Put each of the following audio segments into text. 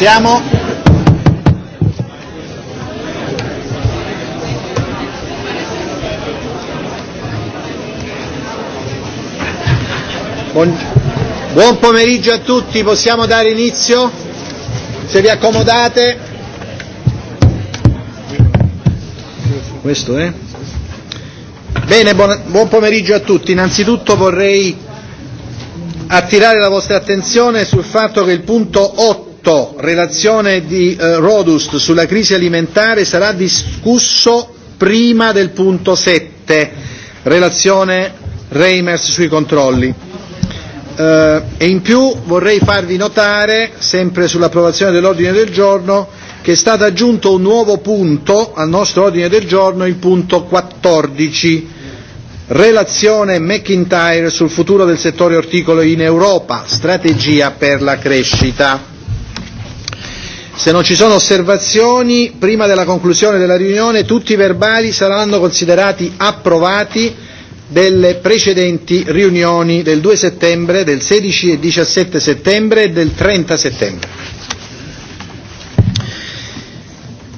Iniziamo. Buon pomeriggio a tutti, possiamo dare inizio? Se vi accomodate. Questo è? Eh? Bene, buon, buon pomeriggio a tutti. Innanzitutto vorrei attirare la vostra attenzione sul fatto che il punto 8 8, relazione di eh, Rodust sulla crisi alimentare, sarà discusso prima del punto 7, relazione Reimers sui controlli. Eh, e in più vorrei farvi notare, sempre sull'approvazione dell'ordine del giorno, che è stato aggiunto un nuovo punto al nostro ordine del giorno, il punto 14, relazione McIntyre sul futuro del settore orticolo in Europa, strategia per la crescita. Se non ci sono osservazioni, prima della conclusione della riunione tutti i verbali saranno considerati approvati delle precedenti riunioni del 2 settembre, del 16 e 17 settembre e del 30 settembre.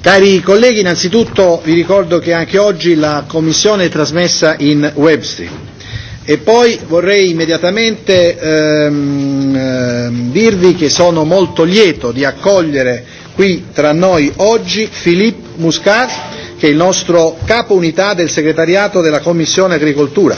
Cari colleghi, innanzitutto vi ricordo che anche oggi la Commissione è trasmessa in webstream. E poi vorrei immediatamente ehm, ehm, dirvi che sono molto lieto di accogliere qui tra noi oggi Philippe Muscat, che è il nostro capo unità del segretariato della Commissione Agricoltura.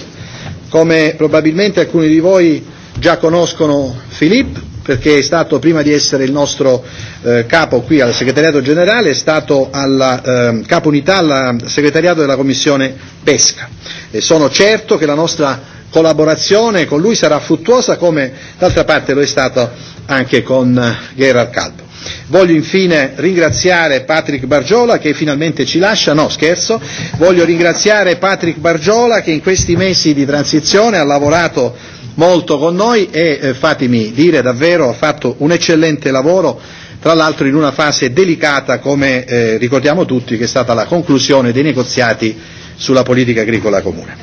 Come probabilmente alcuni di voi già conoscono Philippe, perché è stato prima di essere il nostro eh, capo qui al segretariato generale, è stato alla, eh, capo unità al segretariato della Commissione Pesca e sono certo che la nostra collaborazione con lui sarà fruttuosa come d'altra parte lo è stata anche con eh, Gerard Calvo. Voglio infine ringraziare Patrick Bargiola che finalmente ci lascia, no scherzo, voglio ringraziare Patrick Bargiola che in questi mesi di transizione ha lavorato molto con noi e eh, fatemi dire davvero ha fatto un eccellente lavoro tra l'altro in una fase delicata come eh, ricordiamo tutti che è stata la conclusione dei negoziati sulla politica agricola comune.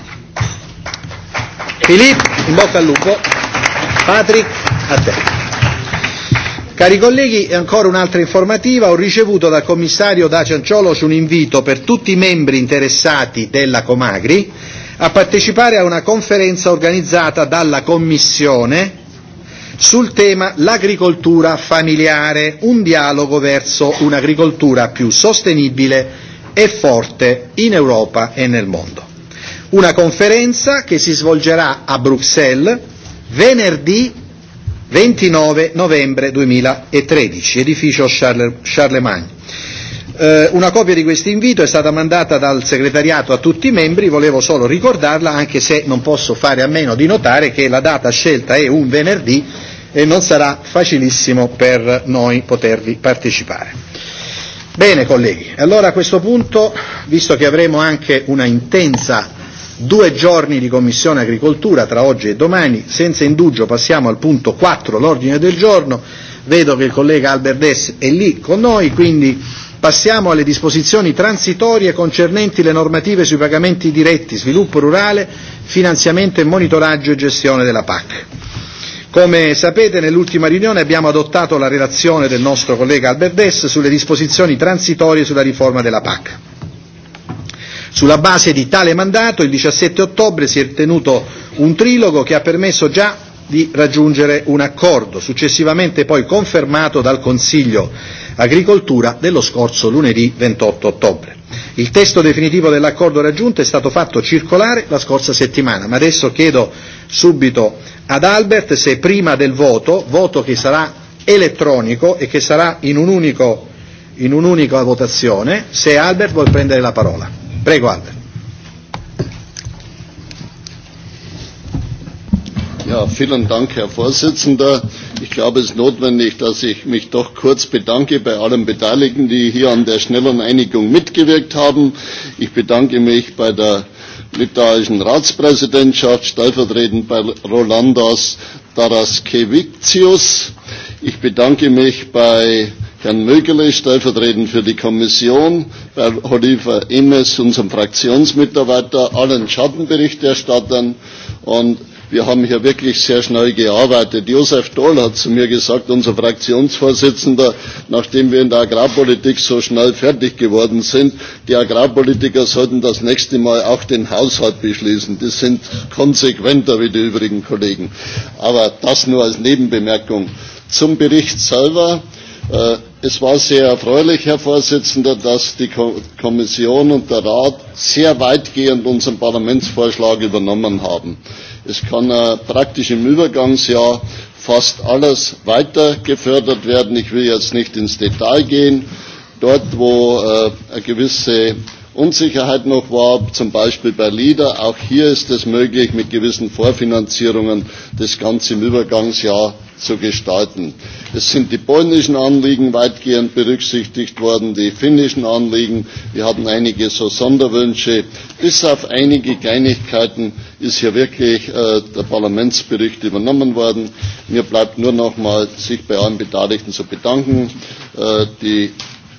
Filippo, in bocca al lupo. Patrick, a te. Cari colleghi, ancora un'altra informativa. Ho ricevuto dal commissario Dacian Cioloci un invito per tutti i membri interessati della Comagri a partecipare a una conferenza organizzata dalla Commissione sul tema l'agricoltura familiare, un dialogo verso un'agricoltura più sostenibile e forte in Europa e nel mondo. Una conferenza che si svolgerà a Bruxelles venerdì 29 novembre 2013, edificio Charlemagne. Eh, una copia di questo invito è stata mandata dal segretariato a tutti i membri, volevo solo ricordarla anche se non posso fare a meno di notare che la data scelta è un venerdì e non sarà facilissimo per noi potervi partecipare. Bene colleghi, allora a questo punto, visto che avremo anche una intensa due giorni di Commissione Agricoltura tra oggi e domani, senza indugio passiamo al punto 4, l'ordine del giorno, vedo che il collega Albert Dess è lì con noi, quindi Passiamo alle disposizioni transitorie concernenti le normative sui pagamenti diretti, sviluppo rurale, finanziamento e monitoraggio e gestione della PAC. Come sapete nell'ultima riunione abbiamo adottato la relazione del nostro collega Albert sulle disposizioni transitorie sulla riforma della PAC. Sulla base di tale mandato il 17 ottobre si è tenuto un trilogo che ha permesso già di raggiungere un accordo, successivamente poi confermato dal Consiglio Agricoltura dello scorso lunedì 28 ottobre. Il testo definitivo dell'accordo raggiunto è stato fatto circolare la scorsa settimana, ma adesso chiedo subito ad Albert se prima del voto, voto che sarà elettronico e che sarà in, un unico, in un'unica votazione, se Albert vuol prendere la parola. Prego Albert. Ja, vielen Dank, Herr Vorsitzender. Ich glaube, es ist notwendig, dass ich mich doch kurz bedanke bei allen Beteiligten, die hier an der schnellen Einigung mitgewirkt haben. Ich bedanke mich bei der litauischen Ratspräsidentschaft, stellvertretend bei Rolandas Daraskevicius. Ich bedanke mich bei Herrn Mögele, stellvertretend für die Kommission, bei Oliver Emes, unserem Fraktionsmitarbeiter, allen Schattenberichterstattern und Wir haben hier wirklich sehr schnell gearbeitet. Josef Daul hat zu mir gesagt, unser Fraktionsvorsitzender, nachdem wir in der Agrarpolitik so schnell fertig geworden sind, die Agrarpolitiker sollten das nächste Mal auch den Haushalt beschließen. Die sind konsequenter wie die übrigen Kollegen. Aber das nur als Nebenbemerkung. Zum Bericht selber. Äh, es war sehr erfreulich, Herr Vorsitzender, dass die Kommission und der Rat sehr weitgehend unseren Parlamentsvorschlag übernommen haben. Es kann äh, praktisch im Übergangsjahr fast alles weiter gefördert werden. Ich will jetzt nicht ins Detail gehen. Dort, wo äh, eine gewisse Unsicherheit noch war, zum Beispiel bei LIDA, auch hier ist es möglich, mit gewissen Vorfinanzierungen das Ganze im Übergangsjahr zu gestalten. Es sind die polnischen Anliegen weitgehend berücksichtigt worden, die finnischen Anliegen. Wir hatten einige so Sonderwünsche. Bis auf einige Kleinigkeiten ist hier wirklich äh, der Parlamentsbericht übernommen worden. Mir bleibt nur noch mal, sich bei allen Beteiligten zu bedanken. Äh, die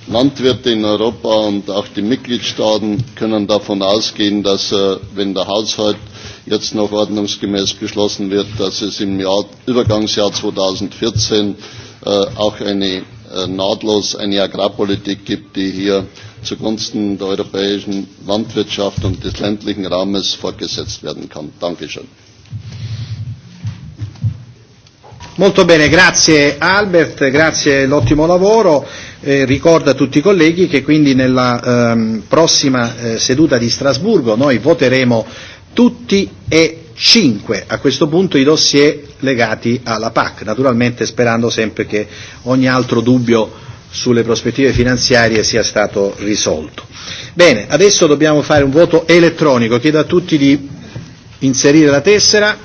Landwirte in Europa und auch die Mitgliedstaaten können davon ausgehen, dass äh, wenn der Haushalt jetzt noch ordnungsgemäß beschlossen wird, dass es im Jahr, Übergangsjahr 2014 äh, auch eine äh, nahtlos eine Agrarpolitik gibt, die hier zugunsten der europäischen Landwirtschaft und des ländlichen Rahmens fortgesetzt werden kann. Dankeschön. Molto bene, grazie Albert, grazie l'ottimo lavoro. Eh, ricordo a tutti i colleghi che quindi nella ehm, prossima eh, seduta di Strasburgo noi voteremo tutti e cinque a questo punto i dossier legati alla PAC, naturalmente sperando sempre che ogni altro dubbio sulle prospettive finanziarie sia stato risolto. Bene, adesso dobbiamo fare un voto elettronico. Chiedo a tutti di inserire la tessera.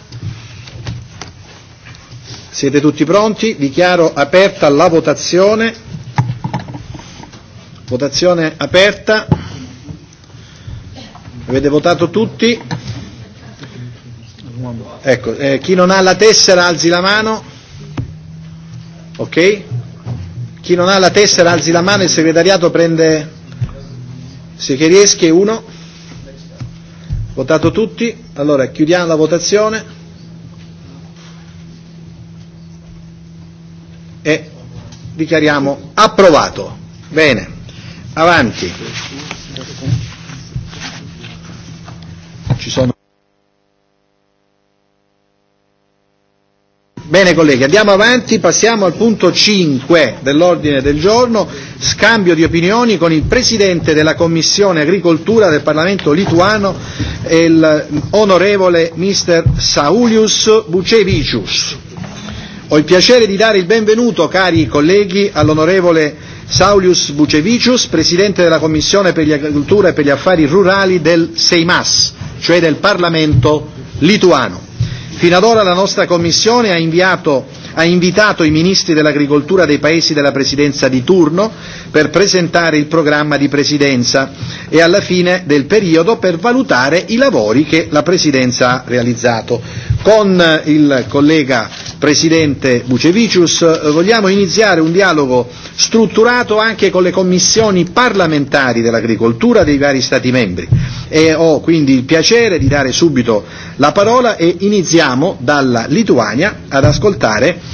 Siete tutti pronti? Dichiaro aperta la votazione. Votazione aperta. Avete votato tutti? Ecco, eh, chi non ha la tessera alzi la mano. Ok? Chi non ha la tessera alzi la mano, il segretariato prende se riesce uno. Votato tutti. Allora chiudiamo la votazione. E dichiariamo approvato. Bene. Avanti. Ci sono Bene colleghi, andiamo avanti, passiamo al punto 5 dell'ordine del giorno, scambio di opinioni con il Presidente della Commissione Agricoltura del Parlamento lituano, il onorevole Mr. Saulius Bucevicius. Ho il piacere di dare il benvenuto, cari colleghi, all'onorevole Saulius Bucevicius, Presidente della Commissione per l'Agricoltura e per gli Affari Rurali del Seimas, cioè del Parlamento lituano. Fino ad ora la nostra Commissione ha inviato ha invitato i ministri dell'agricoltura dei paesi della presidenza di turno per presentare il programma di presidenza e alla fine del periodo per valutare i lavori che la presidenza ha realizzato. Con il collega presidente Bucevicius eh, vogliamo iniziare un dialogo strutturato anche con le commissioni parlamentari dell'agricoltura dei vari Stati membri e ho quindi il piacere di dare subito la parola e iniziamo dalla Lituania ad ascoltare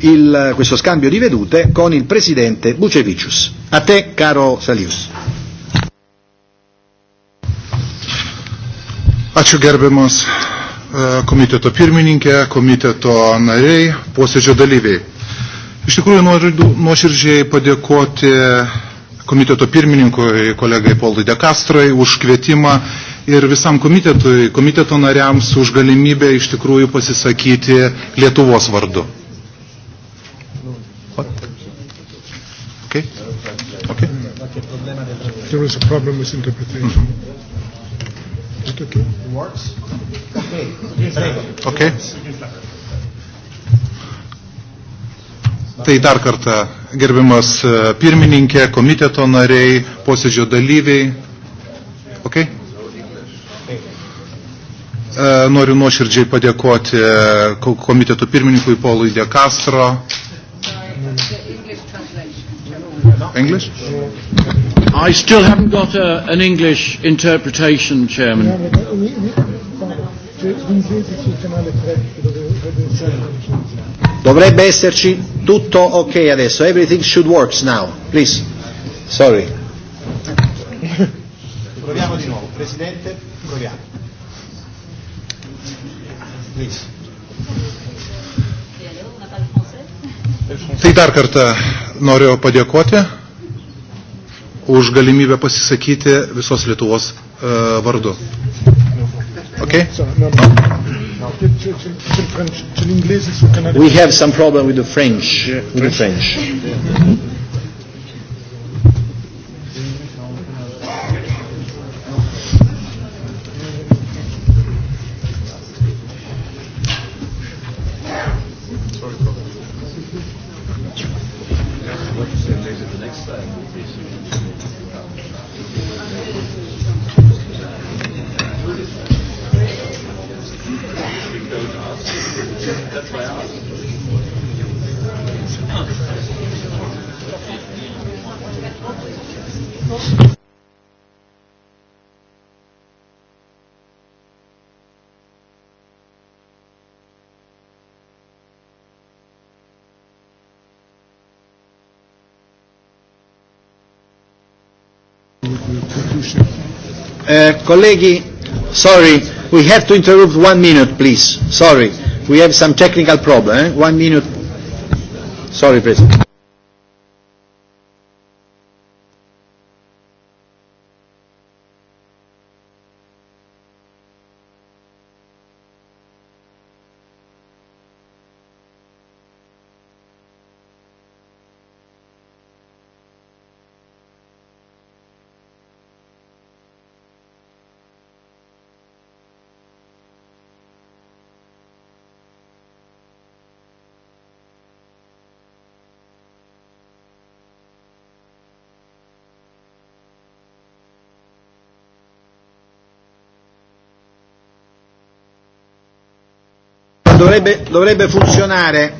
il, questo scambio di vedute con il presidente Bucevicius. A te, caro Salius. Ačiū gerbiamas e, komiteto pirmininkė, komiteto nariai, posėdžio dalyviai. Iš tikrųjų noriu nuoširdžiai padėkoti komiteto pirmininkui, kolegai Paului Dekastrai už kvietimą ir visam komitetui, komiteto nariams už galimybę iš tikrųjų pasisakyti Lietuvos vardu. What? Okay. Okay. There is a problem with interpretation. Mm-hmm. it okay? It works? Okay. Okay. Tai dar kartą gerbimas e, pirmininkė, komiteto nariai, posėdžio dalyviai. Okay? E, noriu nuoširdžiai padėkoti e, komiteto pirmininkui Polui Dekastro. Castro, English? I still haven't got a, an English interpretation, Chairman. Dovrebbe esserci tutto ok adesso. Everything should work now. Please. Sorry. Proviamo di nuovo. Presidente, proviamo. Please. Tai dar kartą noriu padėkoti už galimybę pasisakyti visos Lietuvos uh, vardu. Okay? We have some problem with the French. Yeah, French. With the French. Uh, colleghi, sorry, we have to interrupt one minute, please. Sorry. We have some technical problem. Eh? One minute. Sorry, President. dovrebbe, dovrebbe funzionare.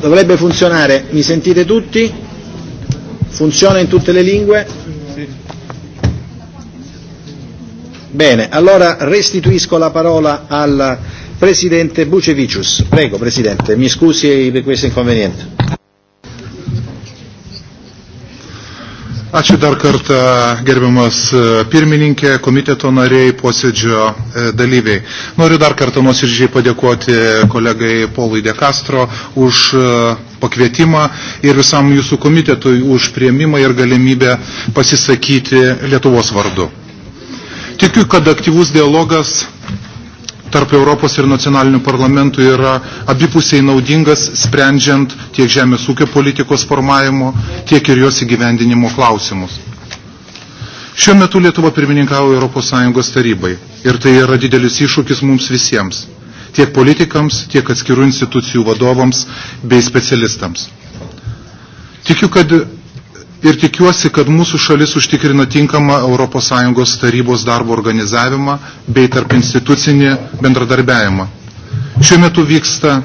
Dovrebbe funzionare. Mi sentite tutti? Funziona in tutte le lingue? Bene, allora restituisco la parola al Presidente Bucevicius. Prego Presidente, mi scusi per questo inconveniente. Ačiū dar kartą gerbiamas e, pirmininkė, komiteto nariai, posėdžio e, dalyviai. Noriu dar kartą nuosirdžiai padėkoti kolegai Polui De Castro už e, pakvietimą ir visam jūsų komitetui už prieimimą ir galimybę pasisakyti Lietuvos vardu. Tikiu, kad aktyvus dialogas tarp Europos ir nacionalinių parlamentų yra abipusiai naudingas, sprendžiant tiek žemės ūkio politikos formavimo, tiek ir jos įgyvendinimo klausimus. Šiuo metu Lietuva pirmininkavo Europos Sąjungos tarybai ir tai yra didelis iššūkis mums visiems, tiek politikams, tiek atskirų institucijų vadovams bei specialistams. Tikiu, kad ir tikiuosi, kad mūsų šalis užtikrina tinkamą ES tarybos darbo organizavimą bei tarp institucinį bendradarbiavimą. Šiuo metu vyksta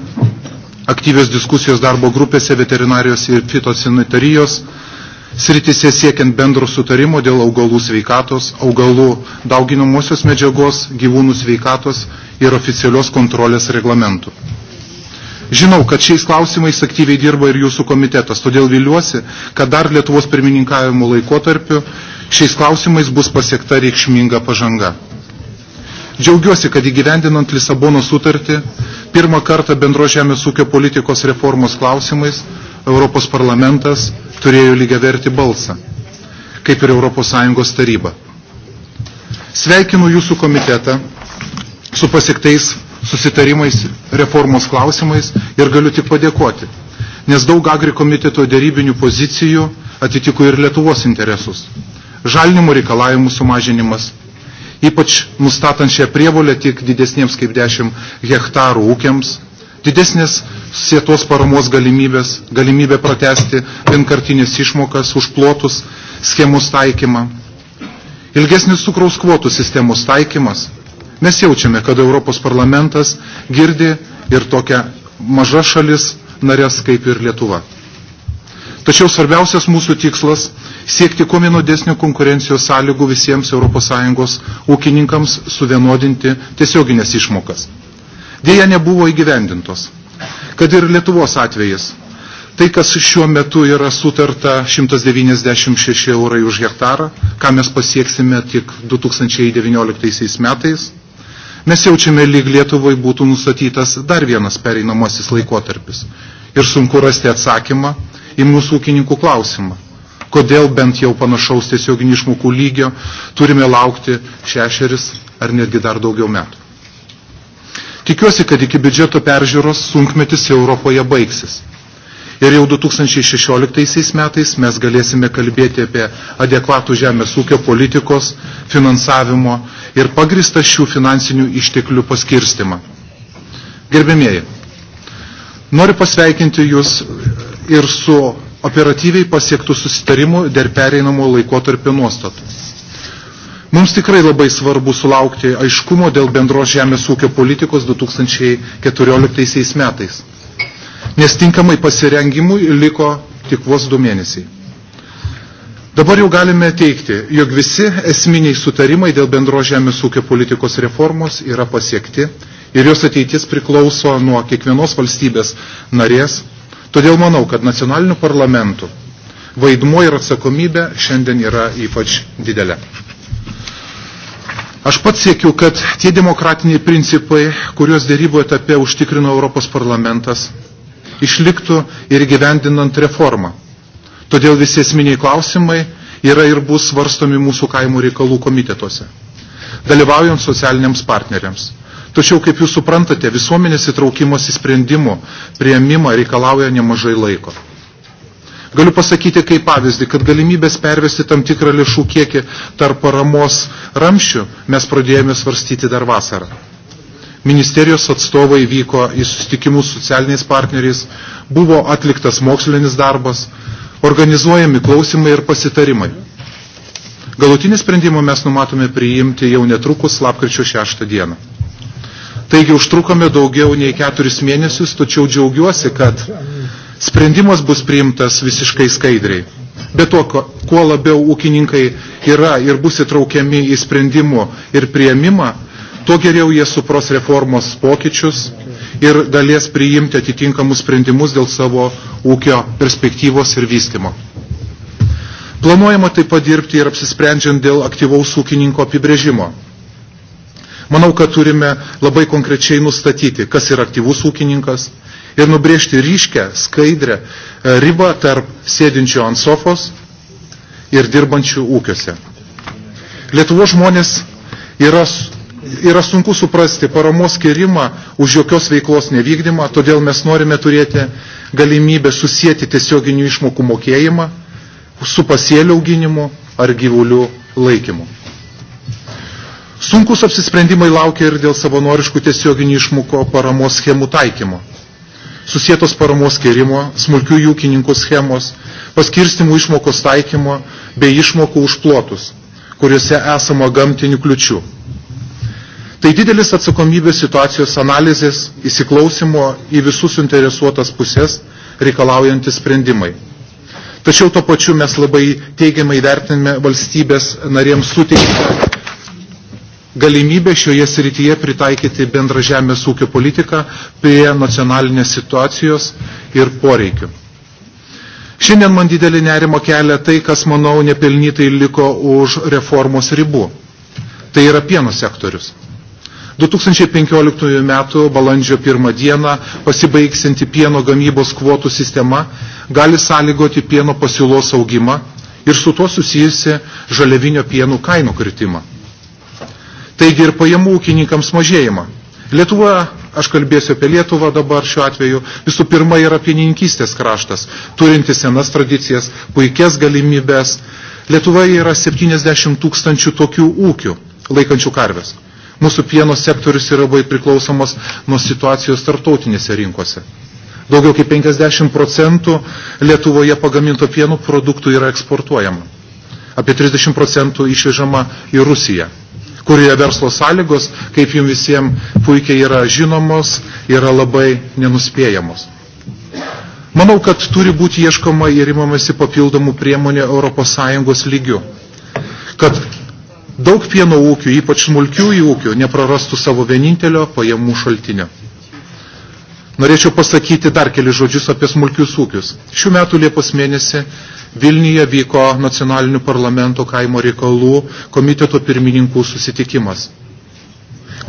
aktyvios diskusijos darbo grupėse veterinarijos ir fitosinitarijos sritise siekiant bendro sutarimo dėl augalų sveikatos, augalų dauginamosios medžiagos, gyvūnų sveikatos ir oficialios kontrolės reglamentų. Žinau, kad šiais klausimais aktyviai dirba ir jūsų komitetas, todėl viliuosi, kad dar Lietuvos pirmininkavimo laikotarpiu šiais klausimais bus pasiekta reikšminga pažanga. Džiaugiuosi, kad įgyvendinant Lisabono sutartį, pirmą kartą bendro žemės ūkio politikos reformos klausimais Europos parlamentas turėjo verti balsą, kaip ir Europos Sąjungos taryba. Sveikinu jūsų komitetą su pasiektais susitarimais, reformos klausimais ir galiu tik padėkoti, nes daug agri komiteto dėrybinių pozicijų atitiko ir Lietuvos interesus. Žalinimo reikalavimų sumažinimas, ypač nustatant šią prievolę tik didesniems kaip 10 hektarų ūkiams, didesnės sėtos paramos galimybės, galimybė pratesti vienkartinės išmokas už plotus, schemos taikymą, ilgesnis cukraus kvotų sistemos taikymas, Mes jaučiame, kad Europos parlamentas girdi ir tokia maža šalis narės kaip ir Lietuva. Tačiau svarbiausias mūsų tikslas – siekti kuo vienodesnio konkurencijos sąlygų visiems ES ūkininkams suvienodinti tiesioginės išmokas. Dėja nebuvo įgyvendintos. Kad ir Lietuvos atvejais. Tai, kas šiuo metu yra sutarta 196 eurai už hektarą, ką mes pasieksime tik 2019 metais, Mes jaučiame, lyg Lietuvai būtų nustatytas dar vienas pereinamasis laikotarpis. Ir sunku rasti atsakymą į mūsų ūkininkų klausimą. Kodėl bent jau panašaus tiesioginių išmokų lygio turime laukti šešeris ar netgi dar daugiau metų. Tikiuosi, kad iki biudžeto peržiūros sunkmetis Europoje baigsis ir jau 2016 metais mes galėsime kalbėti apie adekvatų žemės ūkio politikos finansavimo ir pagristą šių finansinių išteklių paskirstimą. Gerbėmėjai, noriu pasveikinti Jūs ir su operatyviai pasiektų susitarimų dėl pereinamo laikotarpio nuostatų. Mums tikrai labai svarbu sulaukti aiškumo dėl bendros žemės ūkio politikos 2014 metais nes tinkamai pasirengimui liko tik vos du mėnesiai. Dabar jau galime teikti, jog visi esminiai sutarimai dėl bendro žemės ūkio politikos reformos yra pasiekti ir jos ateitis priklauso nuo kiekvienos valstybės narės, todėl manau, kad nacionalinių parlamentų vaidmuo ir atsakomybė šiandien yra ypač didelė. Aš pats siekiu, kad tie demokratiniai principai, kuriuos dėrybų etape užtikrino Europos parlamentas, išliktų ir gyvendinant reformą. Todėl visi esminiai klausimai yra ir bus svarstomi mūsų kaimų reikalų komitetuose, dalyvaujant socialiniams partneriams. Tačiau, kaip jūs suprantate, visuomenės įtraukimas į sprendimų prieimimą reikalauja nemažai laiko. Galiu pasakyti kaip pavyzdį, kad galimybės pervesti tam tikrą lėšų kiekį tarp paramos ramščių mes pradėjome svarstyti dar vasarą ministerijos atstovai vyko į susitikimus socialiniais partneriais, buvo atliktas mokslinis darbas, organizuojami klausimai ir pasitarimai. Galutinį sprendimą mes numatome priimti jau netrukus lapkričio 6 dieną. Taigi užtrukome daugiau nei keturis mėnesius, tačiau džiaugiuosi, kad sprendimas bus priimtas visiškai skaidriai. Be to, kuo labiau ūkininkai yra ir bus įtraukiami į sprendimų ir prieimimą, tuo geriau jie supros reformos pokyčius ir galės priimti atitinkamus sprendimus dėl savo ūkio perspektyvos ir vystimo. Planuojama taip pat dirbti ir apsisprendžiant dėl aktyvaus ūkininko apibrėžimo. Manau, kad turime labai konkrečiai nustatyti, kas yra aktyvus ūkininkas ir nubrėžti ryškę, skaidrę e, ribą tarp sėdinčio ant sofos ir dirbančių ūkiuose. Lietuvos žmonės yra yra sunku suprasti paramos skirimą už jokios veiklos nevykdymą, todėl mes norime turėti galimybę susijęti tiesioginių išmokų mokėjimą su pasėlių auginimu ar gyvulių laikymu. Sunkus apsisprendimai laukia ir dėl savanoriškų tiesioginių išmoko paramos schemų taikymo. Susietos paramos skirimo, smulkių jūkininkų schemos, paskirstimų išmokos taikymo bei išmokų užplotus, kuriuose esama gamtinių kliučių. Tai didelis atsakomybės situacijos analizės, įsiklausimo į visus interesuotas pusės reikalaujantis sprendimai. Tačiau to pačiu mes labai teigiamai vertiname valstybės narėms suteikti galimybę šioje srityje pritaikyti bendrą žemės ūkio politiką prie nacionalinės situacijos ir poreikių. Šiandien man didelį nerimo kelia tai, kas, manau, nepelnytai liko už reformos ribų. Tai yra pieno sektorius. 2015 m. balandžio 1 dieną pasibaigsinti pieno gamybos kvotų sistema gali sąlygoti pieno pasiūlos augimą ir su tuo susijusi žaliavinio pienų kainų kritimą. Taigi ir pajamų ūkininkams mažėjimą. Lietuvoje, aš kalbėsiu apie Lietuvą dabar šiuo atveju, visų pirma yra pieninkystės kraštas, turintis senas tradicijas, puikias galimybės. Lietuvoje yra 70 tūkstančių tokių ūkių laikančių karvės. Mūsų pieno sektorius yra labai priklausomas nuo situacijos tartautinėse rinkose. Daugiau kaip 50 procentų Lietuvoje pagaminto pieno produktų yra eksportuojama. Apie 30 procentų išvežama į Rusiją, kurioje verslo sąlygos, kaip jums visiems puikiai yra žinomos, yra labai nenuspėjamos. Manau, kad turi būti ieškoma ir imamasi papildomų priemonė Sąjungos lygių, kad daug pieno ūkių, ypač smulkiųjų ūkių, neprarastų savo vienintelio pajamų šaltinio. Norėčiau pasakyti dar keli žodžius apie smulkius ūkius. Šių metų Liepos mėnesį Vilniuje vyko nacionalinių parlamento kaimo reikalų komiteto pirmininkų susitikimas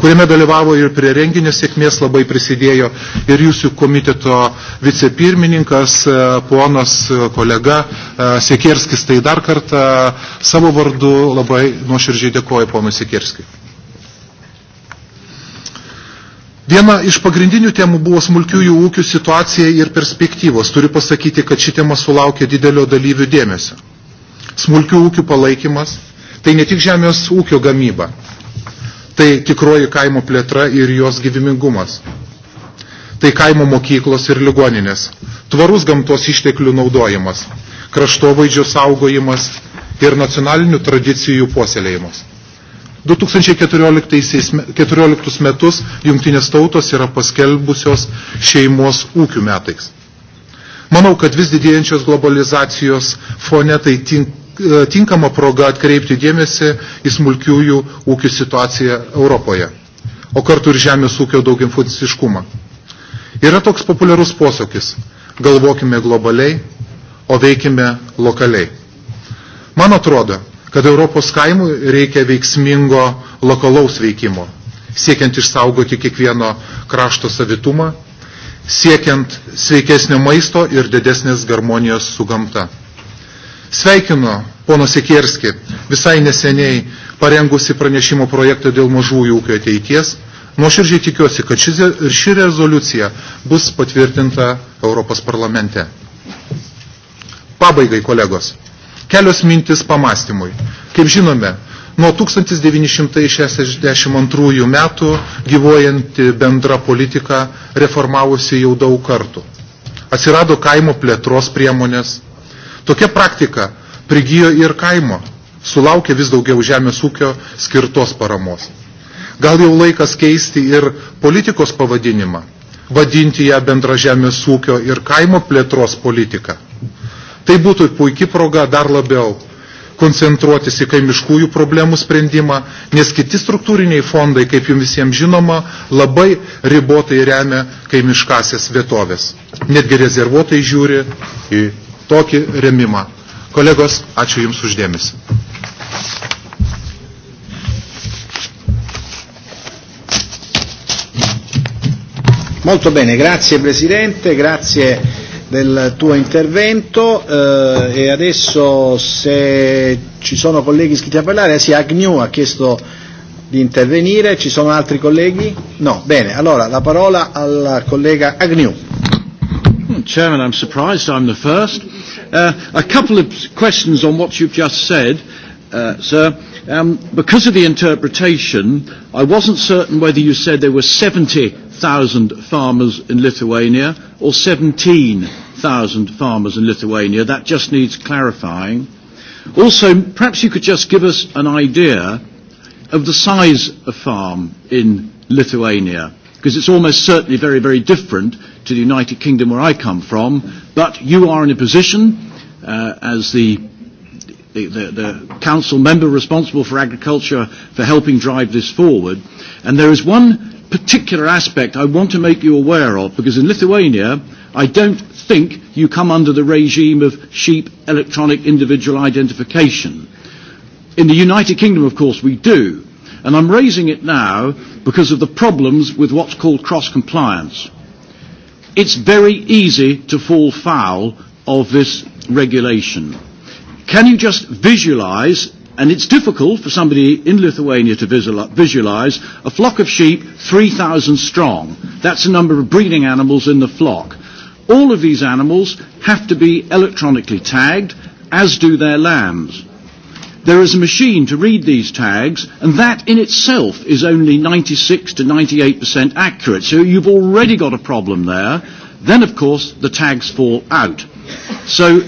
kuriame dalyvavo ir prie renginio sėkmės labai prisidėjo ir jūsų komiteto vicepirmininkas, e, ponas e, kolega e, Sikerskis. Tai dar kartą savo vardu labai nuoširdžiai dėkoju ponui Sikerskiui. Viena iš pagrindinių temų buvo smulkiųjų ūkių situacija ir perspektyvos. Turiu pasakyti, kad ši tema sulaukė didelio dalyvių dėmesio. Smulkių ūkių palaikymas – tai ne tik žemės ūkio gamyba, tai tikroji kaimo plėtra ir jos gyvimingumas. Tai kaimo mokyklos ir ligoninės, tvarus gamtos išteklių naudojimas, kraštovaidžio saugojimas ir nacionalinių tradicijų puoselėjimas. 2014 metus jungtinės tautos yra paskelbusios šeimos ūkių metais. Manau, kad vis didėjančios globalizacijos fone tai tink, E, tinkama proga atkreipti dėmesį į smulkiųjų ūkių situaciją Europoje, o kartu ir žemės ūkio daug infuciškumą. Yra toks populiarus posakis – galvokime globaliai, o veikime lokaliai. Man atrodo, kad Europos kaimų reikia veiksmingo lokalaus veikimo, siekiant išsaugoti kiekvieno krašto savitumą, siekiant sveikesnio maisto ir didesnės harmonijos su gamta. Sveikinu pono Sikirski visai neseniai parengusi pranešimo projektą dėl mažųjų ūkio ateities. Nuoširdžiai tikiuosi, kad ši, ši rezoliucija bus patvirtinta Europos parlamente. Pabaigai, kolegos. Kelios mintis pamastymui. Kaip žinome, nuo 1962 metų gyvojanti bendra politika reformavusi jau daug kartų. Atsirado kaimo plėtros priemonės, Tokia praktika prigijo ir kaimo, sulaukė vis daugiau žemės ūkio skirtos paramos. Gal jau laikas keisti ir politikos pavadinimą, vadinti ją bendra žemės ūkio ir kaimo plėtros politika. Tai būtų puiki proga dar labiau koncentruotis į kaimiškųjų problemų sprendimą, nes kiti struktūriniai fondai, kaip jums visiems žinoma, labai ribotai remia kaimiškasias vietovės. Netgi rezervuotai žiūri į tokį remimą. Kolegos, ačiū Jums uždėmesi. Molto bene, grazie Presidente, grazie del tuo intervento eh, e adesso se ci sono colleghi iscritti a parlare, sì, Agnew ha chiesto di intervenire, ci sono altri colleghi? No, bene, allora la parola al collega Agnew. Chairman, I'm surprised I'm the first. Uh, a couple of questions on what you've just said, uh, sir. Um, because of the interpretation, I wasn't certain whether you said there were 70,000 farmers in Lithuania or 17,000 farmers in Lithuania. That just needs clarifying. Also, perhaps you could just give us an idea of the size of farm in Lithuania because it's almost certainly very, very different to the United Kingdom where I come from. But you are in a position, uh, as the, the, the, the council member responsible for agriculture, for helping drive this forward. And there is one particular aspect I want to make you aware of, because in Lithuania, I don't think you come under the regime of sheep electronic individual identification. In the United Kingdom, of course, we do. And I'm raising it now because of the problems with what's called cross-compliance. It's very easy to fall foul of this regulation. Can you just visualize, and it's difficult for somebody in Lithuania to visualize, a flock of sheep 3,000 strong. That's the number of breeding animals in the flock. All of these animals have to be electronically tagged, as do their lambs. There is a machine to read these tags, and that in itself is only 96 to 98% accurate. So you've already got a problem there. Then, of course, the tags fall out. So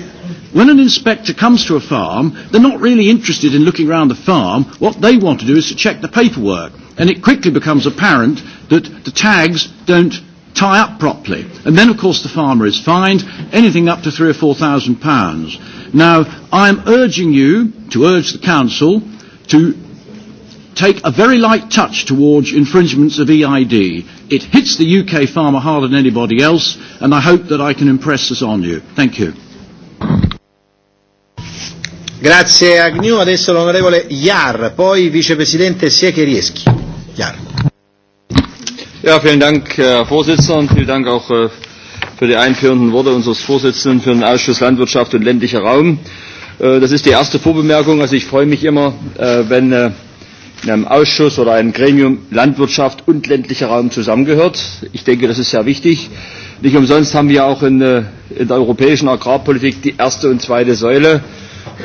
When an inspector comes to a farm, they're not really interested in looking around the farm. What they want to do is to check the paperwork. And it quickly becomes apparent that the tags don't tie up properly. And then, of course, the farmer is fined anything up to three or four thousand pounds. Now, I'm urging you to urge the council to take a very light touch towards infringements of EID. It hits the UK farmer harder than anybody else, and I hope that I can impress this on you. Thank you. Grazie Agnew, adesso l'onorevole Iar, poi vicepresidente Siecherieschi. Iar. Ja, vielen Dank, Herr Vorsitzender, und vielen Dank auch äh, für die einführenden Worte unseres Vorsitzenden für den Ausschuss Landwirtschaft und ländlicher Raum. Äh, das ist die erste Vorbemerkung. Also ich freue mich immer, äh, wenn in einem Ausschuss oder einem Gremium Landwirtschaft und ländlicher Raum zusammengehört. Ich denke, das ist sehr wichtig. Nicht umsonst haben wir auch in, in der europäischen Agrarpolitik die erste und zweite Säule.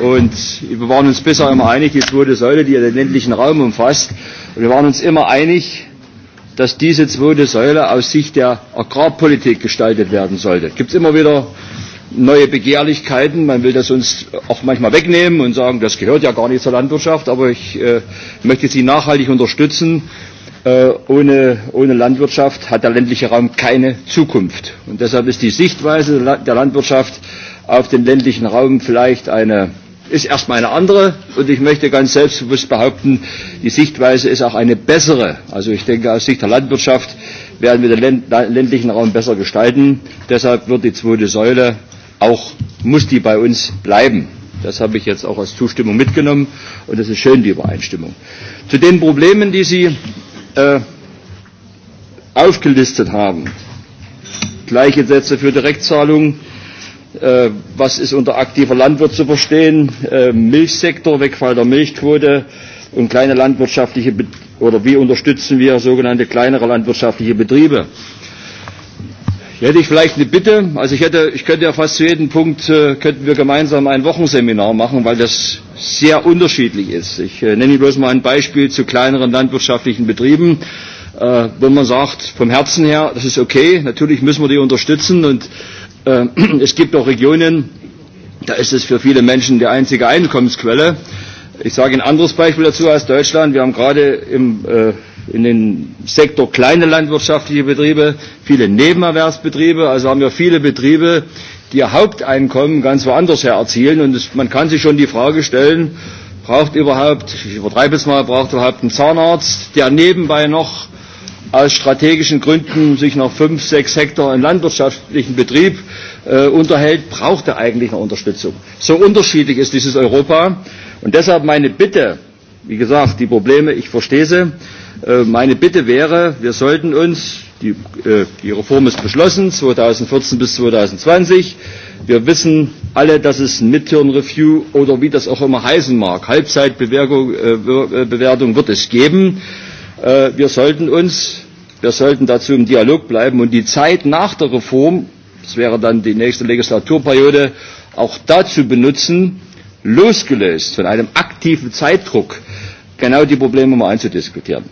Und wir waren uns bisher immer einig, die zweite Säule, die ja den ländlichen Raum umfasst. Und wir waren uns immer einig, dass diese zweite Säule aus Sicht der Agrarpolitik gestaltet werden sollte. Es Gibt immer wieder neue Begehrlichkeiten. Man will das uns auch manchmal wegnehmen und sagen, das gehört ja gar nicht zur Landwirtschaft, aber ich äh, möchte sie nachhaltig unterstützen. Äh, ohne, ohne Landwirtschaft hat der ländliche Raum keine Zukunft. Und deshalb ist die Sichtweise der Landwirtschaft auf den ländlichen Raum vielleicht eine ist erstmal eine andere und ich möchte ganz selbstbewusst behaupten, die Sichtweise ist auch eine bessere. Also ich denke, aus Sicht der Landwirtschaft werden wir den ländlichen Raum besser gestalten. Deshalb wird die zweite Säule auch, muss die bei uns bleiben. Das habe ich jetzt auch als Zustimmung mitgenommen und das ist schön, die Übereinstimmung. Zu den Problemen, die Sie äh, aufgelistet haben. Gleiche Sätze für Direktzahlungen Äh, was ist unter aktiver Landwirt zu verstehen? Äh, Milchsektor, Wegfall der Milchquote und kleine landwirtschaftliche oder wie unterstützen wir sogenannte kleinere landwirtschaftliche Betriebe? Hier hätte ich vielleicht eine Bitte. Also ich hätte, ich könnte ja fast zu jedem Punkt äh, könnten wir gemeinsam ein Wochenseminar machen, weil das sehr unterschiedlich ist. Ich äh, nenne Ihnen bloß mal ein Beispiel zu kleineren landwirtschaftlichen Betrieben, äh, wo man sagt, vom Herzen her, das ist okay, natürlich müssen wir die unterstützen und Äh, es gibt auch Regionen, da ist es für viele Menschen die einzige Einkommensquelle. Ich sage ein anderes Beispiel dazu aus Deutschland. Wir haben gerade im, äh, in den Sektor kleine landwirtschaftliche Betriebe viele Nebenerwerbsbetriebe. Also haben wir viele Betriebe, die ihr Haupteinkommen ganz woanders her erzielen. Und es, man kann sich schon die Frage stellen, braucht überhaupt, ich übertreibe es mal, braucht überhaupt ein Zahnarzt, der nebenbei noch aus strategischen Gründen sich noch fünf, sechs Hektar einen landwirtschaftlichen Betrieb äh, unterhält, braucht er eigentlich noch Unterstützung. So unterschiedlich ist dieses Europa. Und deshalb meine Bitte, wie gesagt, die Probleme, ich verstehe sie, äh, meine Bitte wäre, wir sollten uns, die, äh, die Reform ist beschlossen, 2014 bis 2020, wir wissen alle, dass es ein Midterm Review oder wie das auch immer heißen mag, Halbzeitbewertung äh, äh wird es geben. Äh, wir sollten uns Wir sollten dazu im Dialog bleiben und die Zeit nach der Reform, das wäre dann die nächste Legislaturperiode, auch dazu benutzen, losgelöst von einem aktiven Zeitdruck, genau die Probleme mal einzudiskutieren.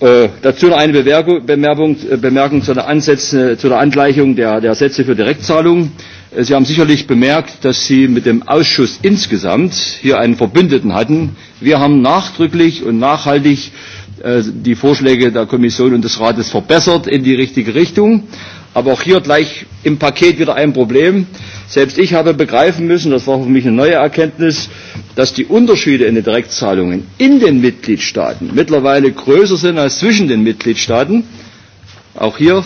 Äh, dazu noch eine Bemerkung, Bemerkung, äh, Bemerkung zu, der Ansätze, äh, zu der Angleichung der, der Sätze für Direktzahlungen. Äh, Sie haben sicherlich bemerkt, dass Sie mit dem Ausschuss insgesamt hier einen Verbündeten hatten. Wir haben nachdrücklich und nachhaltig äh, Äh, die Vorschläge der Kommission und des Rates verbessert in die richtige Richtung. Aber auch hier gleich im Paket wieder ein Problem. Selbst ich habe begreifen müssen, das war für mich eine neue Erkenntnis, dass die Unterschiede in den Direktzahlungen in den Mitgliedstaaten mittlerweile größer sind als zwischen den Mitgliedstaaten. Auch hier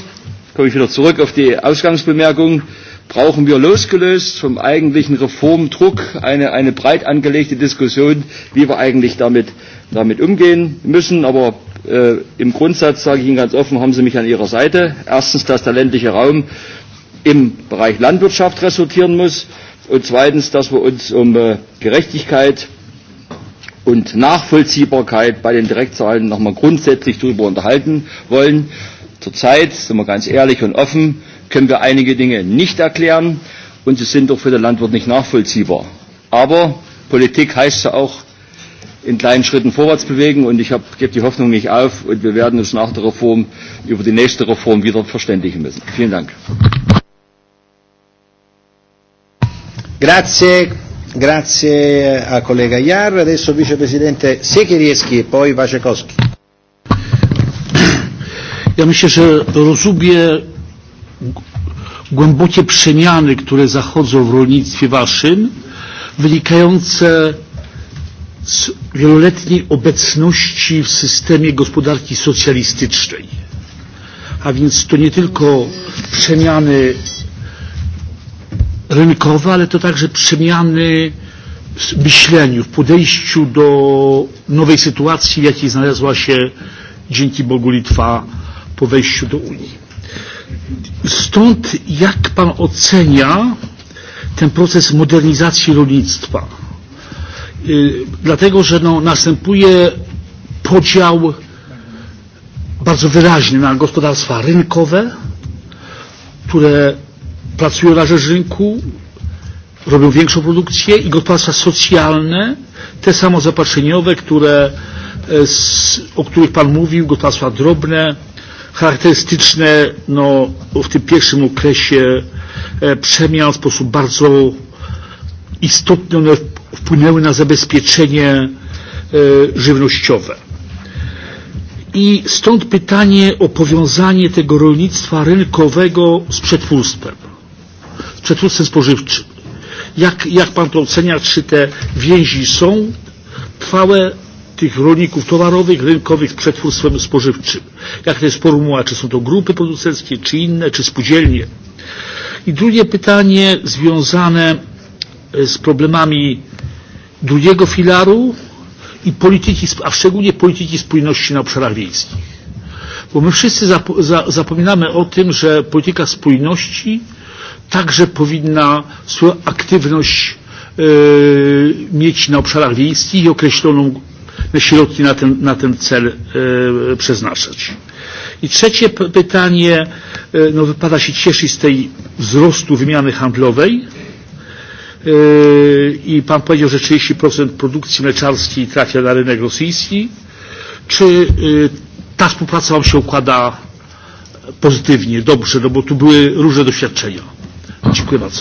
komme ich wieder zurück auf die Ausgangsbemerkung brauchen wir losgelöst vom eigentlichen Reformdruck eine, eine breit angelegte Diskussion, wie wir eigentlich damit damit umgehen müssen. Aber äh, im Grundsatz sage ich Ihnen ganz offen, haben Sie mich an Ihrer Seite. Erstens, dass der ländliche Raum im Bereich Landwirtschaft resultieren muss und zweitens, dass wir uns um äh, Gerechtigkeit und Nachvollziehbarkeit bei den Direktzahlen nochmal grundsätzlich darüber unterhalten wollen. Zurzeit, sind wir ganz ehrlich und offen, können wir einige Dinge nicht erklären und sie sind doch für den Landwirt nicht nachvollziehbar. Aber Politik heißt ja auch, in kleinen Schritten vorwärts bewegen und ich gebe die Hoffnung nicht auf und wir werden uns nach der Reform über die nächste Reform wieder verständigen müssen. Vielen Dank. Grazie, grazie eh, a collega Iar. Adesso vicepresidente Sekierieschi e poi Vacekowski. Ja myślę, że rozumie głębokie przemiany, które zachodzą w rolnictwie waszym, wynikające z wieloletniej obecności w systemie gospodarki socjalistycznej. A więc to nie tylko przemiany rynkowe, ale to także przemiany w myśleniu, w podejściu do nowej sytuacji, w jakiej znalazła się dzięki Bogu Litwa po wejściu do Unii. Stąd jak Pan ocenia ten proces modernizacji rolnictwa? dlatego, że no, następuje podział bardzo wyraźny na gospodarstwa rynkowe, które pracują na rzecz rynku, robią większą produkcję i gospodarstwa socjalne, te samozapatrzeniowe, które, e, o których Pan mówił, gospodarstwa drobne, charakterystyczne no, w tym pierwszym okresie e, przemian w sposób bardzo istotny, one wpłynęły na zabezpieczenie e, żywnościowe. I stąd pytanie o powiązanie tego rolnictwa rynkowego z przetwórstwem, z przetwórstwem spożywczym. Jak, jak pan to ocenia, czy te więzi są trwałe tych rolników towarowych, rynkowych z przetwórstwem spożywczym? Jak to jest formuła? Czy są to grupy producenckie, czy inne, czy spółdzielnie? I drugie pytanie związane z problemami drugiego filaru i polityki, a szczególnie polityki spójności na obszarach wiejskich. Bo my wszyscy zapo za zapominamy o tym, że polityka spójności także powinna swoją aktywność yy, e, mieć na obszarach wiejskich i określoną na środki na ten, na ten cel yy, e, przeznaczać. I trzecie pytanie, yy, e, no wypada się cieszyć z tej wzrostu wymiany handlowej E, i pan powiedział, że 30% produkcji mleczarskiej trafia na rynek rosyjski. Czy e, ta współpraca Wam się układa pozytywnie, dobrze, no bo tu były różne doświadczenia. Dziękuję bardzo.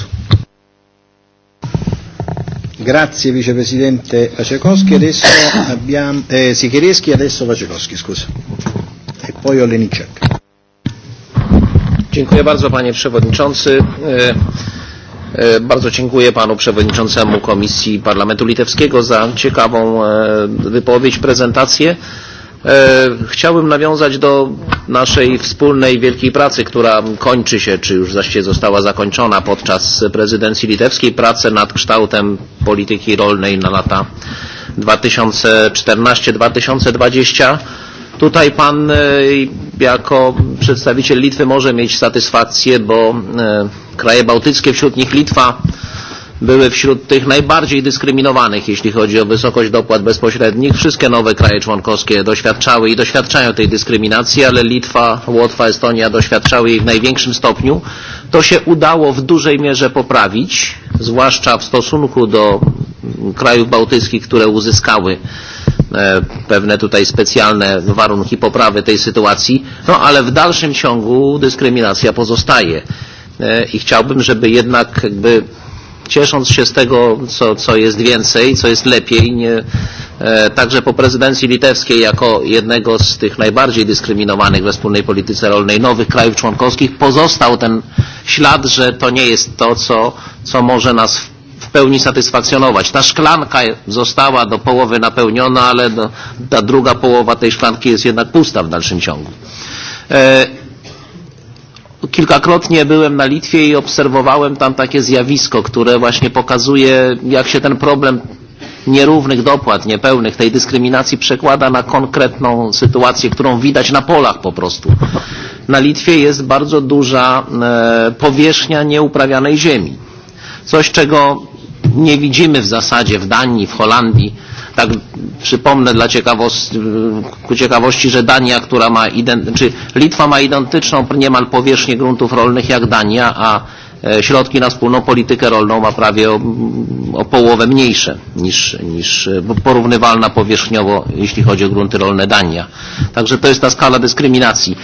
Grazie vicepresidente Vacekowski, adesso abbiamo eh, Sikierski, adesso Vacekowski, scusa. E poi Oleniczek. Dziękuję bardzo panie przewodniczący. E, E, bardzo dziękuję panu przewodniczącemu Komisji Parlamentu Litewskiego za ciekawą e, wypowiedź, prezentację. E, chciałbym nawiązać do naszej wspólnej wielkiej pracy, która kończy się, czy już zaście została zakończona podczas prezydencji litewskiej, pracę nad kształtem polityki rolnej na lata 2014-2020. Tutaj pan e, jako przedstawiciel Litwy może mieć satysfakcję, bo e, kraje bałtyckie, wśród nich Litwa, były wśród tych najbardziej dyskryminowanych, jeśli chodzi o wysokość dopłat bezpośrednich. Wszystkie nowe kraje członkowskie doświadczały i doświadczają tej dyskryminacji, ale Litwa, Łotwa, Estonia doświadczały jej w największym stopniu. To się udało w dużej mierze poprawić, zwłaszcza w stosunku do krajów bałtyckich, które uzyskały E, pewne tutaj specjalne warunki poprawy tej sytuacji, no ale w dalszym ciągu dyskryminacja pozostaje. E, I chciałbym, żeby jednak jakby ciesząc się z tego, co, co jest więcej, co jest lepiej, nie, e, także po prezydencji litewskiej jako jednego z tych najbardziej dyskryminowanych we wspólnej polityce rolnej nowych krajów członkowskich pozostał ten ślad, że to nie jest to, co, co może nas pełni satysfakcjonować. Ta szklanka została do połowy napełniona, ale do, no, ta druga połowa tej szklanki jest jednak pusta w dalszym ciągu. E, kilkakrotnie byłem na Litwie i obserwowałem tam takie zjawisko, które właśnie pokazuje, jak się ten problem nierównych dopłat, niepełnych, tej dyskryminacji przekłada na konkretną sytuację, którą widać na polach po prostu. Na Litwie jest bardzo duża e, powierzchnia nieuprawianej ziemi. Coś, czego nie widzimy w zasadzie w Danii, w Holandii. Tak przypomnę dla ciekawości, ciekawości że Dania, która ma czy Litwa ma identyczną niemal powierzchnię gruntów rolnych jak Dania, a e, środki na wspólną politykę rolną ma prawie o, o połowę mniejsze niż, niż e, porównywalna powierzchniowo, jeśli chodzi o grunty rolne Dania. Także to jest ta skala dyskryminacji.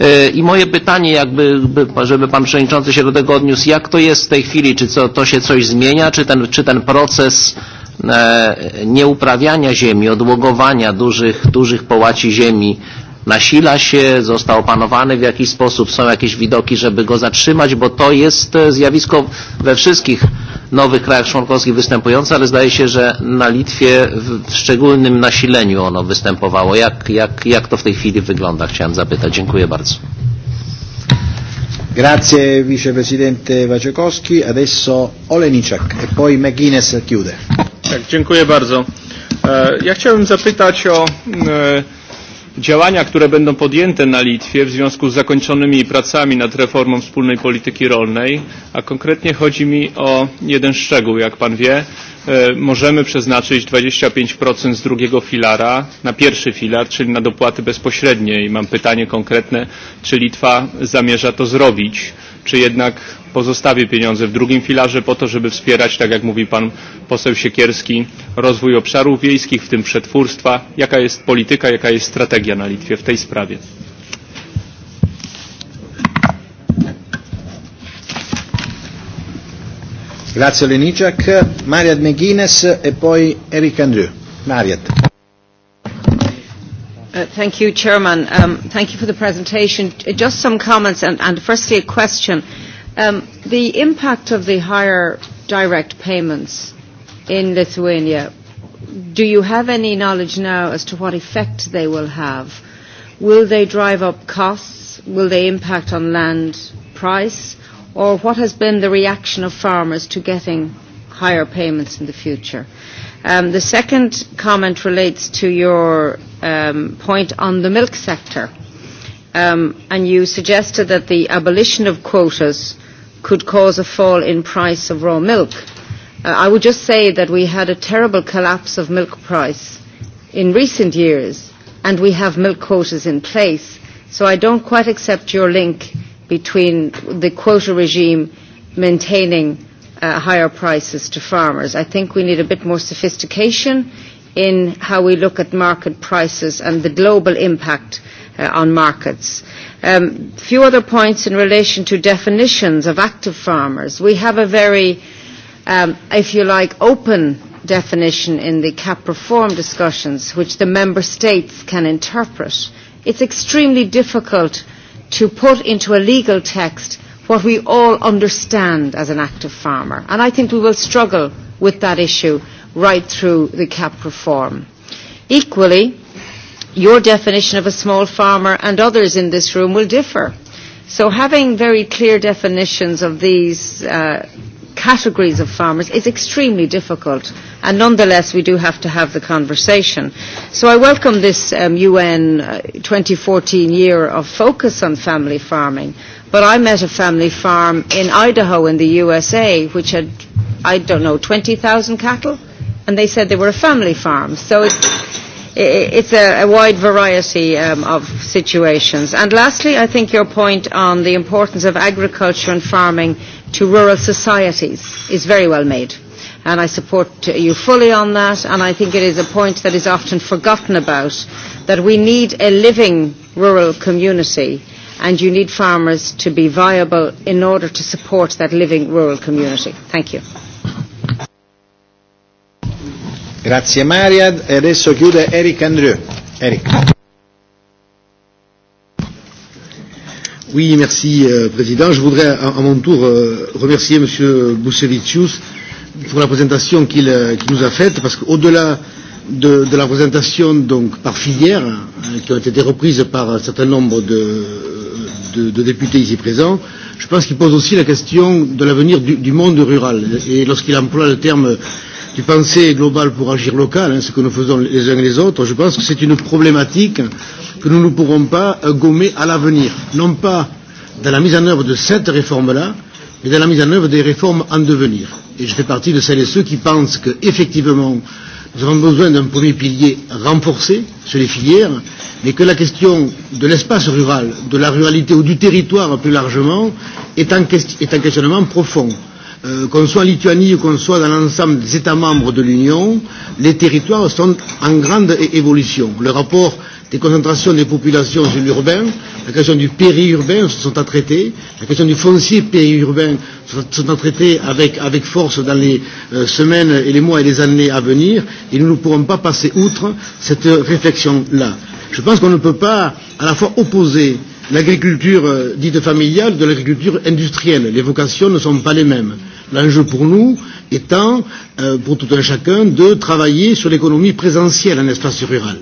E, I moje pytanie, jakby, żeby pan przewodniczący się do tego odniósł, jak to jest w tej chwili, czy co, to się coś zmienia, czy ten, czy ten proces e, nieuprawiania ziemi, odłogowania dużych, dużych połaci ziemi nasila się, został opanowany w jakiś sposób, są jakieś widoki, żeby go zatrzymać, bo to jest e, zjawisko we wszystkich nowych krajach członkowskich występujące, ale zdaje się, że na Litwie w szczególnym nasileniu ono występowało. Jak, jak, jak to w tej chwili wygląda? Chciałem zapytać. Dziękuję bardzo. Grazie wiceprezydente Wacekowski. Adesso Oleniczak e poi McGuinness chiude. Tak, dziękuję bardzo. E, ja chciałbym zapytać o e, Działania, które będą podjęte na Litwie w związku z zakończonymi pracami nad reformą wspólnej polityki rolnej, a konkretnie chodzi mi o jeden szczegół, jak pan wie, e, możemy przeznaczyć 25% z drugiego filara na pierwszy filar, czyli na dopłaty bezpośrednie. I mam pytanie konkretne, czy Litwa zamierza to zrobić? czy jednak pozostawi pieniądze w drugim filarze po to, żeby wspierać, tak jak mówi pan poseł Siekierski, rozwój obszarów wiejskich, w tym przetwórstwa. Jaka jest polityka, jaka jest strategia na Litwie w tej sprawie? Grazie Leniczak. Mariat McGuinness e poi Eric Andrew. Mariat. Uh, thank you, Chairman. Um, thank you for the presentation. Uh, just some comments and, and firstly a question. Um, the impact of the higher direct payments in Lithuania, do you have any knowledge now as to what effect they will have? Will they drive up costs? Will they impact on land price? Or what has been the reaction of farmers to getting higher payments in the future? Uh, Um, the second comment relates to your um, point on the milk sector. Um, and you suggested that the abolition of quotas could cause a fall in price of raw milk. Uh, I would just say that we had a terrible collapse of milk price in recent years, and we have milk quotas in place. So I don't quite accept your link between the quota regime maintaining uh, higher prices to farmers. I think we need a bit more sophistication in how we look at market prices and the global impact uh, on markets. A um, few other points in relation to definitions of active farmers. We have a very, um, if you like, open definition in the CAP reform discussions, which the member states can interpret. It's extremely difficult to put into a legal text what we all understand as an active farmer. And I think we will struggle with that issue right through the CAP reform. Equally, your definition of a small farmer and others in this room will differ. So having very clear definitions of these uh, categories of farmers is extremely difficult and nonetheless we do have to have the conversation. So I welcome this um, UN uh, 2014 year of focus on family farming But I met a family farm in Idaho in the USA, which had, I don't know, 20,000 cattle, and they said they were a family farm. So it's, it's a, a wide variety um, of situations. And lastly, I think your point on the importance of agriculture and farming to rural societies is very well made. And I support you fully on that, and I think it is a point that is often forgotten about, that we need a living rural community and you need farmers to be viable in order to support that living rural community. Thank you. Grazie Maria, e adesso chiude Eric Andrew. Eric. Oui, merci euh, Président. Je voudrais à, à mon tour euh, remercier Monsieur Bousevicius pour la présentation qu'il euh, qu nous a faite, parce qu'au-delà euh, de, de la présentation, donc, par filière, hein, qui ont été reprises par un certain nombre de, de, de députés ici présents, je pense qu'il pose aussi la question de l'avenir du, du monde rural. Et lorsqu'il emploie le terme du penser global pour agir local, hein, ce que nous faisons les uns et les autres, je pense que c'est une problématique que nous ne pourrons pas euh, gommer à l'avenir. Non pas dans la mise en œuvre de cette réforme-là, mais dans la mise en œuvre des réformes en devenir. Et je fais partie de celles et ceux qui pensent qu'effectivement, effectivement Nous avons besoin d'un premier pilier renforcé sur les filières, mais que la question de l'espace rural, de la ruralité ou du territoire plus largement est un, quest est un questionnement profond. Euh, qu'on soit en Lituanie ou qu'on soit dans l'ensemble des États membres de l'Union, les territoires sont en grande évolution. Le rapport euh, des concentrations des populations sur l'urbain, la question du périurbain se sont à traiter, la question du foncier périurbain se sont à traiter avec, avec force dans les euh, semaines et les mois et les années à venir, et nous ne pourrons pas passer outre cette réflexion-là. Je pense qu'on ne peut pas à la fois opposer l'agriculture euh, dite familiale de l'agriculture industrielle. Les vocations ne sont pas les mêmes. L'enjeu pour nous étant, euh, pour tout un chacun, de travailler sur l'économie présentielle en espace rural.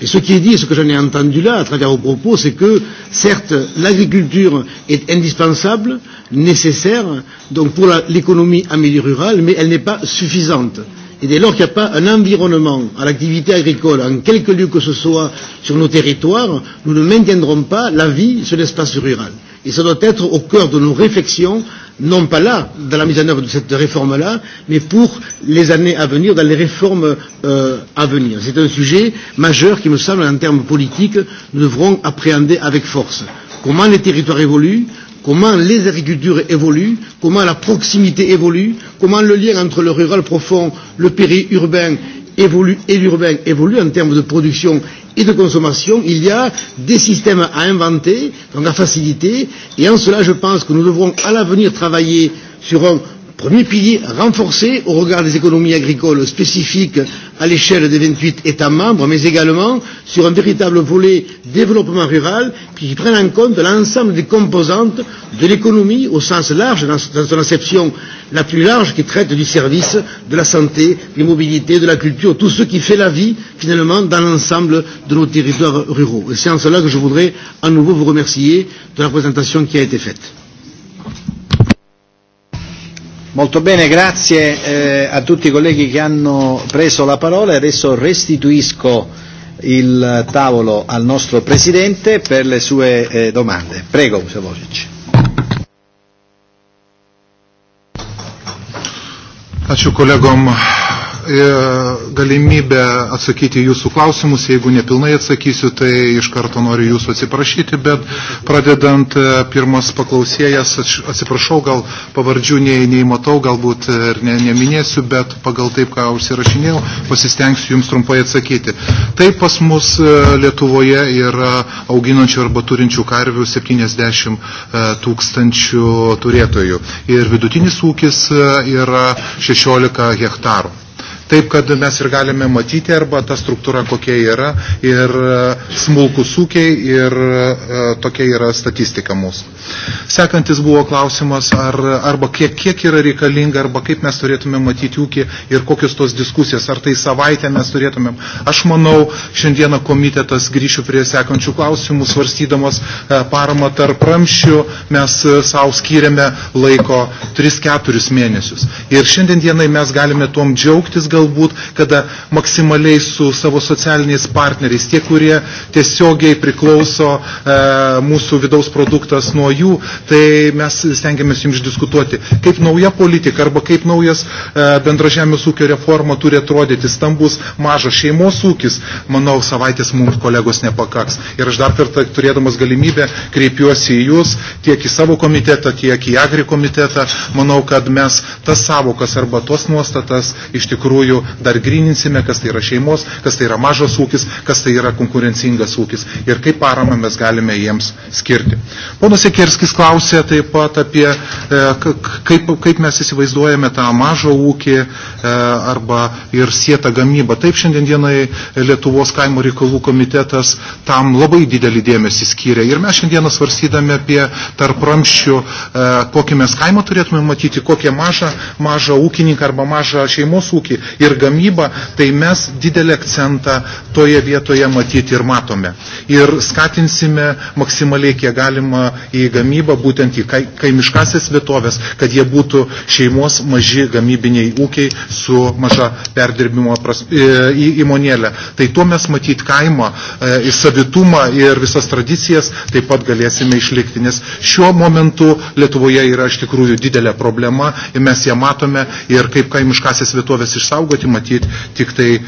Et ce qui est dit, ce que j'en ai entendu là, à travers vos propos, c'est que, certes, l'agriculture est indispensable, nécessaire, donc pour l'économie en milieu rural, mais elle n'est pas suffisante. Et dès lors qu'il n'y a pas un environnement à l'activité agricole, en quelque lieu que ce soit sur nos territoires, nous ne maintiendrons pas la vie sur l'espace rural. Et ça doit être au cœur de nos réflexions non pas là, dans la mise en œuvre de cette réforme-là, mais pour les années à venir, dans les réformes euh, à venir. C'est un sujet majeur qui me semble, en termes politiques, nous devrons appréhender avec force. Comment les territoires évoluent, comment les agricultures évoluent, comment la proximité évolue, comment le lien entre le rural profond, le périurbain évolue et l'urbain évolue en termes de production et de consommation, il y a des systèmes à inventer, donc à faciliter, et en cela je pense que nous devrons à l'avenir travailler sur un Premier pilier renforcé au regard des économies agricoles spécifiques à l'échelle des 28 États membres, mais également sur un véritable volet développement rural qui prenne en compte l'ensemble des composantes de l'économie au sens large, dans son acception la plus large qui traite du service, de la santé, des mobilités, de la culture, tout ce qui fait la vie finalement dans l'ensemble de nos territoires ruraux. c'est en cela que je voudrais à nouveau vous remercier de la présentation qui a été faite. Molto bene, grazie eh, a tutti i colleghi che hanno preso la parola e adesso restituisco il tavolo al nostro Presidente per le sue eh, domande. Prego, Vucevovic. Ačiū kolegom E, galimybę atsakyti jūsų klausimus. Jeigu nepilnai atsakysiu, tai iš karto noriu jūsų atsiprašyti, bet pradedant e, pirmas paklausėjas, atsiprašau, gal pavardžių nei, nei matau, galbūt ir ne, neminėsiu, bet pagal taip, ką užsirašinėjau, pasistengsiu jums trumpai atsakyti. Taip pas mus e, Lietuvoje yra auginančių arba turinčių karvių 70 tūkstančių turėtojų. Ir vidutinis ūkis yra 16 hektarų. Taip, kad mes ir galime matyti arba ta struktūra kokia yra ir e, smulkus ūkiai ir e, tokia yra statistika mūsų. Sekantis buvo klausimas, ar, arba kiek, kiek yra reikalinga, arba kaip mes turėtume matyti ūkį ir kokios tos diskusijos, ar tai savaitę mes turėtume. Aš manau, šiandieną komitetas grįšiu prie sekančių klausimų, svarstydamas e, paramą tarp ramščių, mes savo skyrėme laiko 3-4 mėnesius. Ir šiandien dienai mes galime tuom džiaugtis, galbūt, kada maksimaliai su savo socialiniais partneriais, tie, kurie tiesiogiai priklauso e, mūsų vidaus produktas nuo jų, tai mes stengiamės jums diskutuoti, kaip nauja politika arba kaip naujas e, bendražėmės ūkio reforma turi atrodyti stambus mažas šeimos ūkis, manau, savaitės mums kolegos nepakaks. Ir aš dar kartą turėdamas galimybę kreipiuosi į jūs, tiek į savo komitetą, tiek į agri komitetą. Manau, kad mes tas savokas arba tos nuostatas iš tikrųjų tikrųjų dar grininsime, kas tai yra šeimos, kas tai yra mažas ūkis, kas tai yra konkurencingas ūkis ir kaip paramą mes galime jiems skirti. Ponas Ekerskis klausė taip pat apie, e, kaip, kaip mes įsivaizduojame tą mažą ūkį e, arba ir sietą gamybą. Taip dienai Lietuvos kaimo reikalų komitetas tam labai didelį dėmesį skyrė. Ir mes šiandieną svarstydami apie tarp ramščių, e, kokį mes kaimą turėtume matyti, kokią mažą, mažą ūkininką arba mažą šeimos ūkį, ir gamybą, tai mes didelį akcentą toje vietoje matyti ir matome. Ir skatinsime maksimaliai, kiek galima į gamybą, būtent į kaimiškasias vietovės, kad jie būtų šeimos maži gamybiniai ūkiai su maža perdirbimo e, įmonėlė. Tai tuo mes matyti kaimą, e, į savitumą ir visas tradicijas taip pat galėsime išlikti, nes šiuo momentu Lietuvoje yra iš tikrųjų didelė problema ir mes ją matome ir kaip kaimiškasias vietovės išsaugoti apsaugoti, matyti tik tai e,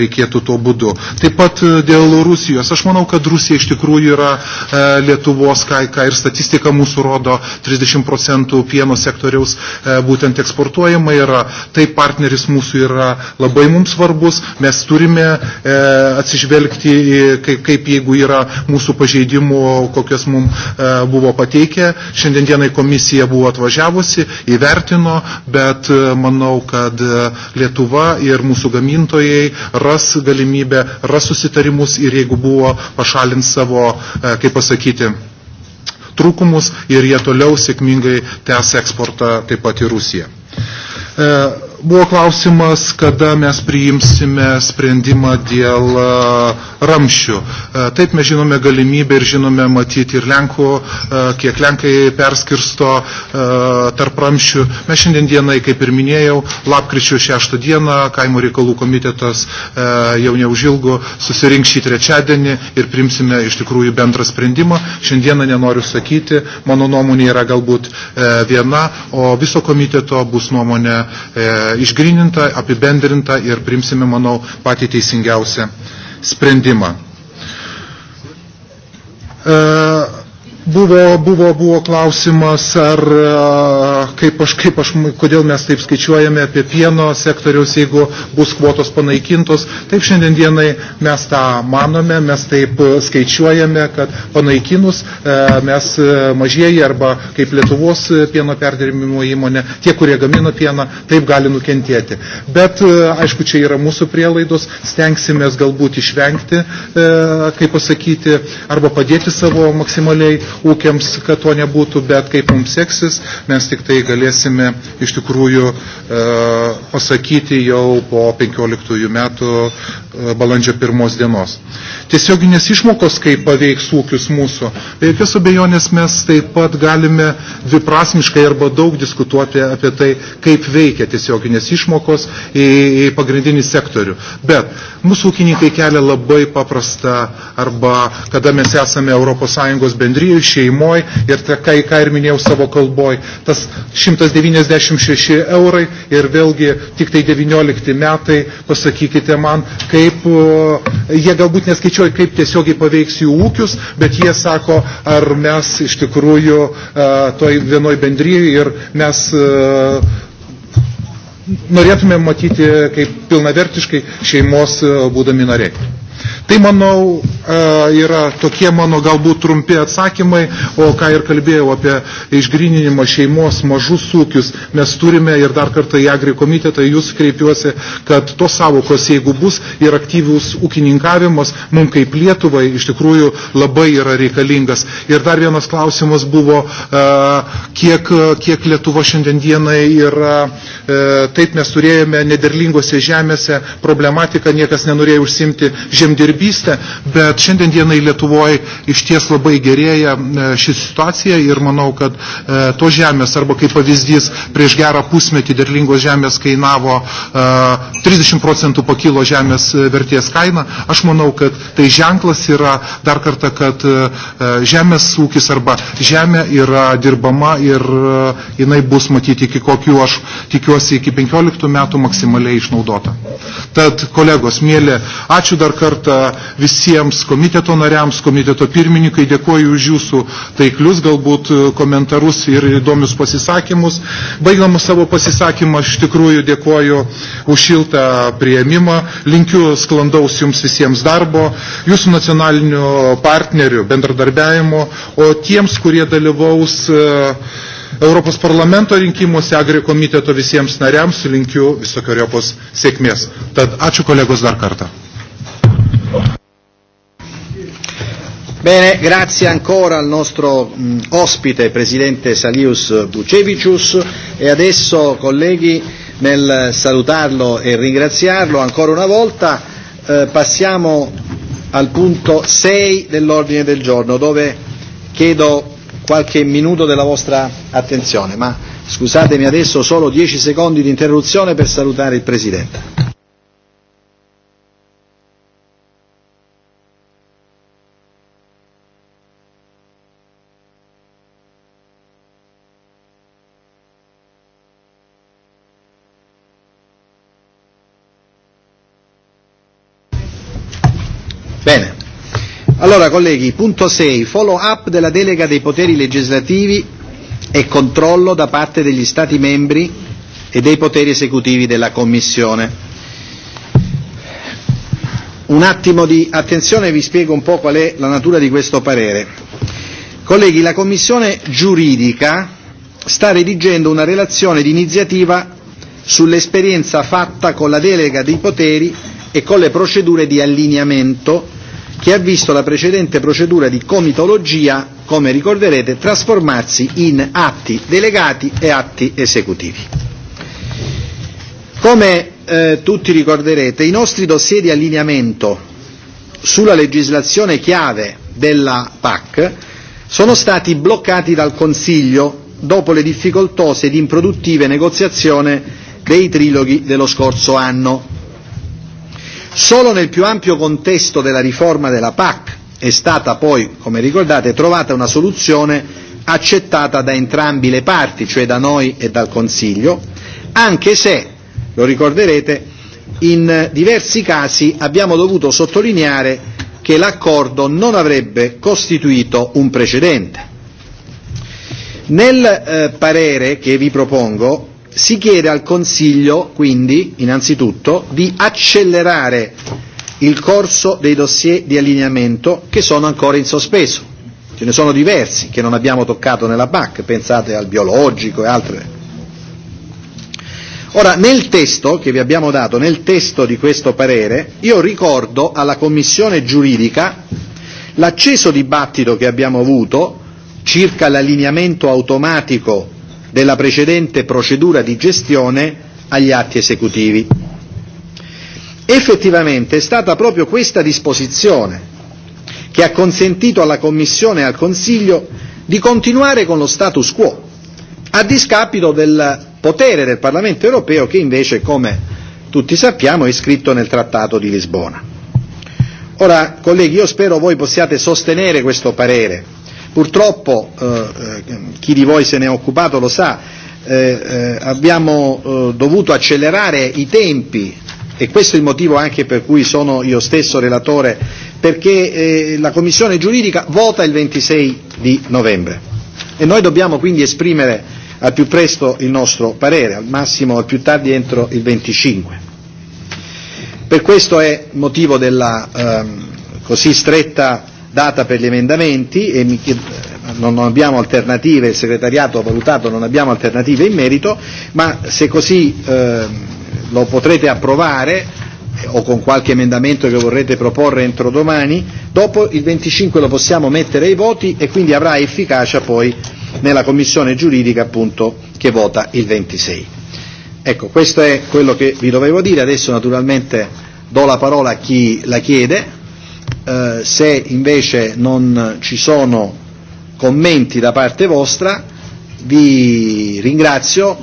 reikėtų to būdu. Taip pat e, dėl Rusijos. Aš manau, kad Rusija iš tikrųjų yra e, Lietuvos, ką, ką ir statistika mūsų rodo, 30 procentų pieno sektoriaus būtent eksportuojama yra. Tai partneris mūsų yra labai mums svarbus. Mes turime atsižvelgti, kaip, kaip jeigu yra mūsų pažeidimų, kokios mums buvo pateikę. Šiandienai komisija buvo atvažiavusi, įvertino, bet manau, kad Lietuva Lietuva ir mūsų gamintojai ras galimybę, ras susitarimus ir jeigu buvo pašalins savo, e, kaip pasakyti, trūkumus ir jie toliau sėkmingai tęs eksportą taip pat į Rusiją. E, Buvo klausimas, kada mes priimsime sprendimą dėl e, ramščių. E, taip mes žinome galimybę ir žinome matyti ir Lenkų, e, kiek Lenkai perskirsto tarp ramščių. Mes šiandien dienai, kaip ir minėjau, lapkričio 6 dieną kaimo reikalų komitetas jau neužilgo susirink šį trečiadienį ir priimsime iš tikrųjų bendrą sprendimą. Šiandieną nenoriu sakyti, mano nuomonė yra galbūt viena, o viso komiteto bus nuomonė išgrininta, apibendrinta ir primsime, manau, patį teisingiausią sprendimą. E, Buvo, buvo, buvo klausimas, ar kaip aš, kaip aš, kodėl mes taip skaičiuojame apie pieno sektoriaus, jeigu bus kvotos panaikintos. Taip šiandien dienai mes tą manome, mes taip skaičiuojame, kad panaikinus mes mažieji arba kaip Lietuvos pieno perdirbimo įmonė, tie, kurie gamina pieną, taip gali nukentėti. Bet, aišku, čia yra mūsų prielaidos, stengsimės galbūt išvengti, kaip pasakyti, arba padėti savo maksimaliai ūkiams, kad to nebūtų, bet kaip mums seksis, mes tik tai galėsime iš tikrųjų e, pasakyti jau po 15 metų E, balandžio pirmos dienos. Tiesioginės išmokos, kaip paveiks ūkius mūsų, be jokios abejonės mes taip pat galime dviprasmiškai arba daug diskutuoti apie tai, kaip veikia tiesioginės išmokos į, į pagrindinį sektorių. Bet mūsų ūkininkai kelia labai paprastą arba kada mes esame ES bendryjų šeimoje ir tai, ką, ką ir minėjau savo kalboj, tas 196 eurai ir vėlgi tik tai 19 metai, pasakykite man, kaip kaip jie galbūt neskaičiuoja, kaip tiesiogiai paveiks jų ūkius, bet jie sako, ar mes iš tikrųjų e, toj vienoj bendryje ir mes e, norėtume matyti kaip pilnavertiškai šeimos e, būdami nariai. Tai, manau, e, yra tokie mano galbūt trumpi atsakymai, o ką ir kalbėjau apie išgrininimą šeimos mažus ūkius, mes turime ir dar kartą į Agri komitetą jūs kreipiuosi, kad to savokos, jeigu bus ir aktyvius ūkininkavimas, mums kaip Lietuvai iš tikrųjų labai yra reikalingas. Ir dar vienas klausimas buvo, e, kiek, kiek Lietuva dienai yra, e, taip mes turėjome nederlingose žemėse problematiką, niekas nenorėjo užsimti žemdirbimą bedarbystę, bet šiandien dienai Lietuvoje iš ties labai gerėja e, ši situacija ir manau, kad e, to žemės, arba kaip pavyzdys, prieš gerą pusmetį derlingos žemės kainavo 30 e, procentų pakilo žemės vertės kaina. Aš manau, kad tai ženklas yra dar kartą, kad žemės ūkis arba žemė yra dirbama ir jinai bus matyti iki kokių aš tikiuosi iki 15 metų maksimaliai išnaudota. Tad kolegos, mėly, ačiū dar kartą visiems komiteto nariams, komiteto pirmininkai. Dėkuoju už jūsų taiklius, galbūt e, komentarus ir įdomius pasisakymus. Baigdama savo pasisakymą, aš tikrųjų dėkuoju už šiltą prieimimą. Linkiu sklandaus jums visiems darbo, jūsų nacionalinių partnerių bendradarbiavimo, o tiems, kurie dalyvaus e, Europos parlamento rinkimuose agri komiteto visiems nariams linkiu visokiojopos sėkmės. Tad ačiū kolegos dar kartą. Bene, grazie ancora al nostro mh, ospite, Presidente Salius Bucevicius e adesso, colleghi, nel salutarlo e ringraziarlo ancora una volta eh, passiamo al punto 6 dell'ordine del giorno dove chiedo qualche minuto della vostra attenzione, ma scusatemi adesso solo 10 secondi di interruzione per salutare il Presidente. colleghi, punto 6, follow up della delega dei poteri legislativi e controllo da parte degli Stati membri e dei poteri esecutivi della Commissione. Un attimo di attenzione vi spiego un po' qual è la natura di questo parere. Colleghi, la Commissione giuridica sta redigendo una relazione di iniziativa sull'esperienza fatta con la delega dei poteri e con le procedure di allineamento che ha visto la precedente procedura di comitologia, come ricorderete, trasformarsi in atti delegati e atti esecutivi. Come eh, tutti ricorderete, i nostri dossier di allineamento sulla legislazione chiave della PAC sono stati bloccati dal Consiglio dopo le difficoltose ed improduttive negoziazioni dei triloghi dello scorso anno Solo nel più ampio contesto della riforma della PAC è stata poi, come ricordate, trovata una soluzione accettata da entrambi le parti, cioè da noi e dal Consiglio, anche se, lo ricorderete, in diversi casi abbiamo dovuto sottolineare che l'accordo non avrebbe costituito un precedente. Nel eh, parere che vi propongo si chiede al Consiglio, quindi, innanzitutto, di accelerare il corso dei dossier di allineamento che sono ancora in sospeso. Ce ne sono diversi che non abbiamo toccato nella PAC, pensate al biologico e altre. Ora, nel testo che vi abbiamo dato, nel testo di questo parere, io ricordo alla Commissione giuridica l'acceso dibattito che abbiamo avuto circa l'allineamento automatico della precedente procedura di gestione agli atti esecutivi. Effettivamente è stata proprio questa disposizione che ha consentito alla Commissione e al Consiglio di continuare con lo status quo, a discapito del potere del Parlamento europeo che invece, come tutti sappiamo, è scritto nel Trattato di Lisbona. Ora, colleghi, io spero voi possiate sostenere questo parere, Purtroppo, eh, eh, chi di voi se ne è occupato lo sa, eh, eh, abbiamo eh, dovuto accelerare i tempi e questo è il motivo anche per cui sono io stesso relatore, perché eh, la Commissione giuridica vota il 26 di novembre e noi dobbiamo quindi esprimere al più presto il nostro parere, al massimo al più tardi entro il 25. Per questo è motivo della ehm, così stretta data per gli emendamenti e mi chiedo, eh, non abbiamo alternative, il segretariato ha valutato, non abbiamo alternative in merito, ma se così eh, lo potrete approvare eh, o con qualche emendamento che vorrete proporre entro domani, dopo il 25 lo possiamo mettere ai voti e quindi avrà efficacia poi nella commissione giuridica appunto che vota il 26. Ecco, questo è quello che vi dovevo dire, adesso naturalmente do la parola a chi la chiede Eh, se invece non ci sono commenti da parte vostra, vi ringrazio,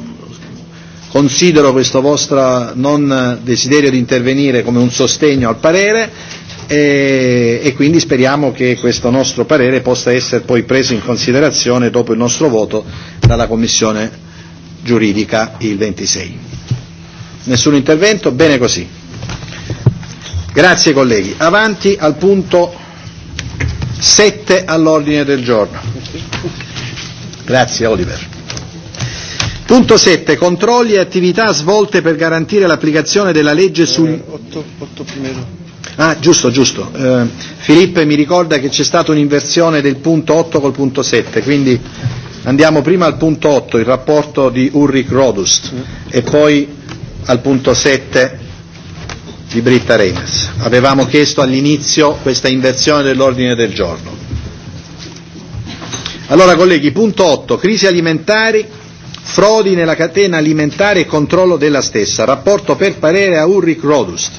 considero questo vostro non desiderio di intervenire come un sostegno al parere e, e quindi speriamo che questo nostro parere possa essere poi preso in considerazione dopo il nostro voto dalla Commissione giuridica il 26. Nessun intervento? Bene così. Grazie colleghi. Avanti al punto 7 all'ordine del giorno. Grazie Oliver. Punto 7. Controlli e attività svolte per garantire l'applicazione della legge eh, sul. Eh, 8, 8 primero. Ah, giusto, giusto. Eh, Filippo mi ricorda che c'è stata un'inversione del punto 8 col punto 7, quindi andiamo prima al punto 8, il rapporto di Ulrich Rodust, mm. e poi al punto 7 di Britta Remes. Avevamo chiesto all'inizio questa inversione dell'ordine del giorno. Allora colleghi, punto 8, crisi alimentari, frodi nella catena alimentare e controllo della stessa, rapporto per parere a Ulrich Rodust.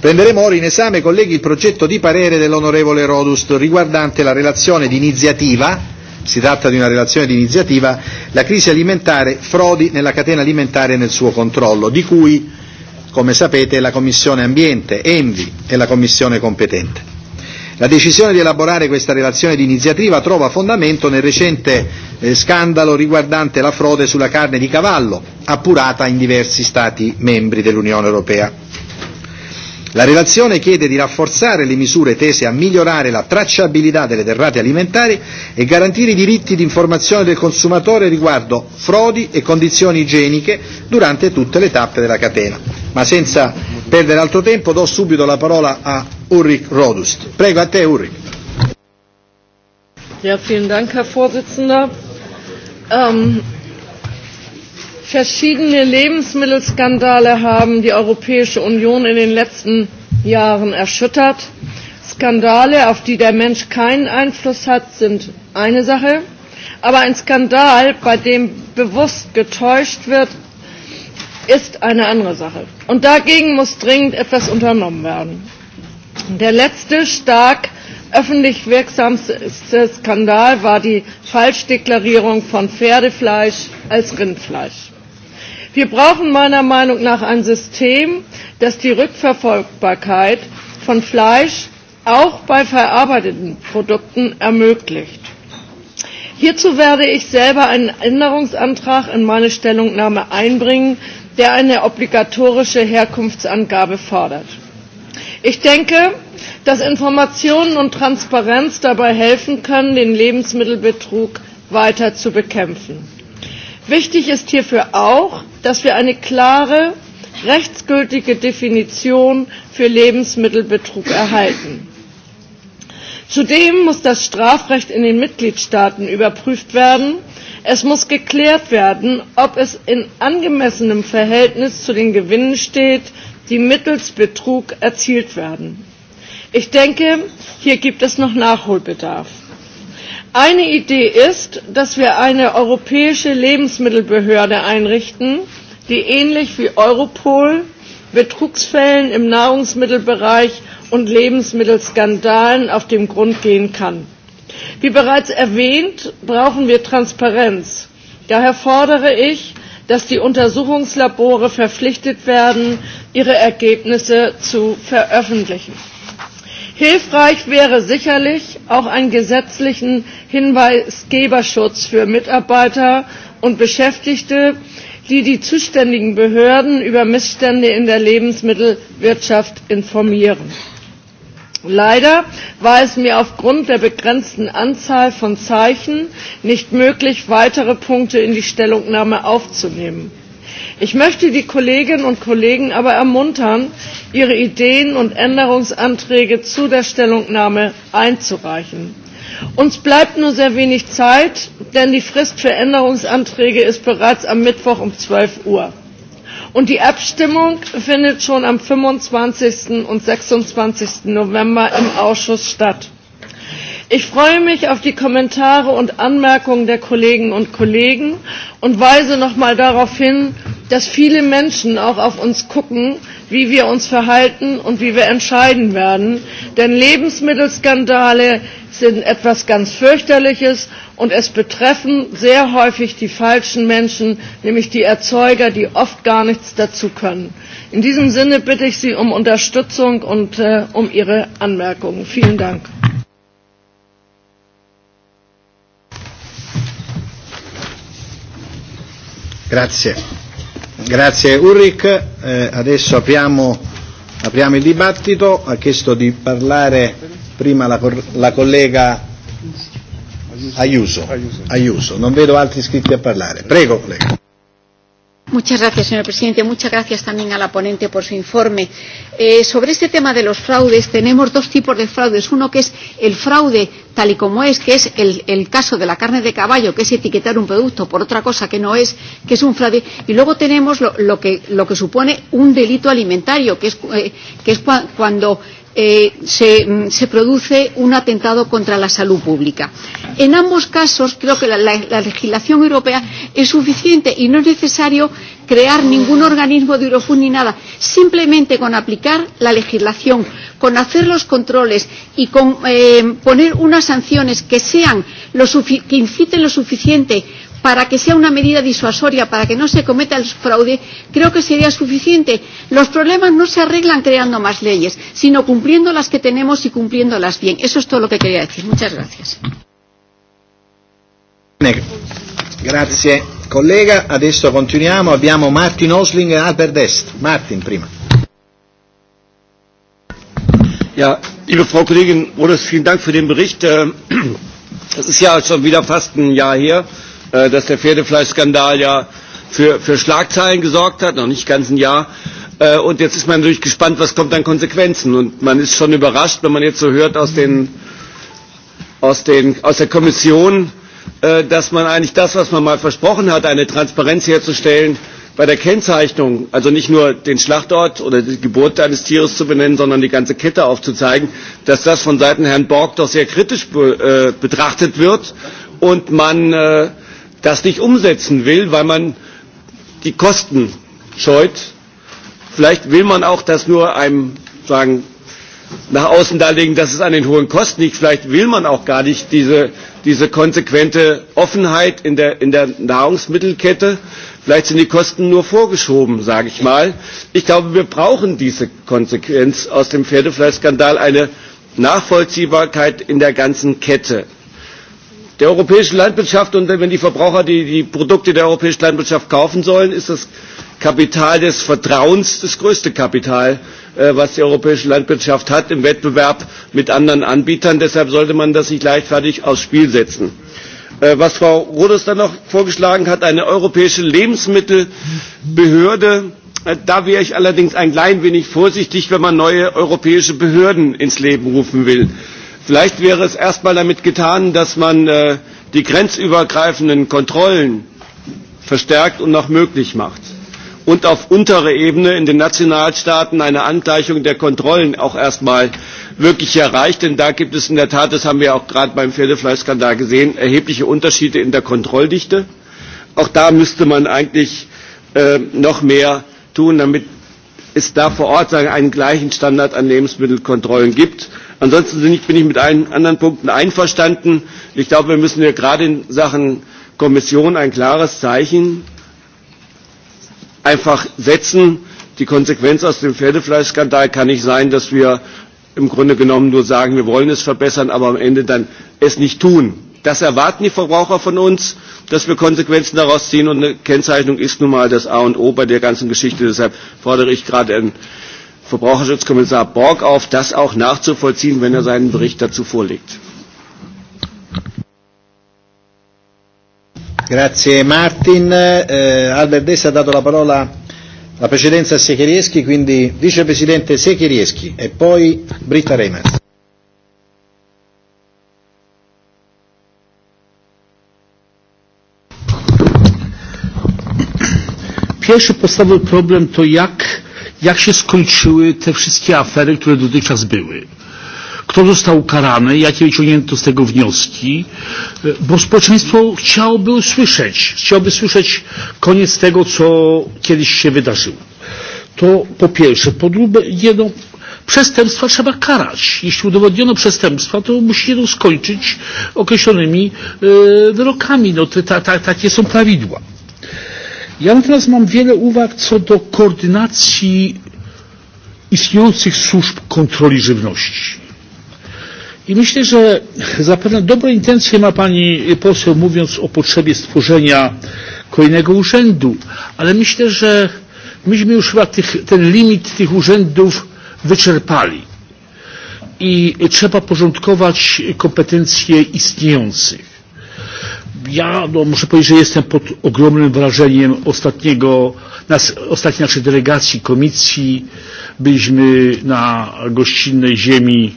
Prenderemo ora in esame, colleghi, il progetto di parere dell'onorevole Rodust riguardante la relazione di iniziativa si tratta di una relazione di iniziativa, la crisi alimentare, frodi nella catena alimentare e nel suo controllo, di cui come sapete la Commissione Ambiente, Envi è la Commissione competente. La decisione di elaborare questa relazione di iniziativa trova fondamento nel recente eh, scandalo riguardante la frode sulla carne di cavallo, appurata in diversi Stati membri dell'Unione Europea. La relazione chiede di rafforzare le misure tese a migliorare la tracciabilità delle derrate alimentari e garantire i diritti di informazione del consumatore riguardo frodi e condizioni igieniche durante tutte le tappe della catena. Ma senza perdere altro tempo do subito la parola a Ulrich Rodust. Prego a te Ulrich. Ja, vielen Dank, Herr Vorsitzender. Ähm, verschiedene Lebensmittelskandale haben die Europäische Union in den letzten Jahren erschüttert. Skandale, auf die der Mensch keinen Einfluss hat, sind eine Sache. Aber ein Skandal, bei dem bewusst getäuscht wird, ist eine andere Sache. Und dagegen muss dringend etwas unternommen werden. Der letzte stark öffentlich wirksamste Skandal war die Falschdeklarierung von Pferdefleisch als Rindfleisch. Wir brauchen meiner Meinung nach ein System, das die Rückverfolgbarkeit von Fleisch auch bei verarbeiteten Produkten ermöglicht. Hierzu werde ich selber einen Änderungsantrag in meine Stellungnahme einbringen, der eine obligatorische Herkunftsangabe fordert. Ich denke, dass Informationen und Transparenz dabei helfen können, den Lebensmittelbetrug weiter zu bekämpfen. Wichtig ist hierfür auch, dass wir eine klare, rechtsgültige Definition für Lebensmittelbetrug erhalten. Zudem muss das Strafrecht in den Mitgliedstaaten überprüft werden. Es muss geklärt werden, ob es in angemessenem Verhältnis zu den Gewinnen steht, die mittels Betrug erzielt werden. Ich denke, hier gibt es noch Nachholbedarf. Eine Idee ist, dass wir eine europäische Lebensmittelbehörde einrichten, die ähnlich wie Europol Betrugsfällen im Nahrungsmittelbereich und Lebensmittelskandalen auf den Grund gehen kann. Wie bereits erwähnt, brauchen wir Transparenz. Daher fordere ich, dass die Untersuchungslabore verpflichtet werden, ihre Ergebnisse zu veröffentlichen. Hilfreich wäre sicherlich auch ein gesetzlicher Hinweisgeberschutz für Mitarbeiter und Beschäftigte, die die zuständigen Behörden über Missstände in der Lebensmittelwirtschaft informieren. Leider war es mir aufgrund der begrenzten Anzahl von Zeichen nicht möglich, weitere Punkte in die Stellungnahme aufzunehmen. Ich möchte die Kolleginnen und Kollegen aber ermuntern, ihre Ideen und Änderungsanträge zu der Stellungnahme einzureichen. Uns bleibt nur sehr wenig Zeit, denn die Frist für Änderungsanträge ist bereits am Mittwoch um 12 Uhr. Und die Abstimmung findet schon am 25. und 26. November im Ausschuss statt. Ich freue mich auf die Kommentare und Anmerkungen der Kollegen und Kollegen und weise nochmal darauf hin, dass viele Menschen auch auf uns gucken, wie wir uns verhalten und wie wir entscheiden werden. Denn Lebensmittelskandale sind etwas ganz fürchterliches und es betreffen sehr häufig die falschen Menschen, nämlich die Erzeuger, die oft gar nichts dazu können. In diesem Sinne bitte ich Sie um Unterstützung und äh, um Ihre Anmerkungen. Vielen Dank. Grazie. Grazie Ulrich. Eh, adesso apriamo, apriamo il dibattito. Ha chiesto di parlare prima la, la collega Ayuso. Ayuso. Non vedo altri iscritti a parlare. Prego collega. Muchas gracias, señor presidente. Muchas gracias también a la ponente por su informe. Eh, sobre este tema de los fraudes, tenemos dos tipos de fraudes. Uno que es el fraude tal y como es, que es el, el caso de la carne de caballo, que es etiquetar un producto por otra cosa que no es, que es un fraude. Y luego tenemos lo, lo, que, lo que supone un delito alimentario, que es, eh, que es cua, cuando eh, se, mm, se produce un atentado contra la salud pública. En ambos casos, creo que la, la, la legislación europea es suficiente y no es necesario crear ningún organismo de Eurofund ni nada. Simplemente con aplicar la legislación, con hacer los controles y con eh, poner unas sanciones que sean lo que inciten lo suficiente para que sea una medida disuasoria, para que no se cometa el fraude, creo que sería suficiente. Los problemas no se arreglan creando más leyes, sino cumpliendo las que tenemos y cumpliéndolas bien. Eso es todo lo que quería decir. Muchas gracias. Gracias. Colega, adesso continuiamo, abbiamo Martin Osling e Albert Est. Martin prima. Ja, liebe Frau Kollegin Rodes, vielen Dank für den Bericht. Das ähm, ist ja schon wieder fast ein Jahr her Äh, dass der Pferdefleischskandal ja für, für Schlagzeilen gesorgt hat, noch nicht ganz ein Jahr. Äh, und jetzt ist man natürlich gespannt, was kommt an Konsequenzen. Und man ist schon überrascht, wenn man jetzt so hört aus, den, aus, den, aus der Kommission, äh, dass man eigentlich das, was man mal versprochen hat, eine Transparenz herzustellen, bei der Kennzeichnung, also nicht nur den Schlachtort oder die Geburt eines Tieres zu benennen, sondern die ganze Kette aufzuzeigen, dass das von Seiten Herrn Borg doch sehr kritisch be, äh, betrachtet wird und man äh, das nicht umsetzen will, weil man die Kosten scheut. Vielleicht will man auch das nur einem sagen, nach außen darlegen, dass es an den hohen Kosten liegt. Vielleicht will man auch gar nicht diese, diese konsequente Offenheit in der, in der Nahrungsmittelkette. Vielleicht sind die Kosten nur vorgeschoben, sage ich mal. Ich glaube, wir brauchen diese Konsequenz aus dem Pferdefleischskandal, eine Nachvollziehbarkeit in der ganzen Kette der europäischen Landwirtschaft und wenn die Verbraucher die, die Produkte der europäischen Landwirtschaft kaufen sollen, ist das Kapital des Vertrauens das größte Kapital, äh, was die europäische Landwirtschaft hat im Wettbewerb mit anderen Anbietern. Deshalb sollte man das nicht leichtfertig aufs Spiel setzen. Äh, was Frau Rodos dann noch vorgeschlagen hat, eine europäische Lebensmittelbehörde, äh, Da wäre ich allerdings ein klein wenig vorsichtig, wenn man neue europäische Behörden ins Leben rufen will. Vielleicht wäre es erstmal damit getan, dass man äh, die grenzübergreifenden Kontrollen verstärkt und noch möglich macht und auf unterer Ebene in den Nationalstaaten eine Angleichung der Kontrollen auch erstmal wirklich erreicht. Denn da gibt es in der Tat, das haben wir auch gerade beim Pferdefleischskandal gesehen, erhebliche Unterschiede in der Kontrolldichte. Auch da müsste man eigentlich äh, noch mehr tun, damit es da vor Ort sagen, einen gleichen Standard an Lebensmittelkontrollen gibt. Ansonsten bin ich mit allen anderen Punkten einverstanden. Ich glaube, wir müssen hier gerade in Sachen Kommission ein klares Zeichen einfach setzen. Die Konsequenz aus dem Pferdefleischskandal kann nicht sein, dass wir im Grunde genommen nur sagen, wir wollen es verbessern, aber am Ende dann es nicht tun. Das erwarten die Verbraucher von uns, dass wir Konsequenzen daraus ziehen und eine Kennzeichnung ist nun mal das A und O bei der ganzen Geschichte. Deshalb fordere ich gerade einen Verbraucherschutzkommissar Borg auf, das auch nachzuvollziehen, wenn er seinen Bericht dazu vorlegt. Grazie Martin. Eh, Albert Dess ha dato la parola la precedenza a Secherieschi, quindi vicepresidente Secherieschi e poi Britta Reimers. Pierwszy podstawowy problem to jak, jak się skończyły te wszystkie afery, które dotychczas były. Kto został ukarany, jakie wyciągnięto z tego wnioski, bo społeczeństwo chciałoby usłyszeć, chciałoby słyszeć koniec tego, co kiedyś się wydarzyło. To po pierwsze. Po drugie, no, przestępstwa trzeba karać. Jeśli udowodniono przestępstwa, to musi się to skończyć określonymi y, e, wyrokami. No, te, ta, ta, takie są prawidła. Ja natomiast mam wiele uwag co do koordynacji istniejących służb kontroli żywności. I myślę, że zapewne dobre intencje ma pani poseł mówiąc o potrzebie stworzenia kolejnego urzędu, ale myślę, że myśmy już chyba tych, ten limit tych urzędów wyczerpali i trzeba porządkować kompetencje istniejących ja no, muszę powiedzieć, że jestem pod ogromnym wrażeniem ostatniego, nas, ostatniej naszej delegacji, komisji. Byliśmy na gościnnej ziemi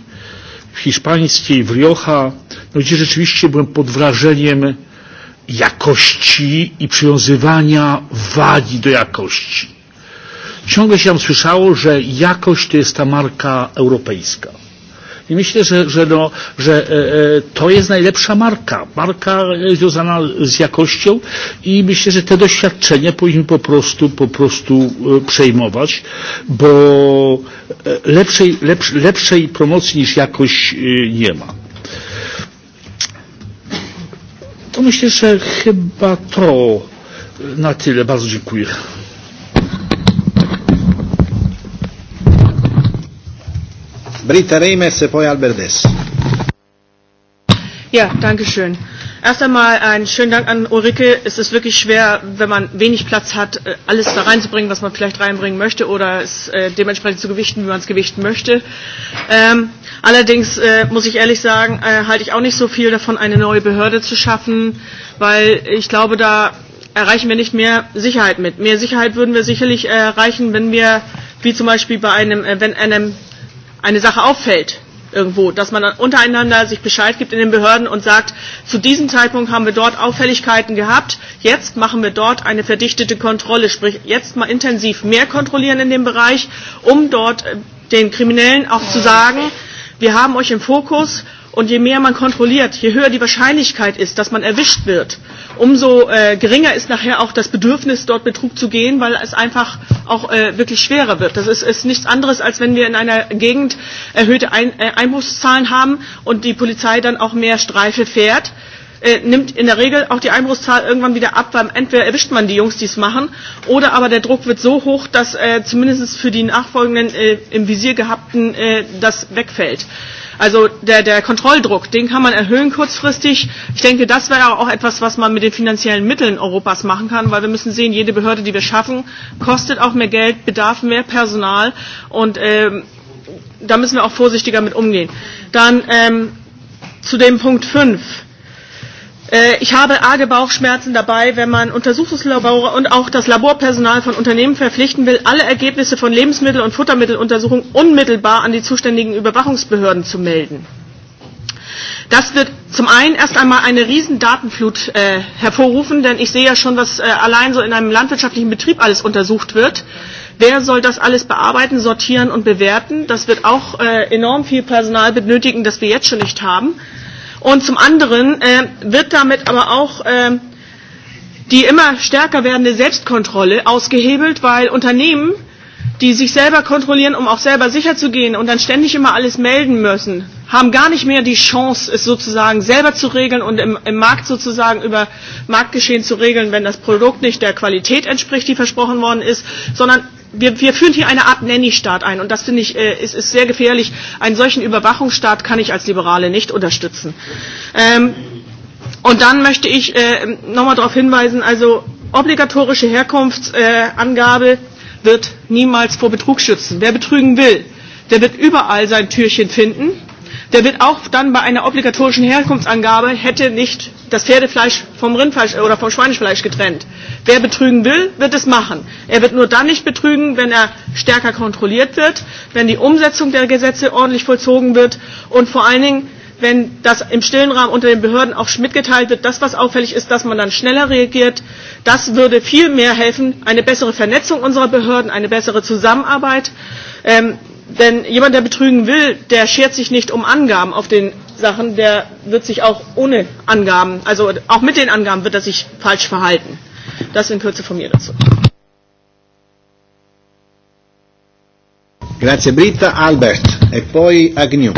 hiszpańskiej, w Rioja, no, gdzie rzeczywiście byłem pod wrażeniem jakości i przywiązywania wagi do jakości. Ciągle się tam słyszało, że jakość to jest ta marka europejska i myślę, że, że, no, że e, e, to jest najlepsza marka, marka związana z jakością i myślę, że te doświadczenia powinniśmy po prostu, po prostu e, przejmować, bo e, lepszej, lepsz, lepszej promocji niż jakość e, nie ma. To myślę, że chyba to na tyle. Bardzo dziękuję. Britta Reimers e poi Alberdes. Ja, danke schön. Erst einmal einen schönen Dank an Ulrike. Es ist wirklich schwer, wenn man wenig Platz hat, äh, alles da reinzubringen, was man vielleicht reinbringen möchte oder es äh, dementsprechend zu gewichten, wie man es gewichten möchte. Ähm, allerdings äh, muss ich ehrlich sagen, äh, halte ich auch nicht so viel davon, eine neue Behörde zu schaffen, weil ich glaube, da erreichen wir nicht mehr Sicherheit mit. Mehr Sicherheit würden wir sicherlich äh, erreichen, wenn wir, wie zum Beispiel bei einem, äh, wenn einem eine Sache auffällt irgendwo, dass man untereinander sich Bescheid gibt in den Behörden und sagt, zu diesem Zeitpunkt haben wir dort Auffälligkeiten gehabt, jetzt machen wir dort eine verdichtete Kontrolle, sprich jetzt mal intensiv mehr kontrollieren in dem Bereich, um dort äh, den Kriminellen auch zu sagen, wir haben euch im Fokus Und je mehr man kontrolliert, je höher die Wahrscheinlichkeit ist, dass man erwischt wird, umso äh, geringer ist nachher auch das Bedürfnis, dort Betrug zu gehen, weil es einfach auch äh, wirklich schwerer wird. Das ist, ist nichts anderes, als wenn wir in einer Gegend erhöhte Ein äh, Einbruchszahlen haben und die Polizei dann auch mehr Streife fährt. Äh, nimmt in der Regel auch die Einbruchszahl irgendwann wieder ab, weil entweder erwischt man die Jungs, die es machen, oder aber der Druck wird so hoch, dass äh, zumindest für die nachfolgenden äh, im Visier gehabten äh, das wegfällt. Äh, Also der, der Kontrolldruck, den kann man erhöhen kurzfristig. Ich denke, das wäre auch etwas, was man mit den finanziellen Mitteln Europas machen kann, weil wir müssen sehen, jede Behörde, die wir schaffen, kostet auch mehr Geld, bedarf mehr Personal und ähm, da müssen wir auch vorsichtiger mit umgehen. Dann ähm, zu dem Punkt 5 Äh, ich habe arge Bauchschmerzen dabei, wenn man Untersuchungslabore und auch das Laborpersonal von Unternehmen verpflichten will, alle Ergebnisse von Lebensmittel- und Futtermitteluntersuchungen unmittelbar an die zuständigen Überwachungsbehörden zu melden. Das wird zum einen erst einmal eine riesen Datenflut äh, hervorrufen, denn ich sehe ja schon, was äh, allein so in einem landwirtschaftlichen Betrieb alles untersucht wird. Wer soll das alles bearbeiten, sortieren und bewerten? Das wird auch äh, enorm viel Personal benötigen, das wir jetzt schon nicht haben. Äh, Und zum anderen äh, wird damit aber auch äh, die immer stärker werdende Selbstkontrolle ausgehebelt, weil Unternehmen, die sich selber kontrollieren, um auch selber sicher zu gehen und dann ständig immer alles melden müssen, haben gar nicht mehr die Chance, es sozusagen selber zu regeln und im, im Markt sozusagen über Marktgeschehen zu regeln, wenn das Produkt nicht der Qualität entspricht, die versprochen worden ist, sondern wir, wir führen hier eine Art Nanny-Staat ein und das finde ich, äh, ist, ist sehr gefährlich. Einen solchen Überwachungsstaat kann ich als Liberale nicht unterstützen. Ähm, und dann möchte ich äh, nochmal darauf hinweisen, also obligatorische Herkunftsangabe äh, wird niemals vor Betrug schützen. Wer betrügen will, der wird überall sein Türchen finden der wird auch dann bei einer obligatorischen Herkunftsangabe hätte nicht das Pferdefleisch vom Rindfleisch äh, oder vom Schweinefleisch getrennt. Wer betrügen will, wird es machen. Er wird nur dann nicht betrügen, wenn er stärker kontrolliert wird, wenn die Umsetzung der Gesetze ordentlich vollzogen wird und vor allen Dingen, wenn das im stillen Rahmen unter den Behörden auch mitgeteilt wird, das, was auffällig ist, dass man dann schneller reagiert, das würde viel mehr helfen, eine bessere Vernetzung unserer Behörden, eine bessere Zusammenarbeit. Ähm, Denn jemand, der betrügen will, der schert sich nicht um Angaben auf den Sachen, der wird sich auch ohne Angaben, also auch mit den Angaben wird er sich falsch verhalten. Das in Kürze von mir dazu. Grazie Britta, Albert e poi Agnew.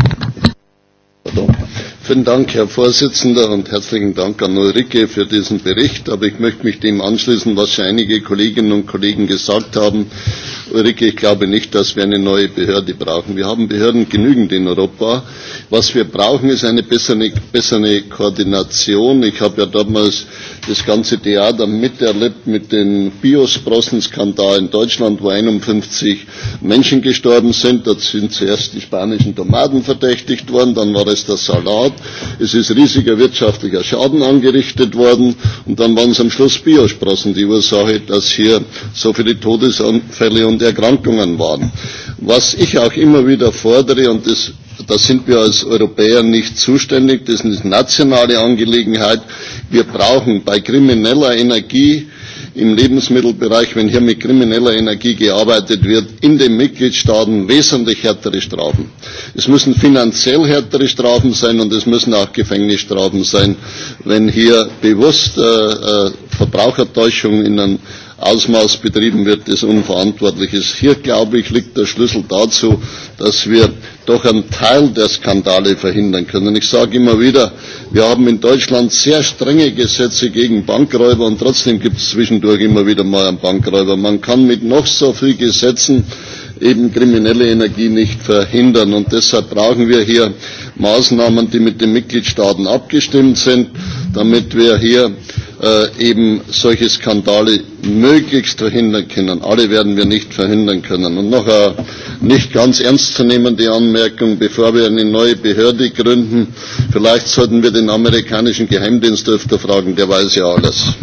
Vielen Dank, Herr Vorsitzender, und herzlichen Dank an Ulrike für diesen Bericht. Aber ich möchte mich dem anschließen, was schon einige Kolleginnen und Kollegen gesagt haben. Äh, Ulrike, ich glaube nicht, dass wir eine neue Behörde brauchen. Wir haben Behörden genügend in Europa. Was wir brauchen, ist eine bessere, bessere Koordination. Ich habe ja damals das ganze Theater miterlebt mit den Biosprossenskandal in Deutschland, wo 51 Menschen gestorben sind. Da sind zuerst die spanischen Tomaten verdächtigt worden, dann war es der Salat. Es ist riesiger wirtschaftlicher Schaden angerichtet worden und dann waren es am Schluss Biosprossen die Ursache, dass hier so viele Todesanfälle und und Erkrankungen waren. Was ich auch immer wieder fordere, und das, da sind wir als Europäer nicht zuständig, das ist eine nationale Angelegenheit, wir brauchen bei krimineller Energie im Lebensmittelbereich, wenn hier mit krimineller Energie gearbeitet wird, in den Mitgliedstaaten wesentlich härtere Strafen. Es müssen finanziell härtere Strafen sein und es müssen auch Gefängnisstrafen sein, wenn hier bewusst äh, äh, Verbrauchertäuschung in einem Ausmaß betrieben wird, das unverantwortlich ist. Hier, glaube ich, liegt der Schlüssel dazu, dass wir doch einen Teil der Skandale verhindern können. Ich sage immer wieder, wir haben in Deutschland sehr strenge Gesetze gegen Bankräuber und trotzdem gibt es zwischendurch immer wieder mal einen Bankräuber. Man kann mit noch so vielen Gesetzen eben kriminelle Energie nicht verhindern. Und deshalb brauchen wir hier Maßnahmen, die mit den Mitgliedstaaten abgestimmt sind, damit wir hier äh, eben solche Skandale möglichst verhindern können. Alle werden wir nicht verhindern können. Und noch eine nicht ganz ernst zu ernstzunehmende Anmerkung, bevor wir eine neue Behörde gründen, vielleicht sollten wir den amerikanischen Geheimdienst öfter fragen, der weiß ja alles.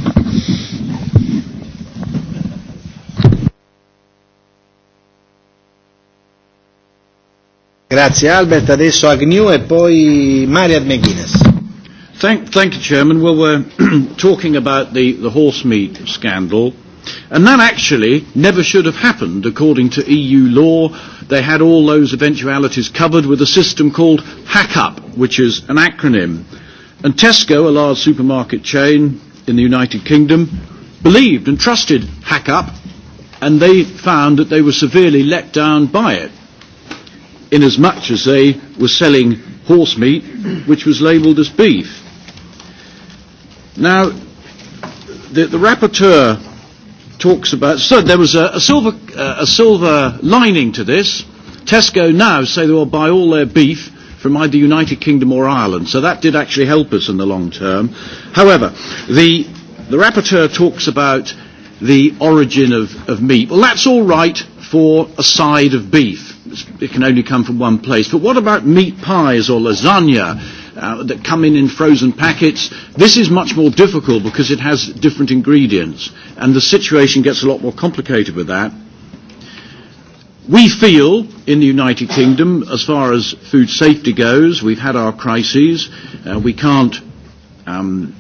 Grazie Albert, adesso Agnew e poi Mariad McGuinness. Thank, thank you, Chairman. Well, we're talking about the, the horse meat scandal. And that actually never should have happened according to EU law. They had all those eventualities covered with a system called HACCUP, which is an acronym. And Tesco, a large supermarket chain in the United Kingdom, believed and trusted HACCUP, and they found that they were severely let down by it, inasmuch as they were selling horse meat, which was labelled as beef. Now, the, the rapporteur talks about. So there was a, a silver uh, a silver lining to this. Tesco now say they will buy all their beef from either United Kingdom or Ireland. So that did actually help us in the long term. However, the the rapporteur talks about the origin of, of meat. Well, that's all right for a side of beef. it can only come from one place. But what about meat pies or lasagna? uh, that come in in frozen packets. This is much more difficult because it has different ingredients, and the situation gets a lot more complicated with that. We feel in the United Kingdom, as far as food safety goes, we've had our crises. Uh, we can't um,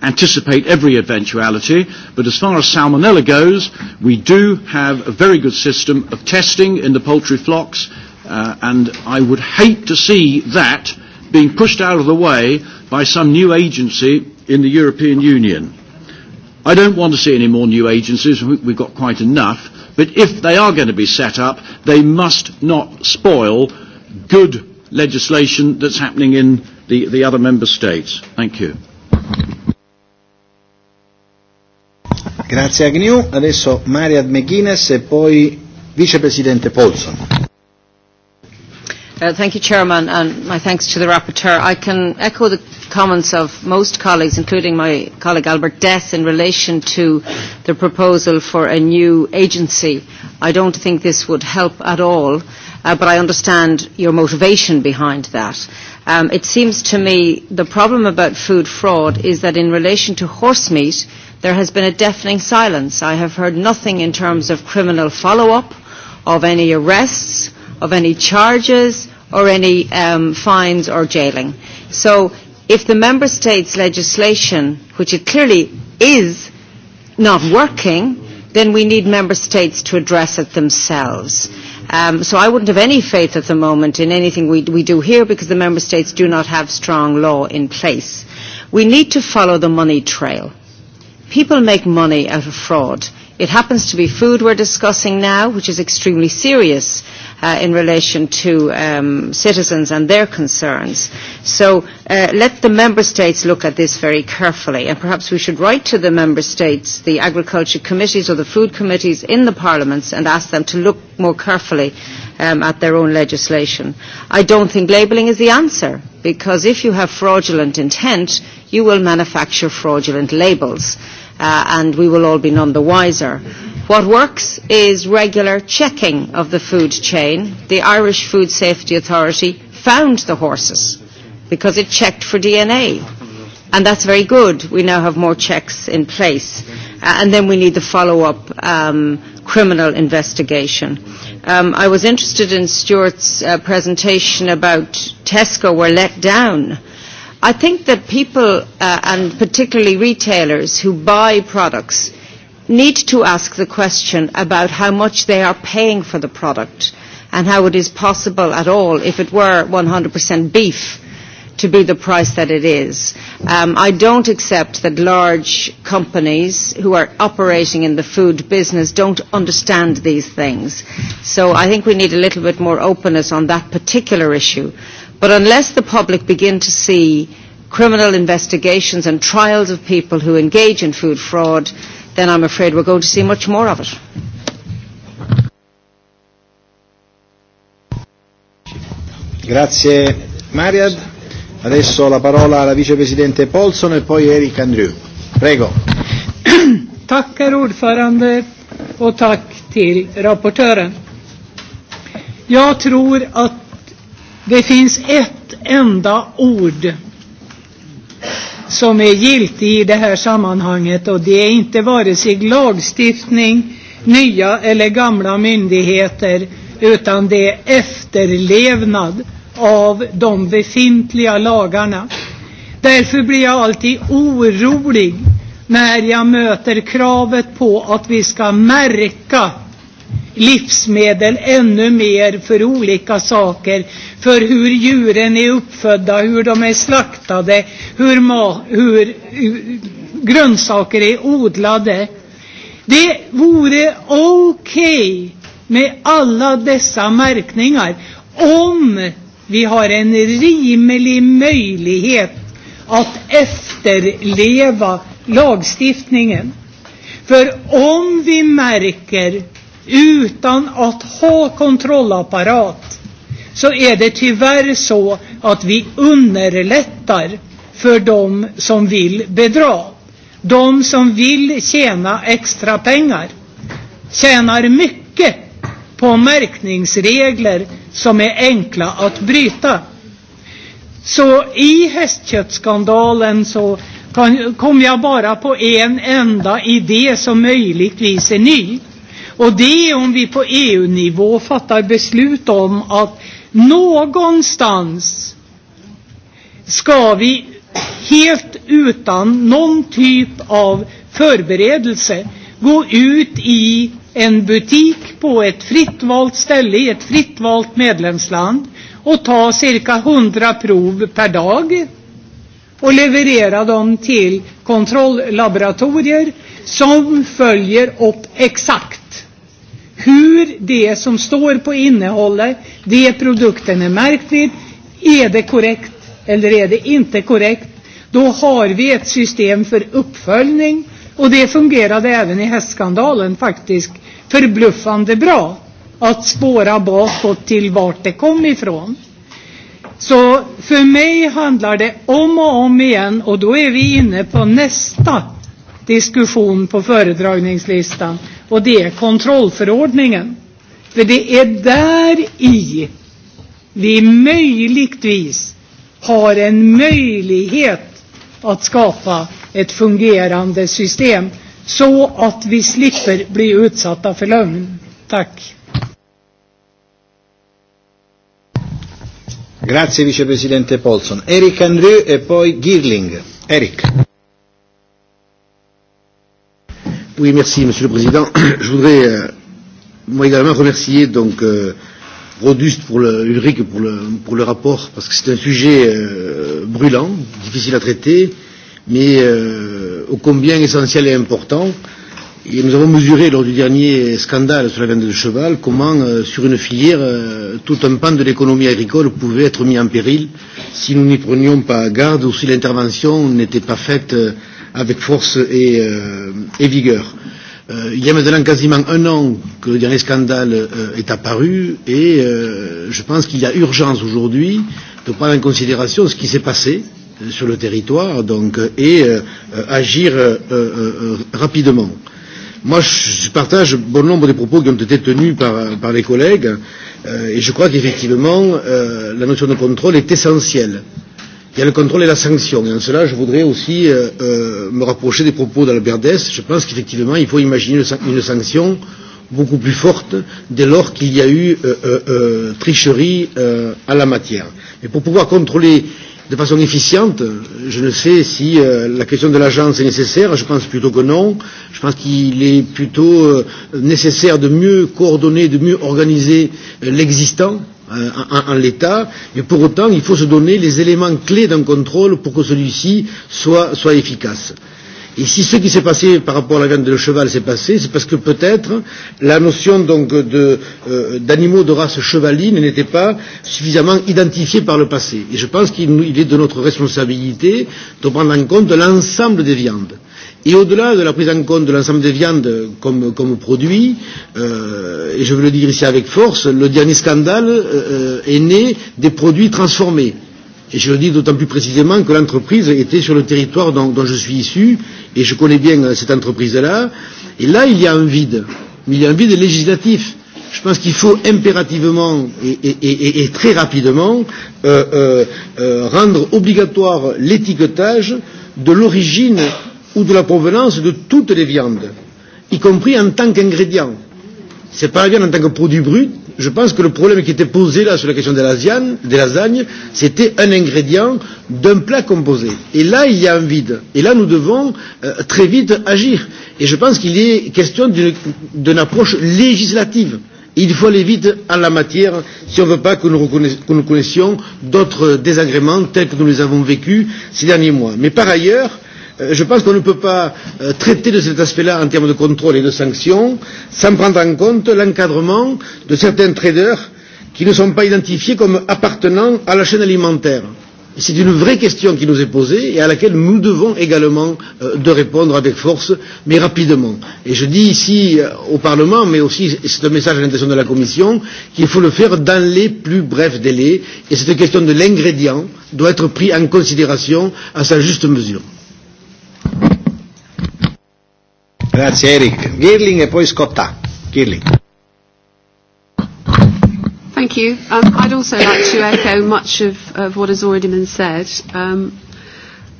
anticipate every eventuality, but as far as salmonella goes, we do have a very good system of testing in the poultry flocks Uh, and I would hate to see that being pushed out of the way by some new agency in the European Union. I don't want to see any more new agencies. We've got quite enough. But if they are going to be set up, they must not spoil good legislation that's happening in the, the other member states. Thank you. Grazie Agnew. Adesso Maria McGuinness e poi Vicepresidente Polson. Uh, thank you, Chairman, and my thanks to the Rapporteur. I can echo the comments of most colleagues, including my colleague Albert Death, in relation to the proposal for a new agency. I don't think this would help at all, uh, but I understand your motivation behind that. Um, it seems to me the problem about food fraud is that in relation to horse meat, there has been a deafening silence. I have heard nothing in terms of criminal follow-up, of any arrests, of any charges, or any um, fines or jailing. So if the member states' legislation, which it clearly is, not working, then we need member states to address it themselves. Um, so I wouldn't have any faith at the moment in anything we, we do here because the member states do not have strong law in place. We need to follow the money trail. People make money out of fraud. It happens to be food we're discussing now, which is extremely serious uh, in relation to um, citizens and their concerns. So uh, let the Member States look at this very carefully and perhaps we should write to the Member States, the Agriculture Committees or the Food Committees in the Parliaments and ask them to look more carefully um, at their own legislation. I don't think labelling is the answer because if you have fraudulent intent, you will manufacture fraudulent labels uh, and we will all be none the wiser. What works is regular checking of the food chain. The Irish Food Safety Authority found the horses because it checked for DNA. And that's very good. We now have more checks in place. Uh, and then we need the follow-up um, criminal investigation. Um, I was interested in Stuart's uh, presentation about Tesco were let down uh, i think that people, uh, and particularly retailers who buy products, need to ask the question about how much they are paying for the product and how it is possible at all, if it were 100% beef, to be the price that it is. Um, I don't accept that large companies who are operating in the food business don't understand these things. So I think we need a little bit more openness on that particular issue. But unless the public begin to see criminal investigations and trials of people who engage in food fraud, then I'm afraid we're going to see much more of it. Grazie Mariad. Adesso la parola alla vicepresidente Polson e poi Eric Andrew. Prego. tack herr ordförande och tack till rapportören. Jag tror att Det finns ett enda ord som är giltig i det här sammanhanget och det är inte vare sig lagstiftning, nya eller gamla myndigheter utan det är efterlevnad av de befintliga lagarna. Därför blir jag alltid orolig när jag möter kravet på att vi ska märka livsmedel ännu mer för olika saker. För hur djuren är uppfödda, hur de är slaktade, hur, ma hur, grönsaker är odlade. Det vore okej okay med alla dessa märkningar om vi har en rimlig möjlighet att efterleva lagstiftningen. För om vi märker utan att ha kontrollapparat så är det tyvärr så att vi underlättar för de som vill bedra. De som vill tjäna extra pengar tjänar mycket på märkningsregler som är enkla att bryta. Så i hästköttsskandalen så kan, kom jag bara på en enda idé som möjligtvis är ny. Och det är om vi på EU-nivå fattar beslut om att någonstans ska vi helt utan någon typ av förberedelse gå ut i en butik på ett fritt valt ställe i ett fritt valt medlemsland och ta cirka 100 prov per dag och leverera dem till kontrolllaboratorier som följer upp exakt hur det som står på innehållet, det produkten är märkt vid, är det korrekt eller är det inte korrekt? Då har vi ett system för uppföljning och det fungerade även i hästskandalen faktiskt förbluffande bra att spåra bakåt till vart det kom ifrån. Så för mig handlar det om och om igen och då är vi inne på nästa diskussion på föredragningslistan och det är kontrollförordningen. För det är där i vi möjligtvis har en möjlighet att skapa ett fungerande system så att vi slipper bli utsatta för lögn. Tack. Grazie vicepresidente Paulson. Eric Andrew e poi Girling. Eric. Oui, merci, Monsieur le Président. Je voudrais, euh, moi également, remercier donc euh, Rodust pour le, Ulrich pour le, pour le rapport, parce que c'est un sujet euh, brûlant, difficile à traiter, mais euh, ô combien essentiel et important. Et nous avons mesuré lors du dernier scandale sur la vente de cheval comment, euh, sur une filière, euh, tout un pan de l'économie agricole pouvait être mis en péril si nous n'y prenions pas garde ou si l'intervention n'était pas faite euh, avec force et, euh, et vigueur. Euh, il y a maintenant quasiment un an que le dernier scandale euh, est apparu et euh, je pense qu'il y a urgence aujourd'hui de prendre en considération ce qui s'est passé euh, sur le territoire donc, euh, et euh, euh, agir euh, euh, euh rapidement. Moi, je partage bon nombre des propos qui ont été tenus par, par les collègues euh, et je crois qu'effectivement, euh, la notion de contrôle est essentielle. Euh, Il y a le contrôle et la sanction. Et en cela, je voudrais aussi euh, euh me rapprocher des propos d'Albert Dess. Je pense qu'effectivement, il faut imaginer une, une sanction beaucoup plus forte dès lors qu'il y a eu euh, euh, euh, tricherie euh, à la matière. Mais pour pouvoir contrôler de façon efficiente, je ne sais si euh, la question de l'agence est nécessaire, je pense plutôt que non. Je pense qu'il est plutôt euh, nécessaire de mieux coordonner, de mieux organiser euh, l'existant euh, en, en l'état, mais pour autant, il faut se donner les éléments clés d'un contrôle pour que celui-ci soit, soit efficace. Et si ce qui s'est passé par rapport à la viande de cheval s'est passé, c'est parce que peut-être la notion donc de, euh, de race chevaline n'était pas suffisamment identifiée par le passé. Et je pense qu'il est de notre responsabilité de prendre en compte l'ensemble des viandes. Et au-delà de la prise en compte de l'ensemble des viandes comme, comme produit, euh, et je veux le dire ici avec force, le dernier scandale euh, est né des produits transformés. Et je le dis d'autant plus précisément que l'entreprise était sur le territoire dont, dont je suis issu, et je connais bien cette entreprise-là. Et là, il y a un vide, mais il y a un vide législatif. Je pense qu'il faut impérativement et, et, et, et très rapidement euh, euh, euh, rendre obligatoire l'étiquetage de l'origine ou de la provenance de toutes les viandes, y compris en tant qu'ingrédient. C'est pas la viande en tant que produit brut. Je pense que le problème qui était posé là sur la question des lasagnes, des lasagnes c'était un ingrédient d'un plat composé. Et là, il y a un vide. Et là, nous devons euh, très vite agir. Et je pense qu'il est question d'une approche législative. Il faut aller vite en la matière si on ne veut pas que nous, que nous connaissions d'autres désagréments tels que nous les avons vécus ces derniers mois. Mais par ailleurs, euh, Euh, je pense qu'on ne peut pas euh, traiter de cet aspect-là en termes de contrôle et de sanctions sans prendre en compte l'encadrement de certains traders qui ne sont pas identifiés comme appartenant à la chaîne alimentaire. C'est une vraie question qui nous est posée et à laquelle nous devons également euh, de répondre avec force, mais rapidement. Et je dis ici euh, au Parlement, mais aussi c'est un message à l'intention de la Commission, qu'il faut le faire dans les plus brefs délais. Et cette question de l'ingrédient doit être prise en considération à sa juste mesure. Grazie Eric. Girling e poi Scotta. Girling. Thank you. Um, I'd also like to echo much of, of what has already been said. Um,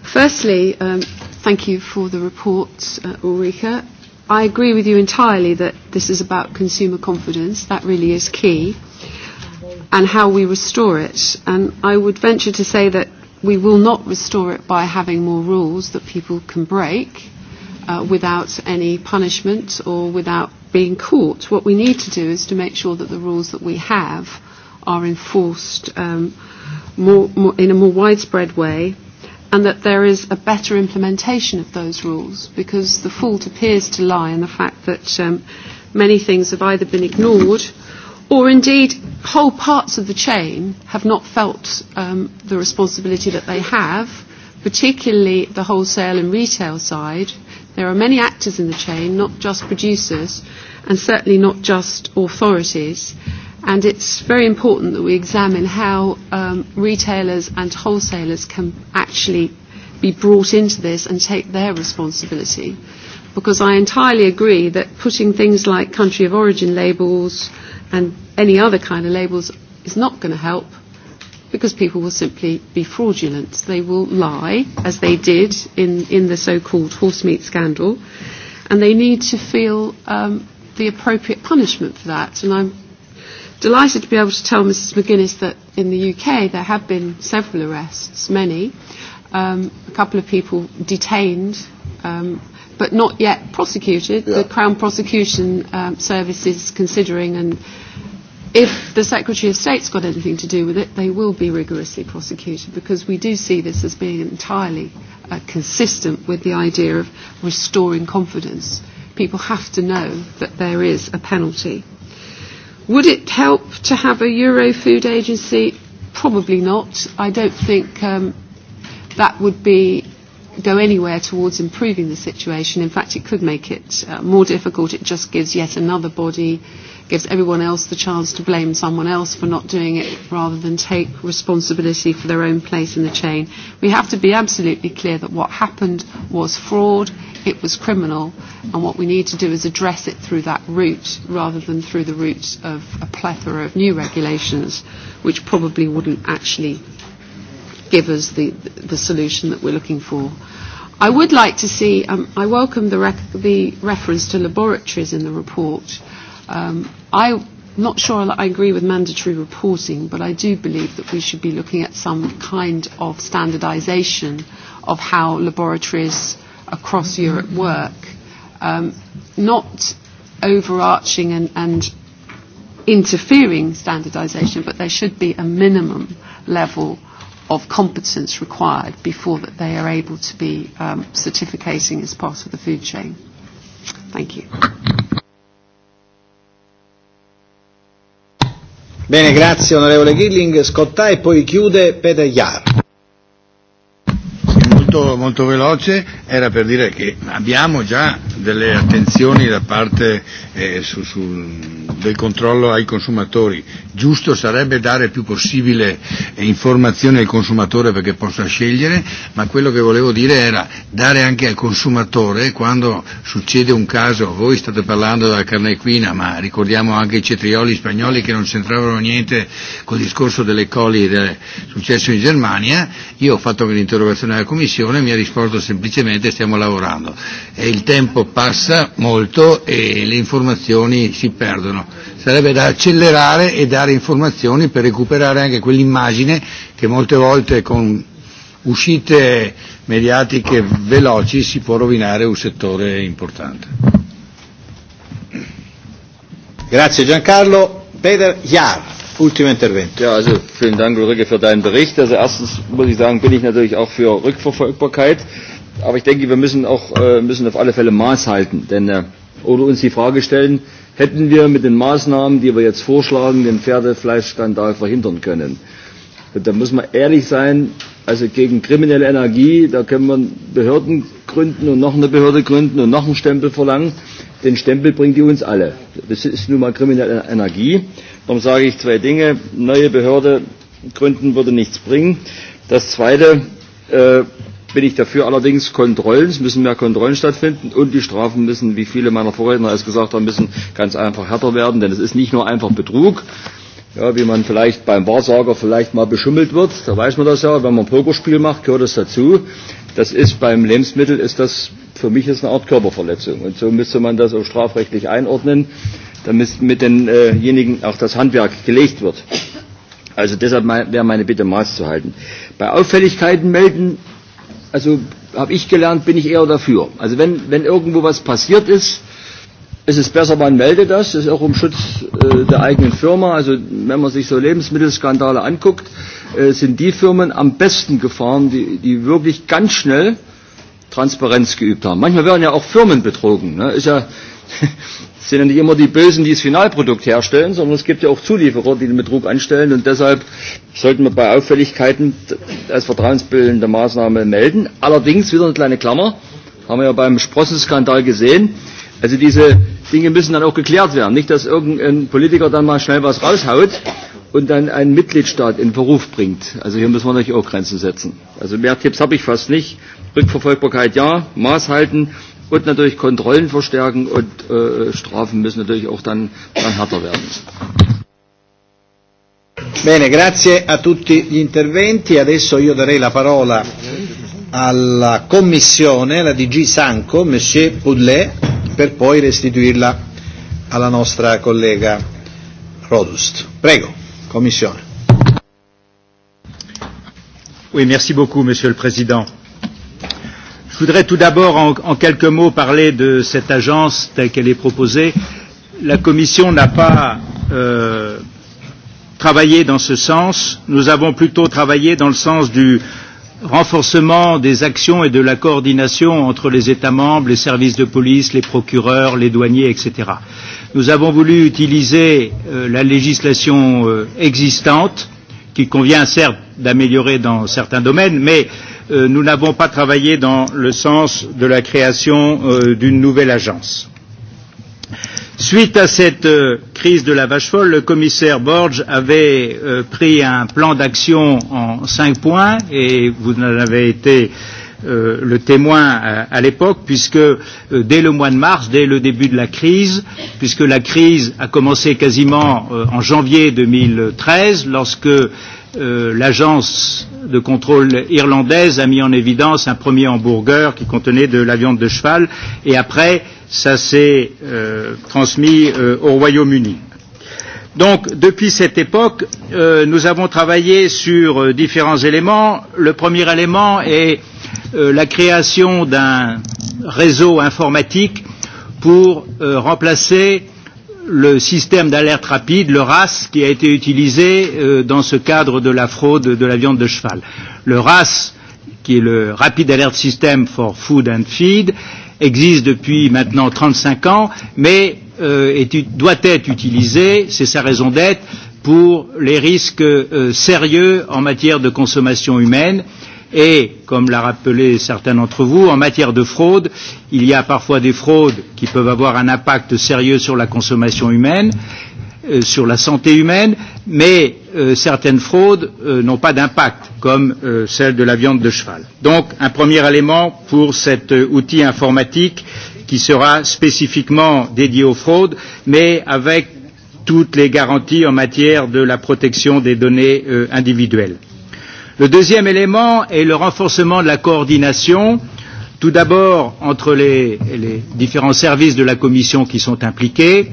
firstly, um, thank you for the report, uh, Ulrika. I agree with you entirely that this is about consumer confidence. That really is key. And how we restore it. And I would venture to say that we will not restore it by having more rules that people can break uh, without any punishment or without being caught. What we need to do is to make sure that the rules that we have are enforced um, more, more, in a more widespread way and that there is a better implementation of those rules because the fault appears to lie in the fact that um, many things have either been ignored or indeed whole parts of the chain have not felt um, the responsibility that they have, particularly the wholesale and retail side There are many actors in the chain, not just producers, and certainly not just authorities. And it's very important that we examine how um, retailers and wholesalers can actually be brought into this and take their responsibility. Because I entirely agree that putting things like country of origin labels and any other kind of labels is not going to help because people will simply be fraudulent. They will lie, as they did in, in the so-called horse meat scandal, and they need to feel um, the appropriate punishment for that. And I'm delighted to be able to tell Mrs McGuinness that in the UK there have been several arrests, many, um, a couple of people detained, um, but not yet prosecuted. Yeah. The Crown Prosecution um, Service is considering and if the Secretary of State's got anything to do with it, they will be rigorously prosecuted because we do see this as being entirely uh, consistent with the idea of restoring confidence. People have to know that there is a penalty. Would it help to have a Euro food agency? Probably not. I don't think um, that would be go anywhere towards improving the situation. In fact, it could make it uh, more difficult. It just gives yet another body, gives everyone else the chance to blame someone else for not doing it rather than take responsibility for their own place in the chain. We have to be absolutely clear that what happened was fraud, it was criminal, and what we need to do is address it through that route rather than through the route of a plethora of new regulations, which probably wouldn't actually give us the, the solution that we're looking for. I would like to see, um, I welcome the, rec- the reference to laboratories in the report. Um, I'm not sure that I agree with mandatory reporting, but I do believe that we should be looking at some kind of standardization of how laboratories across Europe work, um, not overarching and, and interfering standardization, but there should be a minimum level of competence required before that they are able to be um, certificating as part of the food chain. Thank you. Bene, grazie onorevole Gilling. Scottà e poi chiude Peter Yard molto, molto veloce era per dire che abbiamo già delle attenzioni da parte eh, su, su, del controllo ai consumatori. Giusto sarebbe dare più possibile eh, informazione al consumatore perché possa scegliere, ma quello che volevo dire era dare anche al consumatore quando succede un caso, voi state parlando della carne equina, ma ricordiamo anche i cetrioli spagnoli che non c'entravano niente col discorso delle coli del successo in Germania, io ho fatto un'interrogazione alla Commissione attenzione, mi ha risposto semplicemente stiamo lavorando. E il tempo passa molto e le informazioni si perdono. Sarebbe da accelerare e dare informazioni per recuperare anche quell'immagine che molte volte con uscite mediatiche veloci si può rovinare un settore importante. Grazie Giancarlo. Peter Jahr. Ultimo intervento. Ja, also vielen Dank, Ulrike, für deinen Bericht. Also erstens muss ich sagen, bin ich natürlich auch für Rückverfolgbarkeit. Aber ich denke, wir müssen auch äh, müssen auf alle Fälle Maß halten, denn äh, oder uns die Frage stellen, hätten wir mit den Maßnahmen, die wir jetzt vorschlagen, den Pferdefleischskandal verhindern können? Und da muss man ehrlich sein, also gegen kriminelle Energie, da können wir Behörden gründen und noch eine Behörde gründen und noch einen Stempel verlangen. Den Stempel bringt die uns alle. Das ist nun mal kriminelle Energie. Darum sage ich zwei Dinge. Neue Behörde gründen würde nichts bringen. Das Zweite äh, bin ich dafür allerdings Kontrollen. Es müssen mehr Kontrollen stattfinden und die Strafen müssen, wie viele meiner Vorredner es gesagt haben, müssen ganz einfach härter werden. Denn es ist nicht nur einfach Betrug, ja, wie man vielleicht beim Wahrsager vielleicht mal beschummelt wird. Da weiß man das ja. Wenn man ein Pokerspiel macht, gehört das dazu. Das ist beim Lebensmittel ist das für mich ist eine Art Körperverletzung. Und so müsste man das auch strafrechtlich einordnen damit mit denjenigen auch das Handwerk gelegt wird. Also deshalb wäre meine Bitte, Maß zu halten. Bei Auffälligkeiten melden, also habe ich gelernt, bin ich eher dafür. Also wenn, wenn irgendwo was passiert ist, ist es besser, man meldet das. Das ist auch um Schutz äh, der eigenen Firma. Also wenn man sich so Lebensmittelskandale anguckt, äh, sind die Firmen am besten gefahren, die, die wirklich ganz schnell Transparenz geübt haben. Manchmal werden ja auch Firmen betrogen. Ne? Ist ja sind ja nicht immer die Bösen, die das Finalprodukt herstellen, sondern es gibt ja auch Zulieferer, die den Betrug anstellen. Und deshalb sollten wir bei Auffälligkeiten als vertrauensbildende Maßnahme melden. Allerdings wieder eine kleine Klammer, haben wir ja beim Sprossenskandal gesehen. Also diese Dinge müssen dann auch geklärt werden. Nicht, dass irgendein Politiker dann mal schnell was raushaut und dann einen Mitgliedstaat in Verruf bringt. Also hier müssen wir natürlich auch Grenzen setzen. Also mehr Tipps habe ich fast nicht. Rückverfolgbarkeit ja, Maß halten und natürlich Kontrollen verstärken und äh, Strafen müssen natürlich auch dann, dann härter werden. Bene, grazie a tutti gli interventi. Adesso io darei la parola alla Commissione, alla DG Sanco, Monsieur Poudlet, per poi restituirla alla nostra collega Rodust. Prego, Commissione. Oui, merci beaucoup, Monsieur le Président. Je voudrais tout d'abord en, en quelques mots parler de cette agence telle qu'elle est proposée. La Commission n'a pas euh, travaillé dans ce sens. Nous avons plutôt travaillé dans le sens du renforcement des actions et de la coordination entre les États membres, les services de police, les procureurs, les douaniers, etc. Nous avons voulu utiliser euh, la législation euh, existante, qu'il convient certes d'améliorer dans certains domaines, mais euh, Euh, nous n'avons pas travaillé dans le sens de la création euh, d'une nouvelle agence. Suite à cette euh, crise de la vache folle, le commissaire Borge avait euh, pris un plan d'action en cinq points et vous en avez été euh, le témoin à, à l'époque, puisque euh, dès le mois de mars, dès le début de la crise, puisque la crise a commencé quasiment euh, en janvier 2013, lorsque euh, l'agence de contrôle irlandaise a mis en évidence un premier hamburger qui contenait de la viande de cheval et après ça s'est euh, transmis euh, au Royaume-Uni. Donc, depuis cette époque, euh, nous avons travaillé sur euh, différents éléments. Le premier élément est euh, la création d'un réseau informatique pour euh, remplacer euh, le système d'alerte rapide, le RAS, qui a été utilisé euh, dans ce cadre de la fraude de la viande de cheval. Le RAS, qui est le Rapid Alert System for Food and Feed, existe depuis maintenant 35 ans, mais euh, est, doit être utilisé, c'est sa raison d'être, pour les risques euh, sérieux en matière de consommation humaine. Euh, Et, comme l'a rappelé certains d'entre vous, en matière de fraude, il y a parfois des fraudes qui peuvent avoir un impact sérieux sur la consommation humaine, euh, sur la santé humaine, mais euh, certaines fraudes euh, n'ont pas d'impact, comme euh, celle de la viande de cheval. Donc, un premier élément pour cet euh, outil informatique qui sera spécifiquement dédié aux fraudes, mais avec toutes les garanties en matière de la protection des données euh, individuelles. Le deuxième élément est le renforcement de la coordination, tout d'abord entre les, les différents services de la Commission qui sont impliqués.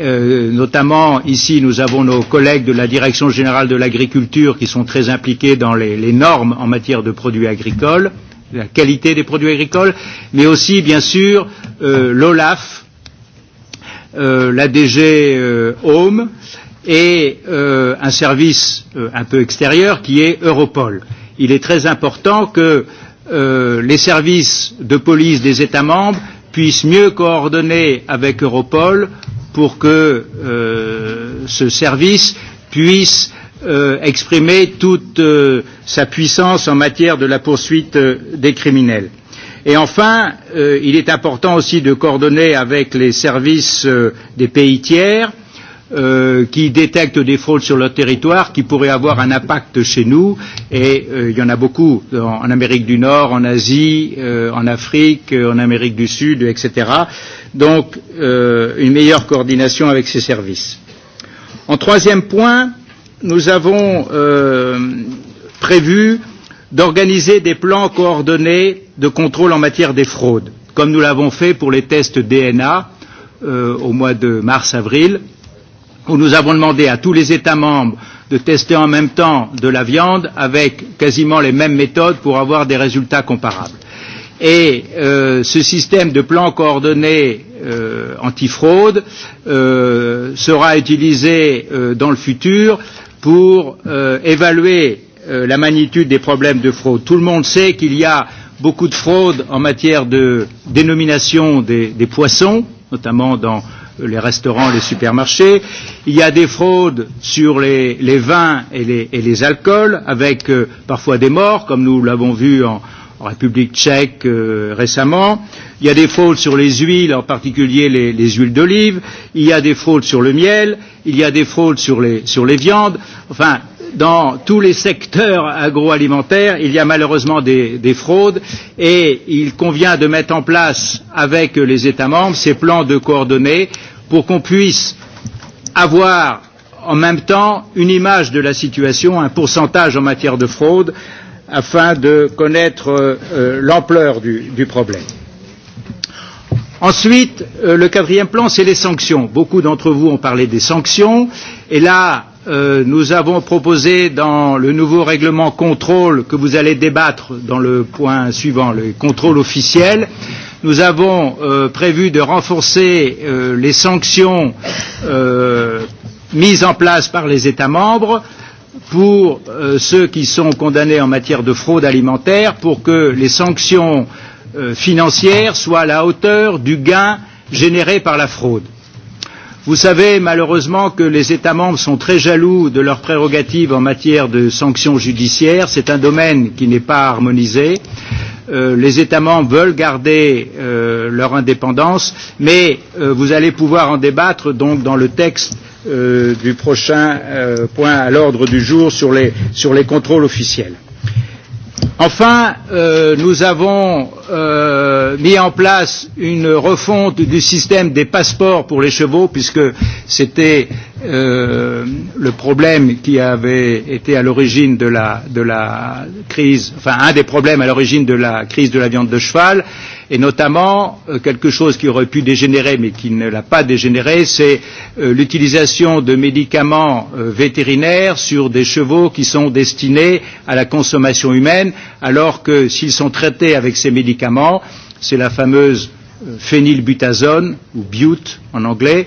Euh, notamment ici, nous avons nos collègues de la Direction générale de l'agriculture qui sont très impliqués dans les, les normes en matière de produits agricoles, la qualité des produits agricoles, mais aussi, bien sûr, euh, l'OLAF, euh, la DG euh, Home, euh, et euh, un service euh, un peu extérieur qui est Europol. Il est très important que euh, les services de police des États membres puissent mieux coordonner avec Europol pour que euh, ce service puisse euh, exprimer toute euh, sa puissance en matière de la poursuite euh, des criminels. Et enfin, euh, il est important aussi de coordonner avec les services euh, des pays tiers Euh, qui détectent des fraudes sur leur territoire qui pourraient avoir un impact chez nous et euh, il y en a beaucoup dans, en Amérique du Nord, en Asie, euh, en Afrique, euh, en Amérique du Sud, etc. Donc euh, une meilleure coordination avec ces services. En troisième point, nous avons euh, prévu d'organiser des plans coordonnés de contrôle en matière des fraudes, comme nous l'avons fait pour les tests DNA euh, au mois de mars-avril. Euh, où nous avons demandé à tous les États membres de tester en même temps de la viande avec quasiment les mêmes méthodes pour avoir des résultats comparables. Et euh, ce système de plan coordonné euh, antifraude euh, sera utilisé euh, dans le futur pour euh, évaluer euh, la magnitude des problèmes de fraude. Tout le monde sait qu'il y a beaucoup de fraude en matière de dénomination des, des poissons, notamment dans les restaurants, les supermarchés. Il y a des fraudes sur les, les vins et les, et les alcools, avec euh, parfois des morts, comme nous l'avons vu en, en République tchèque euh, récemment. Il y a des fraudes sur les huiles, en particulier les, les huiles d'olive. Il y a des fraudes sur le miel. Il y a des fraudes sur les, sur les viandes. Enfin, dans tous les secteurs agroalimentaires, il y a malheureusement des, des fraudes et il convient de mettre en place avec les États membres ces plans de coordonnées pour qu'on puisse avoir en même temps une image de la situation, un pourcentage en matière de fraude, afin de connaître euh, euh l'ampleur du, du problème. Ensuite, euh, le quatrième plan, c'est les sanctions. Beaucoup d'entre vous ont parlé des sanctions, et là, Euh, nous avons proposé dans le nouveau règlement contrôle que vous allez débattre dans le point suivant, le contrôle officiel, nous avons euh, prévu de renforcer euh, les sanctions euh, mises en place par les États membres pour euh, ceux qui sont condamnés en matière de fraude alimentaire pour que les sanctions euh, financières soient à la hauteur du gain généré par la fraude Vous savez malheureusement que les États membres sont très jaloux de leurs prérogatives en matière de sanctions judiciaires. C'est un domaine qui n'est pas harmonisé. Euh, les États membres veulent garder euh, leur indépendance, mais euh, vous allez pouvoir en débattre donc dans le texte euh, du prochain euh, point à l'ordre du jour sur les, sur les contrôles officiels. Enfin, euh, nous avons euh, mis en place une refonte du système des passeports pour les chevaux, puisque c'était Euh, le problème qui avait été à l'origine de la, de la crise, enfin un des problèmes à l'origine de la crise de la viande de cheval, et notamment euh, quelque chose qui aurait pu dégénérer mais qui ne l'a pas dégénéré, c'est euh, l'utilisation de médicaments euh, vétérinaires sur des chevaux qui sont destinés à la consommation humaine, alors que s'ils sont traités avec ces médicaments, c'est la fameuse euh, phénylbutazone ou bute en anglais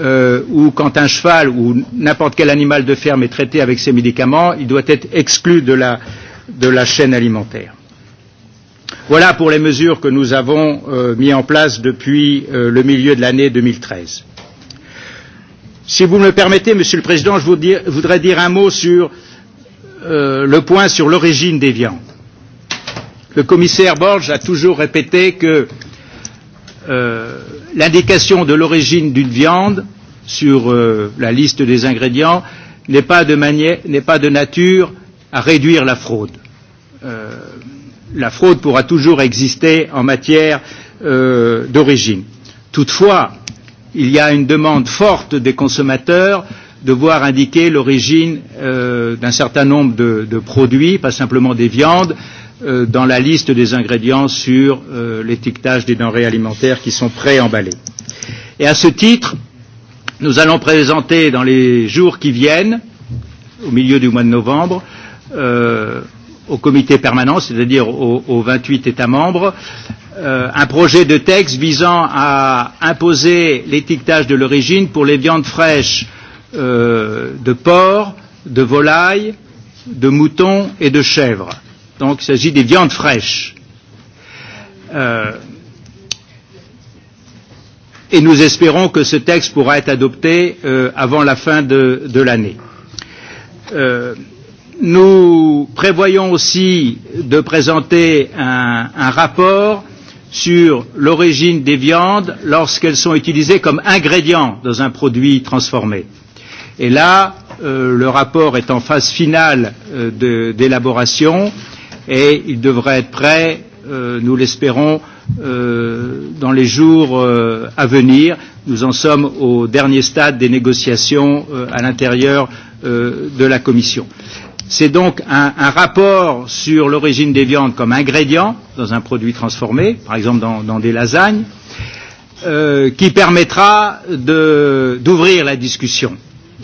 euh, ou quand un cheval ou n'importe quel animal de ferme est traité avec ces médicaments, il doit être exclu de la, de la chaîne alimentaire. Voilà pour les mesures que nous avons euh, mises en place depuis euh, le milieu de l'année 2013. Si vous me le permettez, Monsieur le Président, je vous dire, voudrais dire un mot sur euh, le point sur l'origine des viandes. Le commissaire Borges a toujours répété que euh, Euh, l'indication de l'origine d'une viande sur euh, la liste des ingrédients n'est pas, de pas de nature à réduire la fraude. Euh, la fraude pourra toujours exister en matière euh, d'origine. Toutefois, il y a une demande forte des consommateurs de voir indiquer l'origine euh, d'un certain nombre de, de produits, pas simplement des viandes, euh, Euh, dans la liste des ingrédients sur euh, l'étiquetage des denrées alimentaires qui sont pré-emballées. Et à ce titre, nous allons présenter dans les jours qui viennent, au milieu du mois de novembre, euh, au comité permanent, c'est-à-dire aux, aux 28 États membres, euh, un projet de texte visant à imposer l'étiquetage de l'origine pour les viandes fraîches euh, de porc, de volaille, de mouton et de chèvre. Donc il s'agit des viandes fraîches. Euh, et nous espérons que ce texte pourra être adopté euh, avant la fin de, de l'année. Euh, nous prévoyons aussi de présenter un, un rapport sur l'origine des viandes lorsqu'elles sont utilisées comme ingrédients dans un produit transformé. Et là, euh, le rapport est en phase finale euh, d'élaboration et il devrait être prêt, euh, nous l'espérons, euh, dans les jours euh, à venir. Nous en sommes au dernier stade des négociations euh, à l'intérieur euh, de la Commission. C'est donc un, un rapport sur l'origine des viandes comme ingrédient dans un produit transformé, par exemple dans, dans des lasagnes, euh, qui permettra d'ouvrir la discussion.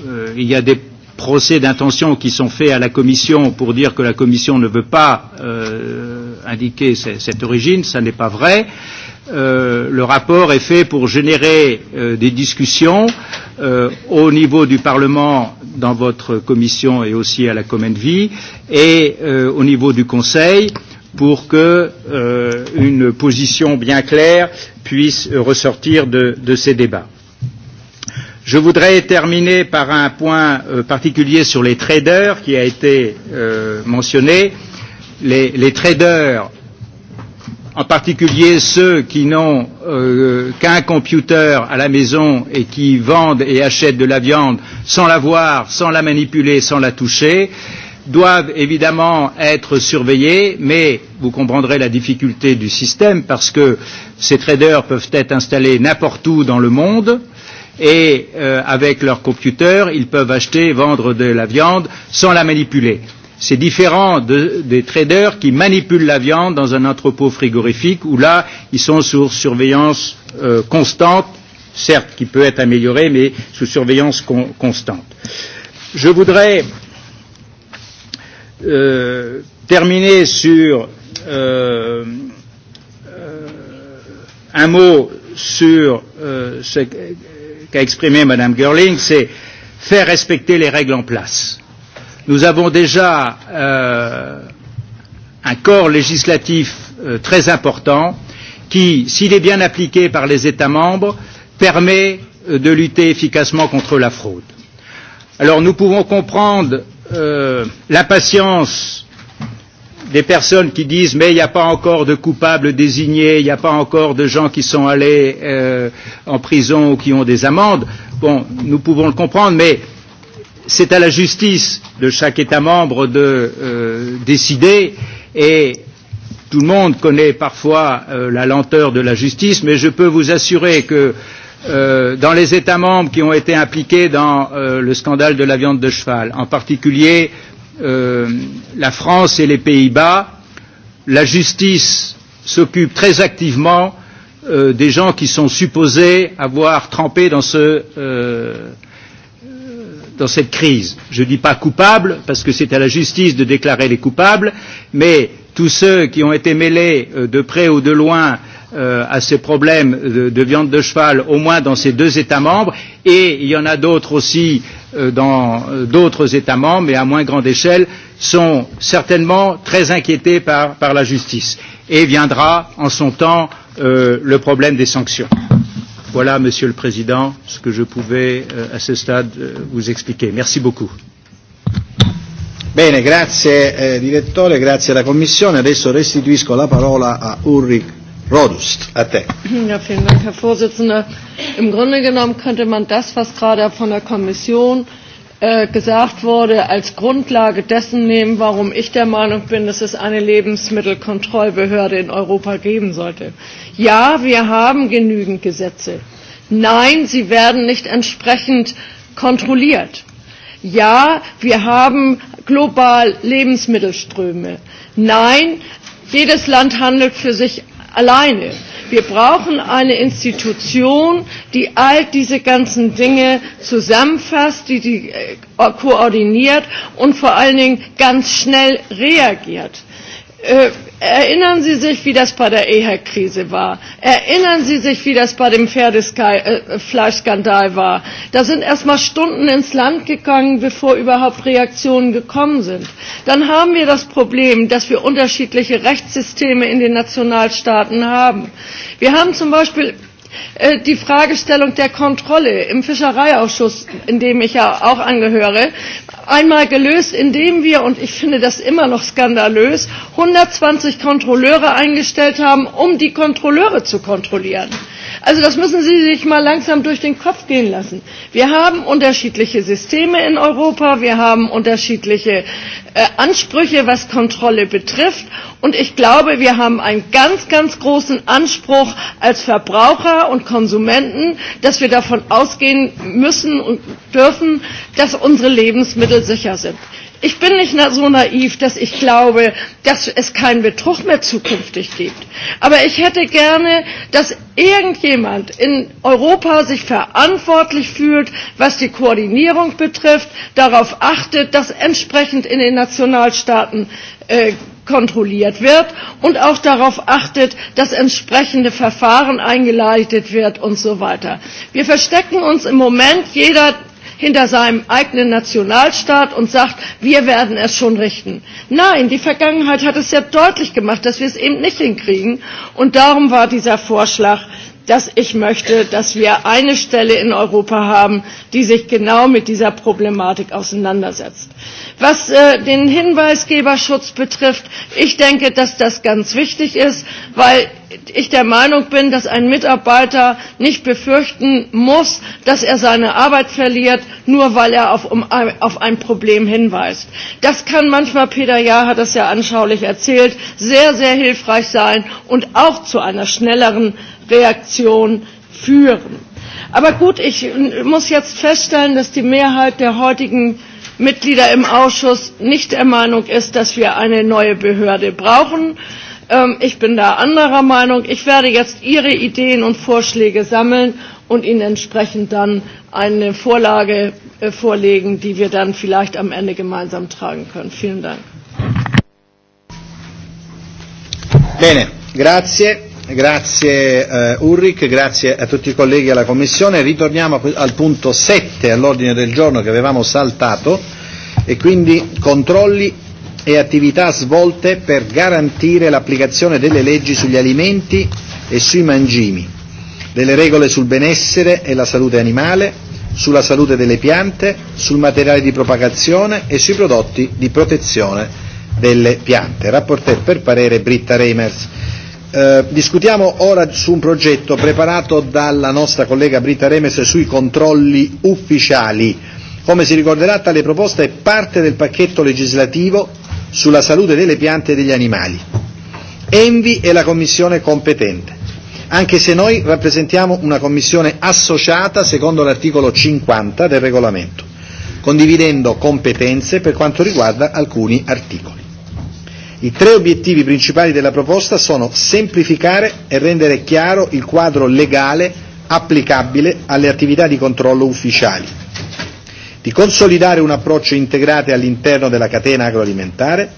Euh, il y a des procès d'intention qui sont faits à la Commission pour dire que la Commission ne veut pas euh, indiquer cette origine, ça n'est pas vrai. Euh, le rapport est fait pour générer euh, des discussions euh, au niveau du Parlement, dans votre commission et aussi à la Comenvie, et euh, au niveau du Conseil, pour que euh, une position bien claire puisse ressortir de, de ces débats. Je voudrais terminer par un point euh, particulier sur les traders qui a été euh, mentionné. Les, les traders, en particulier ceux qui n'ont euh, qu'un computer à la maison et qui vendent et achètent de la viande sans la voir, sans la manipuler, sans la toucher, doivent évidemment être surveillés, mais vous comprendrez la difficulté du système parce que ces traders peuvent être installés n'importe où dans le monde euh, et euh, avec leur computer, ils peuvent acheter et vendre de la viande sans la manipuler. C'est différent de, des traders qui manipulent la viande dans un entrepôt frigorifique où là, ils sont sous surveillance euh, constante, certes qui peut être améliorée, mais sous surveillance con, constante. Je voudrais euh, terminer sur euh, euh, un mot sur euh, ce qu'a exprimé Mme Görling, c'est faire respecter les règles en place. Nous avons déjà euh, un corps législatif euh, très important qui, s'il est bien appliqué par les États membres, permet euh, de lutter efficacement contre la fraude. Alors nous pouvons comprendre euh, l'impatience des personnes qui disent mais il n'y a pas encore de coupables désignés, il n'y a pas encore de gens qui sont allés euh, en prison ou qui ont des amendes, bon, nous pouvons le comprendre, mais c'est à la justice de chaque État membre de euh, décider et tout le monde connaît parfois euh, la lenteur de la justice, mais je peux vous assurer que euh, dans les États membres qui ont été impliqués dans euh, le scandale de la viande de cheval, en particulier euh, Euh, la France et les Pays-Bas, la justice s'occupe très activement euh, des gens qui sont supposés avoir trempé dans, ce, euh, dans cette crise. Je ne dis pas coupable, parce que c'est à la justice de déclarer les coupables, mais tous ceux qui ont été mêlés euh, de près ou de loin euh, à ces problèmes de, de viande de cheval, au moins dans ces deux États membres, et il y en a d'autres aussi euh, dans euh, d'autres États membres, mais à moins grande échelle, sont certainement très inquiétés par, par la justice. Et viendra en son temps euh, le problème des sanctions. Voilà, Monsieur le Président, ce que je pouvais euh, à ce stade euh, vous expliquer. Merci beaucoup. Bene, grazie eh, direttore, grazie alla Commissione. Adesso restituisco la parola a Ulrich Rodust, a te. Ja, vielen Dank, Herr Vorsitzender. Im Grunde genommen könnte man das, was gerade von der Kommission äh, gesagt wurde, als Grundlage dessen nehmen, warum ich der Meinung bin, dass es eine Lebensmittelkontrollbehörde in Europa geben sollte. Ja, wir haben genügend Gesetze. Nein, sie werden nicht entsprechend kontrolliert. Ja, wir haben global Lebensmittelströme. Nein, jedes Land handelt für sich alleine. Wir brauchen eine Institution, die all diese ganzen Dinge zusammenfasst, die die äh, koordiniert und vor allen Dingen ganz schnell reagiert. Äh, erinnern Sie sich, wie das bei der EHEC-Krise war. Erinnern Sie sich, wie das bei dem Pferdefleischskandal äh, war. Da sind erstmal Stunden ins Land gegangen, bevor überhaupt Reaktionen gekommen sind. Dann haben wir das Problem, dass wir unterschiedliche Rechtssysteme in den Nationalstaaten haben. Wir haben zum Beispiel Äh, die Fragestellung der Kontrolle im Fischereiausschuss, in dem ich ja auch angehöre, einmal gelöst, indem wir, und ich finde das immer noch skandalös, 120 Kontrolleure eingestellt haben, um die Kontrolleure zu kontrollieren. Also das müssen Sie sich mal langsam durch den Kopf gehen lassen. Wir haben unterschiedliche Systeme in Europa, wir haben unterschiedliche äh, Ansprüche, was Kontrolle betrifft. Und ich glaube, wir haben einen ganz, ganz großen Anspruch als Verbraucher und Konsumenten, dass wir davon ausgehen müssen und dürfen, dass unsere Lebensmittel sicher sind. Ich bin nicht so naiv, dass ich glaube, dass es keinen Betrug mehr zukünftig gibt. Aber ich hätte gerne, dass irgendjemand in Europa sich verantwortlich fühlt, was die Koordinierung betrifft, darauf achtet, dass entsprechend in den Nationalstaaten äh, kontrolliert wird und auch darauf achtet, dass entsprechende Verfahren eingeleitet wird und so weiter. Wir verstecken uns im Moment jeder hinter seinem eigenen Nationalstaat und sagt, wir werden es schon richten. Nein, die Vergangenheit hat es ja deutlich gemacht, dass wir es eben nicht hinkriegen. Und darum war dieser Vorschlag dass ich möchte, dass wir eine Stelle in Europa haben, die sich genau mit dieser Problematik auseinandersetzt. Was äh, den Hinweisgeberschutz betrifft, ich denke, dass das ganz wichtig ist, weil ich der Meinung bin, dass ein Mitarbeiter nicht befürchten muss, dass er seine Arbeit verliert, nur weil er auf, um, auf ein Problem hinweist. Das kann manchmal, Peter Jahr hat das ja anschaulich erzählt, sehr, sehr hilfreich sein und auch zu einer schnelleren Reaktion führen. Aber gut, ich muss jetzt feststellen, dass die Mehrheit der heutigen Mitglieder im Ausschuss nicht der Meinung ist, dass wir eine neue Behörde brauchen. Ähm, ich bin da anderer Meinung. Ich werde jetzt Ihre Ideen und Vorschläge sammeln und Ihnen entsprechend dann eine Vorlage äh, vorlegen, die wir dann vielleicht am Ende gemeinsam tragen können. Vielen Dank. Bene, grazie. Grazie eh, Ulrich, grazie a tutti i colleghi e alla Commissione. Ritorniamo al punto 7 all'ordine del giorno che avevamo saltato e quindi controlli e attività svolte per garantire l'applicazione delle leggi sugli alimenti e sui mangimi, delle regole sul benessere e la salute animale, sulla salute delle piante, sul materiale di propagazione e sui prodotti di protezione delle piante. Rapporteur per parere Britta Reimers. Eh, discutiamo ora su un progetto preparato dalla nostra collega Britta Remes sui controlli ufficiali. Come si ricorderà tale proposta è parte del pacchetto legislativo sulla salute delle piante e degli animali. Envi è la commissione competente, anche se noi rappresentiamo una commissione associata secondo l'articolo 50 del regolamento, condividendo competenze per quanto riguarda alcuni articoli. I tre obiettivi principali della proposta sono semplificare e rendere chiaro il quadro legale applicabile alle attività di controllo ufficiali, di consolidare un approccio integrato all'interno della catena agroalimentare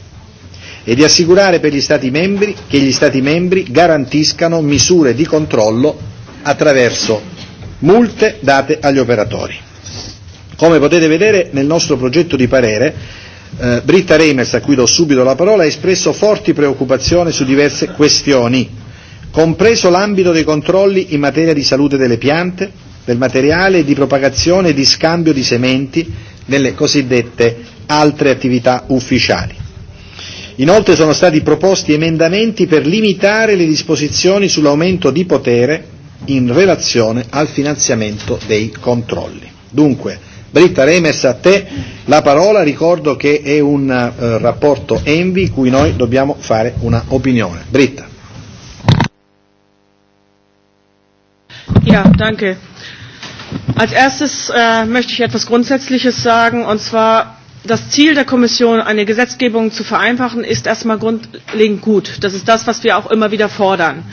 e di assicurare per gli Stati membri che gli Stati membri garantiscano misure di controllo attraverso multe date agli operatori. Come potete vedere nel nostro progetto di parere Eh, Britta Reimers, a cui do subito la parola, ha espresso forti preoccupazioni su diverse questioni, compreso l'ambito dei controlli in materia di salute delle piante, del materiale di propagazione e di scambio di sementi nelle cosiddette altre attività ufficiali. Inoltre sono stati proposti emendamenti per limitare le disposizioni sull'aumento di potere in relazione al finanziamento dei controlli. Dunque, Britta Remes, a te la parola, ricordo che è un eh, rapporto Envi cui noi dobbiamo fare una opinione. Britta. Ja, danke. Als erstes äh, möchte ich etwas Grundsätzliches sagen, und zwar das Ziel der Kommission, eine Gesetzgebung zu vereinfachen, ist erstmal grundlegend gut. Das ist das, was wir auch immer wieder fordern,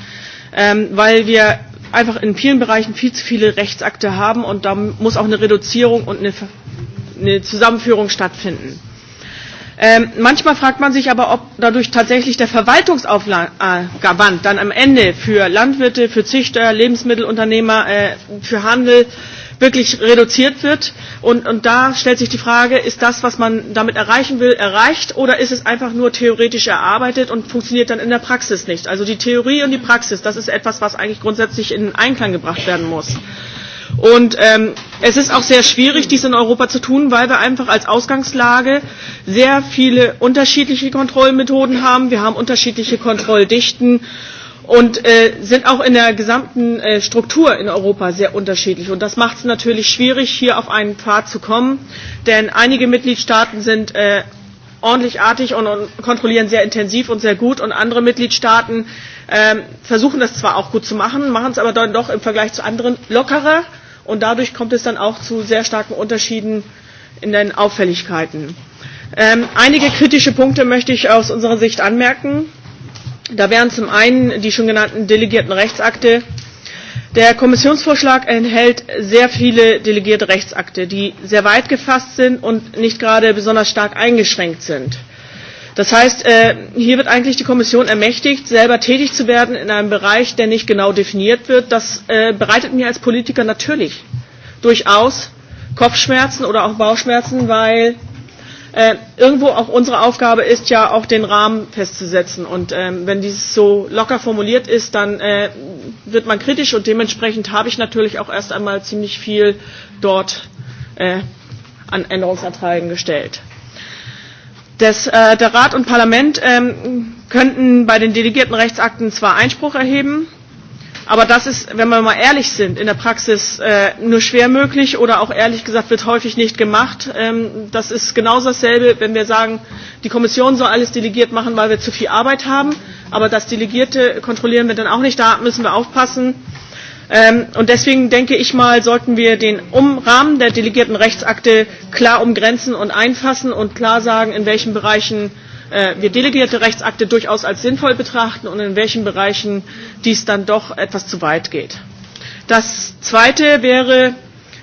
ähm, weil wir einfach in vielen Bereichen viel zu viele Rechtsakte haben und da muss auch eine Reduzierung und eine, eine Zusammenführung stattfinden. Ähm, manchmal fragt man sich aber, ob dadurch tatsächlich der Verwaltungsaufwand dann am Ende für Landwirte, für Züchter, Lebensmittelunternehmer, äh, für Handel äh, wirklich reduziert wird. Und, und da stellt sich die Frage, ist das, was man damit erreichen will, erreicht oder ist es einfach nur theoretisch erarbeitet und funktioniert dann in der Praxis nicht? Also die Theorie und die Praxis, das ist etwas, was eigentlich grundsätzlich in Einklang gebracht werden muss. Und ähm, es ist auch sehr schwierig, dies in Europa zu tun, weil wir einfach als Ausgangslage sehr viele unterschiedliche Kontrollmethoden haben. Wir haben unterschiedliche Kontrolldichten und äh, sind auch in der gesamten äh, Struktur in Europa sehr unterschiedlich. Und das macht es natürlich schwierig, hier auf einen Pfad zu kommen, denn einige Mitgliedstaaten sind äh, ordentlich artig und, und kontrollieren sehr intensiv und sehr gut und andere Mitgliedstaaten äh, versuchen das zwar auch gut zu machen, machen es aber dann doch im Vergleich zu anderen lockerer und dadurch kommt es dann auch zu sehr starken Unterschieden in den Auffälligkeiten. Ähm, einige kritische Punkte möchte ich aus unserer Sicht anmerken. Da wären zum einen die schon genannten delegierten Rechtsakte. Der Kommissionsvorschlag enthält sehr viele delegierte Rechtsakte, die sehr weit gefasst sind und nicht gerade besonders stark eingeschränkt sind. Das heißt, äh, hier wird eigentlich die Kommission ermächtigt, selber tätig zu werden in einem Bereich, der nicht genau definiert wird. Das äh, bereitet mir als Politiker natürlich durchaus Kopfschmerzen oder auch Bauchschmerzen, weil Äh, irgendwo auch unsere Aufgabe ist ja auch den Rahmen festzusetzen. Und ähm, wenn dieses so locker formuliert ist, dann äh, wird man kritisch und dementsprechend habe ich natürlich auch erst einmal ziemlich viel dort äh, an Änderungsanträgen gestellt. Das, äh, der Rat und Parlament ähm, könnten bei den delegierten Rechtsakten zwar Einspruch erheben, Aber das ist, wenn wir mal ehrlich sind, in der Praxis äh, nur schwer möglich oder auch ehrlich gesagt wird häufig nicht gemacht. Ähm, das ist genauso dasselbe, wenn wir sagen, die Kommission soll alles delegiert machen, weil wir zu viel Arbeit haben. Aber das Delegierte kontrollieren wir dann auch nicht. Da müssen wir aufpassen. Ähm, und deswegen denke ich mal, sollten wir den Umrahmen der delegierten Rechtsakte klar umgrenzen und einfassen und klar sagen, in welchen Bereichen Äh, wir delegierte Rechtsakte durchaus als sinnvoll betrachten und in welchen Bereichen dies dann doch etwas zu weit geht. Das Zweite wäre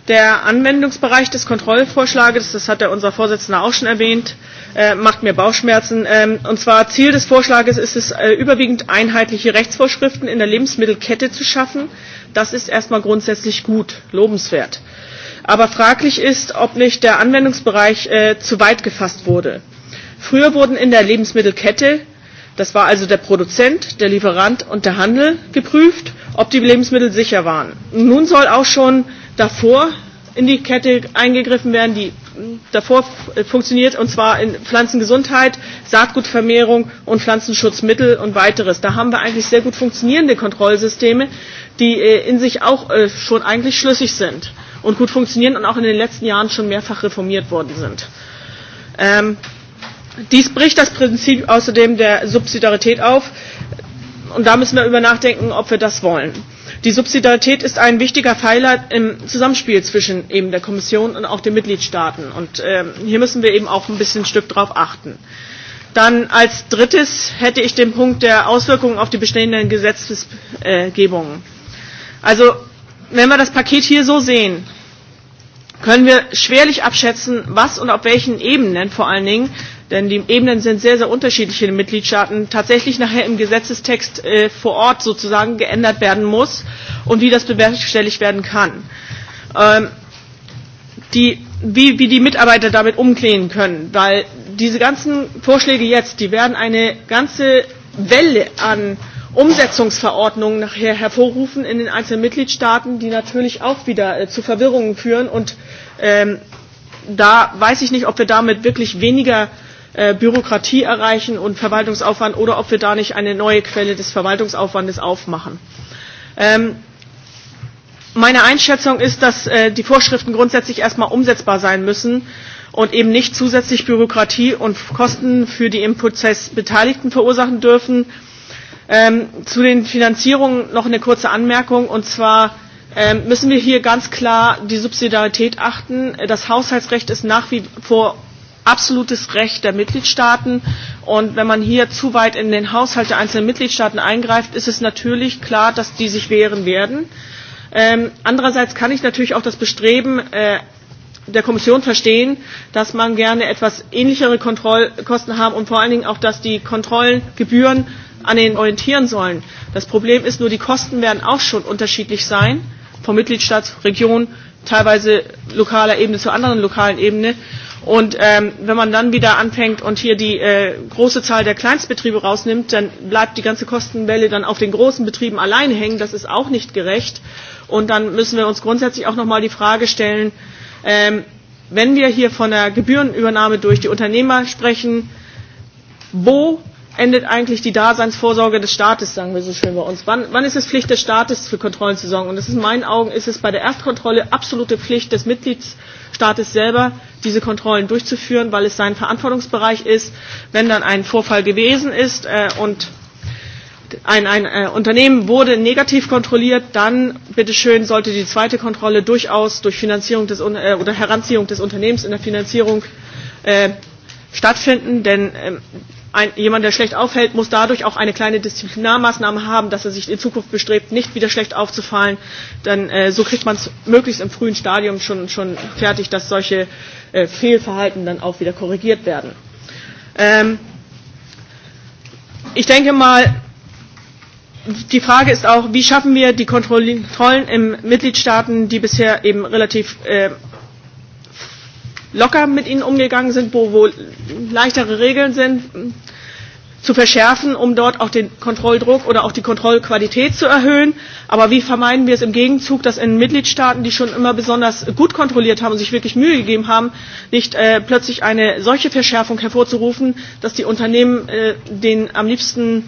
der Anwendungsbereich des Kontrollvorschlages, das hat ja unser Vorsitzender auch schon erwähnt, äh, macht mir Bauchschmerzen. Ähm, und zwar Ziel des Vorschlages ist es, äh, überwiegend einheitliche Rechtsvorschriften in der Lebensmittelkette zu schaffen. Das ist erstmal grundsätzlich gut, lobenswert. Aber fraglich ist, ob nicht der Anwendungsbereich äh, zu weit gefasst wurde. Früher wurden in der Lebensmittelkette, das war also der Produzent, der Lieferant und der Handel, geprüft, ob die Lebensmittel sicher waren. Nun soll auch schon davor in die Kette eingegriffen werden, die davor äh, funktioniert, und zwar in Pflanzengesundheit, Saatgutvermehrung und Pflanzenschutzmittel und weiteres. Da haben wir eigentlich sehr gut funktionierende Kontrollsysteme, die äh, in sich auch äh, schon eigentlich schlüssig sind und gut funktionieren und auch in den letzten Jahren schon mehrfach reformiert worden sind. Ähm, Dies bricht das Prinzip außerdem der Subsidiarität auf. Und da müssen wir über nachdenken, ob wir das wollen. Die Subsidiarität ist ein wichtiger Pfeiler im Zusammenspiel zwischen eben der Kommission und auch den Mitgliedstaaten. Und äh, hier müssen wir eben auch ein bisschen ein Stück drauf achten. Dann als drittes hätte ich den Punkt der Auswirkungen auf die bestehenden Gesetzgebungen. Also wenn wir das Paket hier so sehen, können wir schwerlich abschätzen, was und auf welchen Ebenen vor allen Dingen denn die Ebenen sind sehr, sehr unterschiedlich in den Mitgliedstaaten, tatsächlich nachher im Gesetzestext äh, vor Ort sozusagen geändert werden muss und wie das bewerkstelligt werden kann. Ähm, die, wie, wie die Mitarbeiter damit umgehen können, weil diese ganzen Vorschläge jetzt, die werden eine ganze Welle an Umsetzungsverordnungen nachher hervorrufen in den einzelnen Mitgliedstaaten, die natürlich auch wieder äh, zu Verwirrungen führen und ähm, da weiß ich nicht, ob wir damit wirklich weniger Äh, Bürokratie erreichen und Verwaltungsaufwand oder ob wir da nicht eine neue Quelle des Verwaltungsaufwandes aufmachen. Ähm, meine Einschätzung ist, dass äh, die Vorschriften grundsätzlich erstmal umsetzbar sein müssen und eben nicht zusätzlich Bürokratie und Kosten für die im Prozess Beteiligten verursachen dürfen. Ähm, zu den Finanzierungen noch eine kurze Anmerkung und zwar ähm, müssen wir hier ganz klar die Subsidiarität achten. Das Haushaltsrecht ist nach wie vor absolutes Recht der Mitgliedstaaten. Und wenn man hier zu weit in den Haushalt der einzelnen Mitgliedstaaten eingreift, ist es natürlich klar, dass die sich wehren werden. Ähm, andererseits kann ich natürlich auch das Bestreben äh, der Kommission verstehen, dass man gerne etwas ähnlichere Kontrollkosten Kosten haben und vor allen Dingen auch, dass die Kontrollgebühren an den orientieren sollen. Das Problem ist nur, die Kosten werden auch schon unterschiedlich sein, von Mitgliedstaat, Region, teilweise lokaler Ebene zu anderen lokalen Ebene. Und ähm, wenn man dann wieder anfängt und hier die äh, große Zahl der Kleinstbetriebe rausnimmt, dann bleibt die ganze Kostenwelle dann auf den großen Betrieben allein hängen. Das ist auch nicht gerecht. Und dann müssen wir uns grundsätzlich auch nochmal die Frage stellen, ähm, wenn wir hier von der Gebührenübernahme durch die Unternehmer sprechen, wo endet eigentlich die Daseinsvorsorge des Staates, sagen wir so schön bei uns? Wann, wann ist es Pflicht des Staates, für Kontrollen zu sorgen? Und das ist in meinen Augen ist es bei der Erstkontrolle absolute Pflicht des Mitgliedstaates selber, diese Kontrollen durchzuführen, weil es sein Verantwortungsbereich ist, wenn dann ein Vorfall gewesen ist äh, und ein, ein äh, Unternehmen wurde negativ kontrolliert, dann bitteschön sollte die zweite Kontrolle durchaus durch Finanzierung des, äh, oder Heranziehung des Unternehmens in der Finanzierung äh, stattfinden, denn äh, ein, jemand, der schlecht aufhält, muss dadurch auch eine kleine Disziplinarmaßnahme haben, dass er sich in Zukunft bestrebt, nicht wieder schlecht aufzufallen. Dann äh, so kriegt man es möglichst im frühen Stadium schon, schon fertig, dass solche äh, Fehlverhalten dann auch wieder korrigiert werden. Ähm, ich denke mal, die Frage ist auch, wie schaffen wir die Kontrollen in Mitgliedstaaten, die bisher eben relativ äh, locker mit ihnen umgegangen sind, wo, wo leichtere Regeln sind, ähm, zu verschärfen, um dort auch den Kontrolldruck oder auch die Kontrollqualität zu erhöhen. Aber wie vermeiden wir es im Gegenzug, dass in Mitgliedstaaten, die schon immer besonders gut kontrolliert haben und sich wirklich Mühe gegeben haben, nicht äh, plötzlich eine solche Verschärfung hervorzurufen, dass die Unternehmen äh, den am liebsten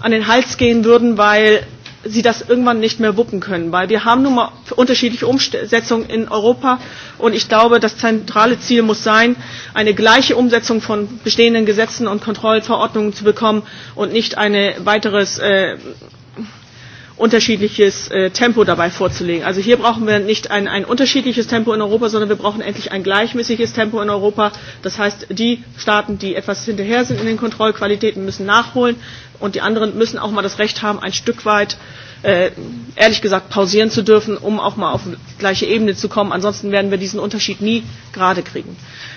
an den Hals gehen würden, weil sie das irgendwann nicht mehr wuppen können, weil wir haben nun mal unterschiedliche Umsetzungen in Europa und ich glaube, das zentrale Ziel muss sein, eine gleiche Umsetzung von bestehenden Gesetzen und Kontrollverordnungen zu bekommen und nicht ein weiteres äh, unterschiedliches äh, Tempo dabei vorzulegen. Also hier brauchen wir nicht ein, ein unterschiedliches Tempo in Europa, sondern wir brauchen endlich ein gleichmäßiges Tempo in Europa. Das heißt, die Staaten, die etwas hinterher sind in den Kontrollqualitäten, müssen nachholen und die anderen müssen auch mal das Recht haben, ein Stück weit äh, äh, ehrlich gesagt pausieren zu dürfen, um auch mal auf die gleiche Ebene zu kommen. Ansonsten werden wir diesen Unterschied nie gerade kriegen.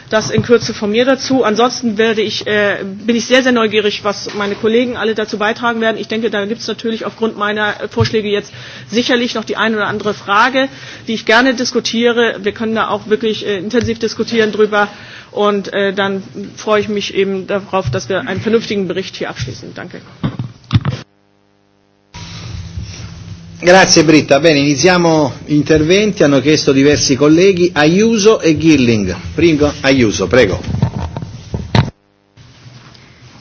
Das in Kürze von mir dazu. Ansonsten werde ich, äh, bin ich sehr, sehr neugierig, was meine Kollegen alle dazu beitragen werden. Ich denke, da gibt es natürlich aufgrund meiner Vorschläge jetzt sicherlich noch die eine oder andere Frage, die ich gerne diskutiere. Wir können da auch wirklich äh, intensiv diskutieren drüber. Und äh, dann freue ich mich eben darauf, dass wir einen vernünftigen Bericht hier abschließen. Danke. Grazie Britta. Bene, iniziamo interventi. Hanno chiesto diversi colleghi Ayuso e Girling. Prego, Ayuso, prego.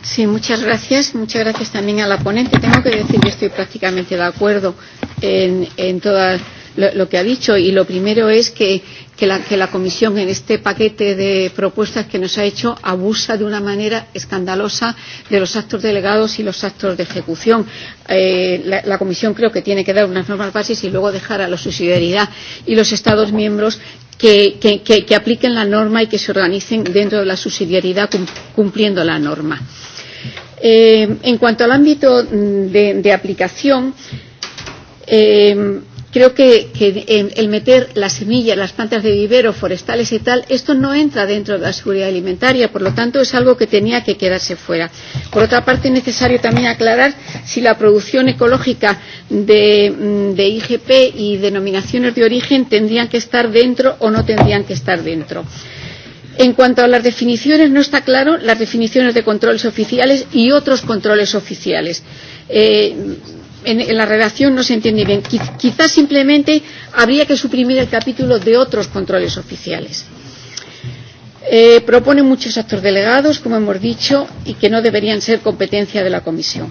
Sí, muchas gracias. Muchas gracias también a la ponente. Tengo que decir, que estoy prácticamente de acuerdo en, en todas lo, lo que ha dicho y lo primero es que, que, la, que la Comisión en este paquete de propuestas que nos ha hecho abusa de una manera escandalosa de los actos delegados y los actos de ejecución. Eh, la, la Comisión creo que tiene que dar unas normas bases y luego dejar a la subsidiariedad y los Estados miembros que, que, que, que apliquen la norma y que se organicen dentro de la subsidiariedad cumpliendo la norma. Eh, en cuanto al ámbito mm, de, de aplicación, eh, Creo que, que el, el meter las semillas, las plantas de vivero, forestales y tal, esto no entra dentro de la seguridad alimentaria, por lo tanto es algo que tenía que quedarse fuera. Por otra parte, es necesario también aclarar si la producción ecológica de, mm, de IGP y denominaciones de origen tendrían que estar dentro o no tendrían que estar dentro. En cuanto a las definiciones, no está claro las definiciones de controles oficiales y otros controles oficiales. Eh, en, en la redacción no se entiende bien. Quiz, quizás simplemente habría que suprimir el capítulo de otros controles oficiales. Eh, propone muchos actos delegados, como hemos dicho, y que no deberían ser competencia de la Comisión.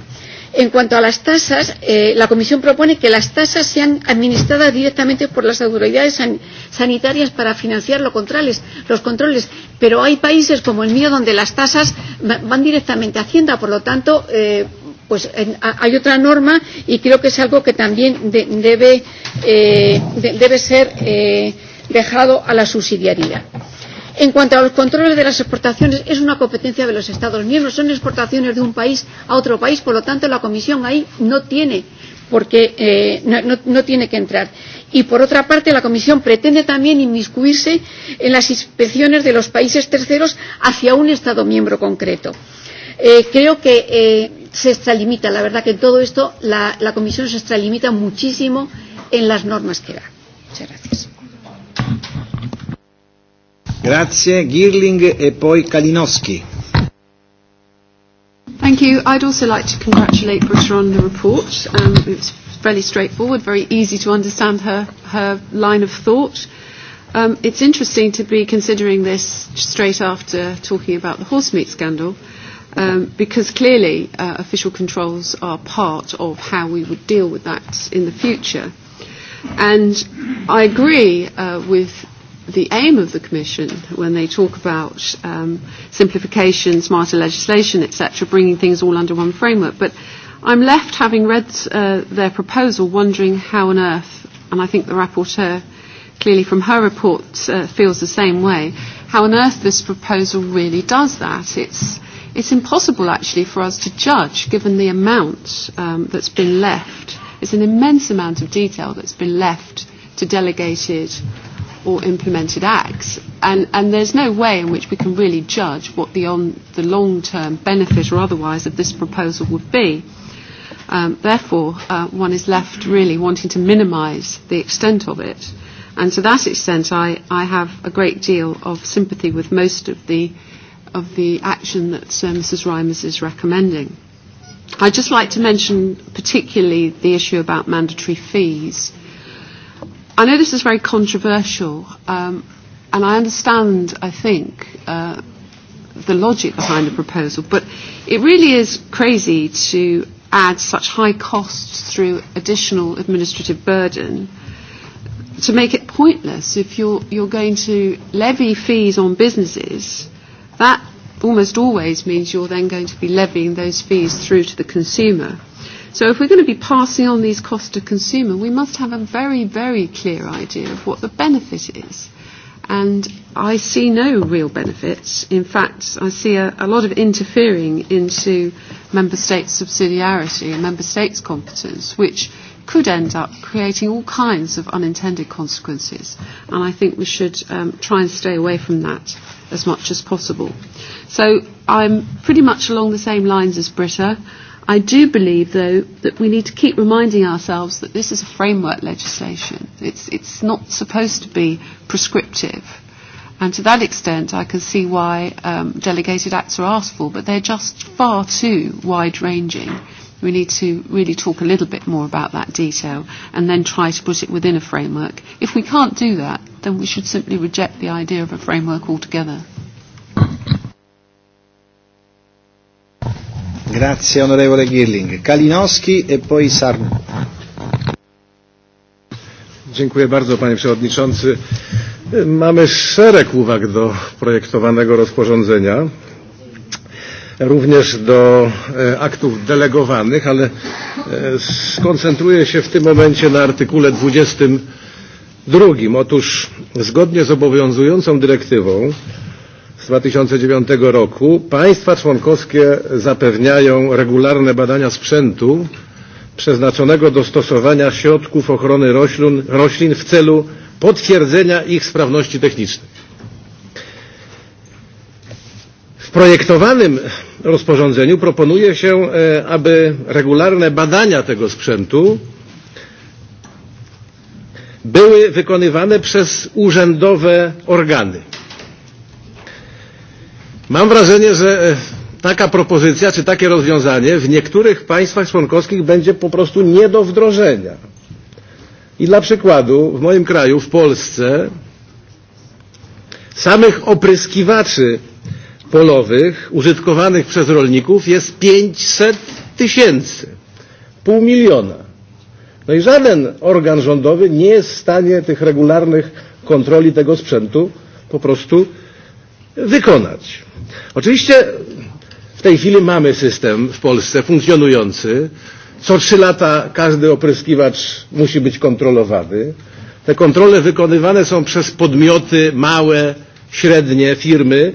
En cuanto a las tasas, eh, la Comisión propone que las tasas sean administradas directamente por las autoridades san sanitarias para financiar los controles, los controles. Pero hay países como el mío donde las tasas van directamente a Hacienda, por lo tanto, eh, pues en, a, hay otra norma y creo que es algo que también de, debe, eh, de, debe ser eh, dejado a la subsidiariedad. En cuanto a los controles de las exportaciones, es una competencia de los Estados miembros, son exportaciones de un país a otro país, por lo tanto la Comisión ahí no tiene, porque, eh, no, no, no tiene que entrar. Y por otra parte, la Comisión pretende también inmiscuirse en las inspecciones de los países terceros hacia un Estado miembro concreto. Eh, creo que eh, se extralimita. La verdad que en todo esto la, la Comisión se extralimita muchísimo en las normas que da. Muchas gracias. Grazie. Girling e poi Kalinowski. Thank you. I'd also like to congratulate Britta on the report. Um, it's fairly straightforward, very easy to understand her, her line of thought. Um, it's interesting to be considering this straight after talking about the horse meat scandal. Um, because clearly, uh, official controls are part of how we would deal with that in the future. And I agree uh, with the aim of the Commission when they talk about um, simplification, smarter legislation, etc., bringing things all under one framework. But I'm left, having read uh, their proposal, wondering how on earth, and I think the rapporteur clearly from her report uh, feels the same way, how on earth this proposal really does that. It's It's impossible, actually, for us to judge, given the amount um, that's been left. It's an immense amount of detail that's been left to delegated or implemented acts. And, and there's no way in which we can really judge what the, on, the long-term benefit or otherwise of this proposal would be. Um, therefore, uh, one is left really wanting to minimise the extent of it. And to that extent, I, I have a great deal of sympathy with most of the uh, of the action that uh, Mrs. Reimers is recommending. I'd just like to mention particularly the issue about mandatory fees. I know this is very controversial, um, and I understand, I think, uh, the logic behind the proposal, but it really is crazy to add such high costs through additional administrative burden to make it pointless if you're, you're going to levy fees on businesses That almost always means you're then going to be levying those fees through to the consumer. So if we're going to be passing on these costs to consumer, we must have a very, very clear idea of what the benefit is. And I see no real benefits. In fact, I see a, a lot of interfering into member states' subsidiarity and member states' competence, which could end up creating all kinds of unintended consequences. And I think we should um, try and stay away from that as much as possible. So I'm pretty much along the same lines as Britta. I do believe, though, that we need to keep reminding ourselves that this is a framework legislation. It's, it's not supposed to be prescriptive. And to that extent, I can see why um, delegated acts are asked for, but they're just far too wide ranging We need to really talk a little bit more about that detail and then try to put it within a framework. If we can't do that, then we should simply reject the idea of a framework altogether. Grazie onorevole Girling. Kalinowski e poi Sarno. Dziękuję bardzo panie przewodniczący. Mamy szereg uwag do projektowanego rozporządzenia również do e, aktów delegowanych, ale e, skoncentruję się w tym momencie na artykule 22. Otóż zgodnie z obowiązującą dyrektywą z 2009 roku państwa członkowskie zapewniają regularne badania sprzętu przeznaczonego do stosowania środków ochrony roślin, roślin w celu potwierdzenia ich sprawności technicznej. projektowanym rozporządzeniu proponuje się, e, aby regularne badania tego sprzętu były wykonywane przez urzędowe organy. Mam wrażenie, że e, taka propozycja czy takie rozwiązanie w niektórych państwach członkowskich będzie po prostu nie do wdrożenia. I dla przykładu w moim kraju, w Polsce, samych opryskiwaczy polowych użytkowanych przez rolników jest 500 tysięcy, pół miliona. No i żaden organ rządowy nie jest w stanie tych regularnych kontroli tego sprzętu po prostu wykonać. Oczywiście w tej chwili mamy system w Polsce funkcjonujący. Co trzy lata każdy opryskiwacz musi być kontrolowany. Te kontrole wykonywane są przez podmioty małe, średnie firmy,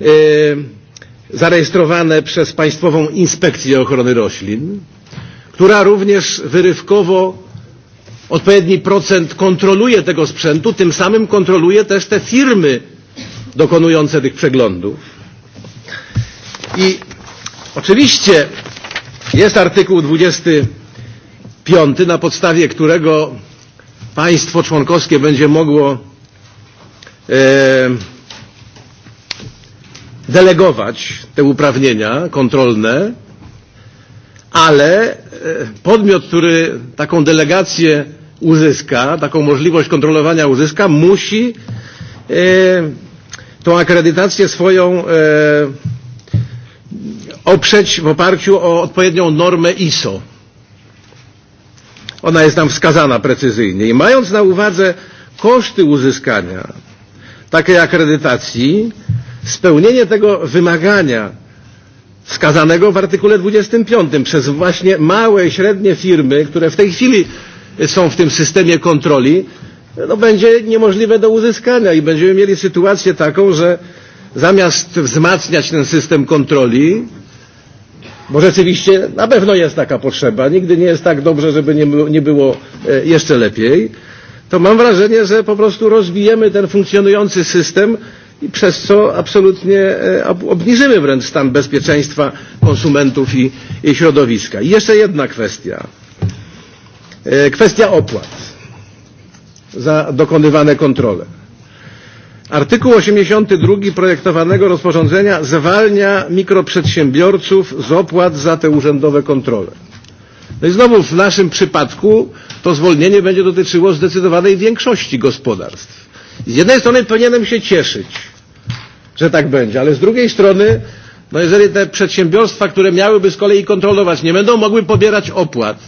E, zarejestrowane przez Państwową Inspekcję Ochrony Roślin, która również wyrywkowo odpowiedni procent kontroluje tego sprzętu, tym samym kontroluje też te firmy dokonujące tych przeglądów. I oczywiście jest artykuł 25, na podstawie którego państwo członkowskie będzie mogło e, delegować te uprawnienia kontrolne, ale e, podmiot, który taką delegację uzyska, taką możliwość kontrolowania uzyska, musi e, tą akredytację swoją e, oprzeć w oparciu o odpowiednią normę ISO. Ona jest tam wskazana precyzyjnie. I mając na uwadze koszty uzyskania takiej akredytacji, spełnienie tego wymagania wskazanego w artykule 25 przez właśnie małe i średnie firmy, które w tej chwili są w tym systemie kontroli, no będzie niemożliwe do uzyskania i będziemy mieli sytuację taką, że zamiast wzmacniać ten system kontroli, bo rzeczywiście na pewno jest taka potrzeba, nigdy nie jest tak dobrze, żeby nie, nie było e, jeszcze lepiej, to mam wrażenie, że po prostu rozbijemy ten funkcjonujący system, i przez co absolutnie e, obniżymy wręcz stan bezpieczeństwa konsumentów i, i środowiska. I jeszcze jedna kwestia. E, kwestia opłat za dokonywane kontrole. Artykuł 82 projektowanego rozporządzenia zwalnia mikroprzedsiębiorców z opłat za te urzędowe kontrole. No i znowu w naszym przypadku to zwolnienie będzie dotyczyło zdecydowanej większości gospodarstw. Z jednej strony powinienem się cieszyć, że tak będzie. Ale z drugiej strony, no jeżeli te przedsiębiorstwa, które miałyby z kolei kontrolować, nie będą mogły pobierać opłat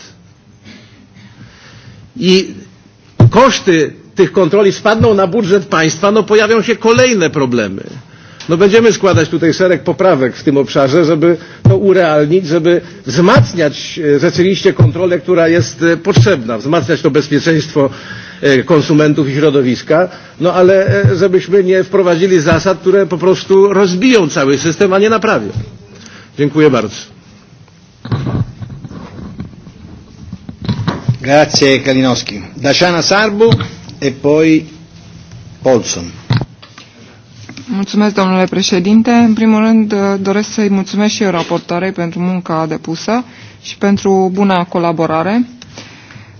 i koszty tych kontroli spadną na budżet państwa, no pojawią się kolejne problemy. No będziemy składać tutaj szereg poprawek w tym obszarze, żeby to urealnić, żeby wzmacniać e, rzeczywiście kontrolę, która jest e, potrzebna, wzmacniać to bezpieczeństwo E, konsumentów i środowiska, no ale e, żebyśmy nie wprowadzili zasad, które po prostu rozbiją cały system, a nie naprawią. Dziękuję bardzo. Grazie Kalinowski. Daciana Sarbu e poi Polson. Mulțumesc, domnule președinte. În primul rând, e, doresc să-i mulțumesc și eu raportoarei pentru munca depusă și pentru buna colaborare.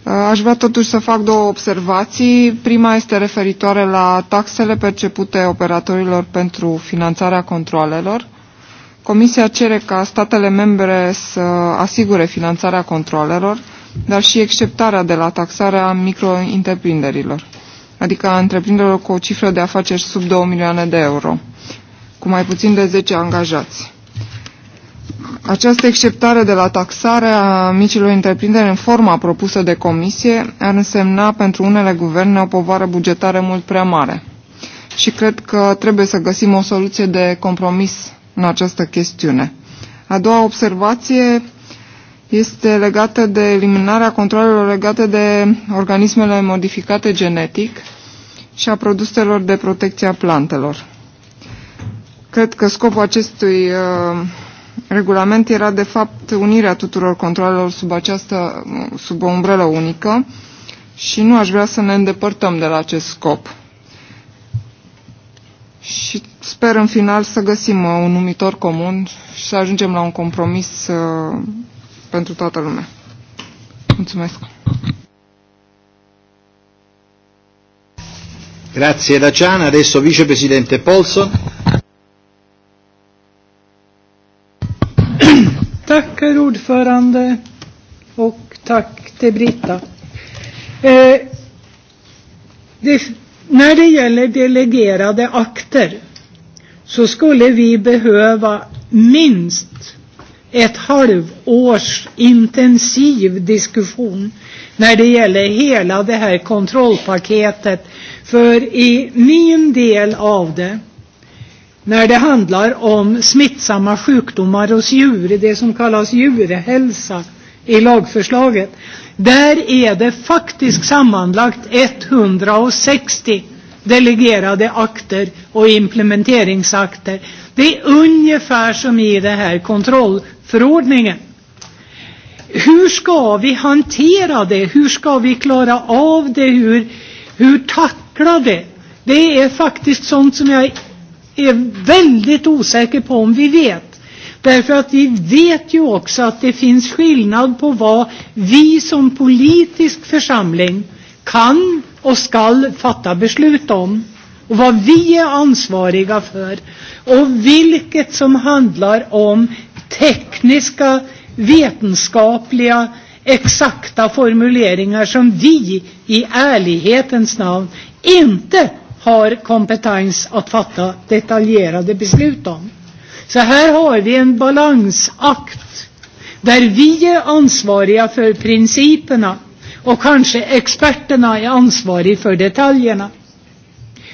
Eh, aș vrea totuși să fac două observații. Prima este referitoare la taxele percepute operatorilor pentru finanțarea controalelor. Comisia cere ca statele membre să asigure finanțarea controalelor, dar și exceptarea de la taxarea micro-întreprinderilor, adică a întreprinderilor cu o cifră de afaceri sub 2 milioane de euro, cu mai puțin de 10 angajați. Această exceptare de la taxare a micilor întreprinderi în forma propusă de comisie ar însemna pentru unele guverne o povară bugetară mult prea mare. Și cred că trebuie să găsim o soluție de compromis în această chestiune. A doua observație este legată de eliminarea controlelor legate de organismele modificate genetic și a produselor de protecție a plantelor. Cred că scopul acestui uh, regulament era de fapt unirea tuturor controlelor sub, această, sub o umbrelă unică și nu aș vrea să ne îndepărtăm de la acest scop. Și sper în final să găsim uh, un numitor comun și să ajungem la un compromis uh, pentru toată lumea. Mulțumesc. Grazie Daciana, adesso vicepresidente Polson. Tack herr ordförande och tack till Britta. Eh, det, när det gäller delegerade akter så skulle vi behöva minst ett halvårs intensiv diskussion när det gäller hela det här kontrollpaketet. För i min del av det när det handlar om smittsamma sjukdomar hos djur, det som kallas djurhälsa i lagförslaget. Där är det faktiskt sammanlagt 160 delegerade akter och implementeringsakter. Det är ungefär som i den här kontrollförordningen. Hur ska vi hantera det? Hur ska vi klara av det? Hur, hur tackla det? Det är faktiskt sånt som jag är väldigt osäker på om vi vet. Därför att vi vet ju också att det finns skillnad på vad vi som politisk församling kan och ska fatta beslut om och vad vi är ansvariga för och vilket som handlar om tekniska, vetenskapliga, exakta formuleringar som vi i ärlighetens namn inte har kompetens att fatta detaljerade beslut om. Så här har vi en balansakt där vi är ansvariga för principerna och kanske experterna är ansvariga för detaljerna.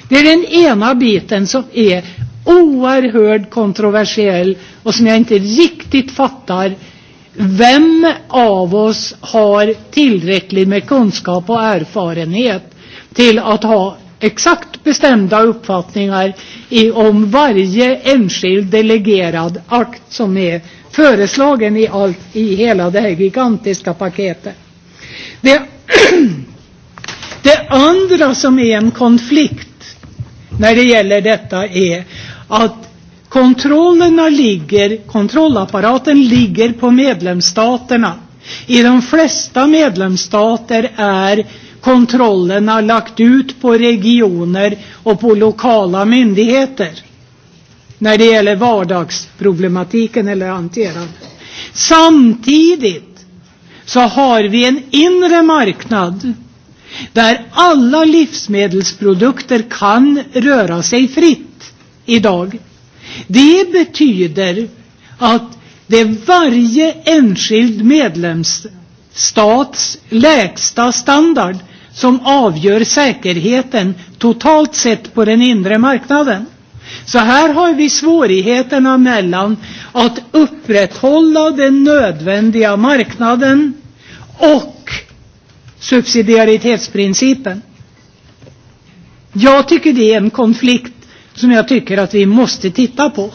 Det är den ena biten som är oerhört kontroversiell och som jag inte riktigt fattar vem av oss har tillräckligt med kunskap och erfarenhet till att ha exakt bestämda uppfattningar i om varje enskild delegerad akt som är föreslagen i, allt, i hela det här gigantiska paketet. Det, det andra som är en konflikt när det gäller detta är att kontrollerna ligger, kontrollapparaten ligger på medlemsstaterna. I de flesta medlemsstater är kontrollen har lagt ut på regioner och på lokala myndigheter när det gäller vardagsproblematiken eller hanterande. Samtidigt så har vi en inre marknad där alla livsmedelsprodukter kan röra sig fritt idag. Det betyder att det är varje enskild medlemsstats lägsta standard som avgör säkerheten totalt sett på den inre marknaden. Så här har vi svårigheterna mellan att upprätthålla den nödvändiga marknaden och subsidiaritetsprincipen. Jag tycker det är en konflikt som jag tycker att vi måste titta på.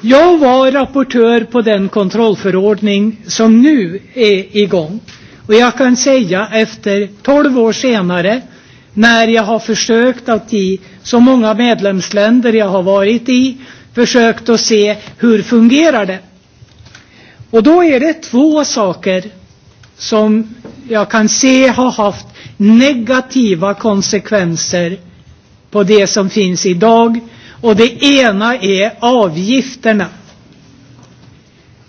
Jag var rapportör på den kontrollförordning som nu är igång. Och jag kan säga efter 12 år senare när jag har försökt att i så många medlemsländer jag har varit i försökt att se hur fungerar det. Och då är det två saker som jag kan se har haft negativa konsekvenser på det som finns idag. Och det ena är avgifterna.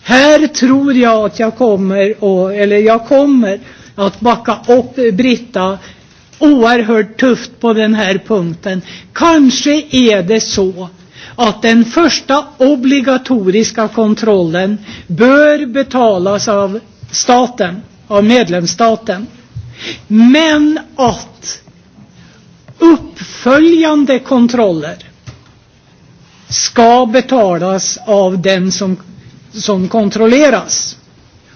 Här tror jag att jag kommer, och, eller jag kommer att backa upp Britta oerhört tufft på den här punkten. Kanske är det så att den första obligatoriska kontrollen bör betalas av staten, av medlemsstaten. Men att uppföljande kontroller ska betalas av den som som kontrolleras.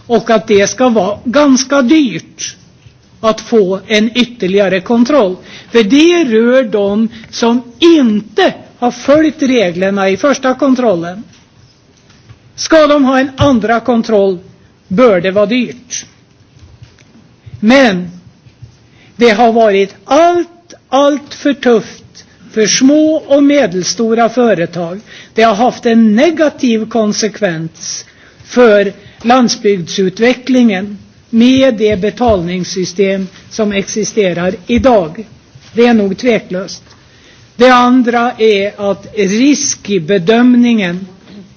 Och att det ska vara ganska dyrt att få en ytterligare kontroll. För det rör de som inte har följt reglerna i första kontrollen. Ska de ha en andra kontroll bör det vara dyrt. Men det har varit allt, allt för tufft för små och medelstora företag. Det har haft en negativ konsekvens för landsbygdsutvecklingen med det betalningssystem som existerar idag. Det är nog tveklöst. Det andra är att riskbedömningen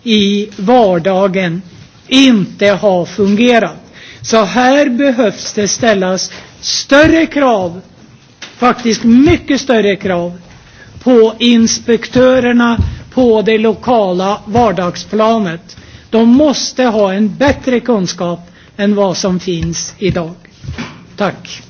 i vardagen inte har fungerat. Så här behövs det ställas större krav, faktiskt mycket större krav, på inspektörerna på det lokala vardagsplanet. De måste ha en bättre kunskap än vad som finns idag. Tack.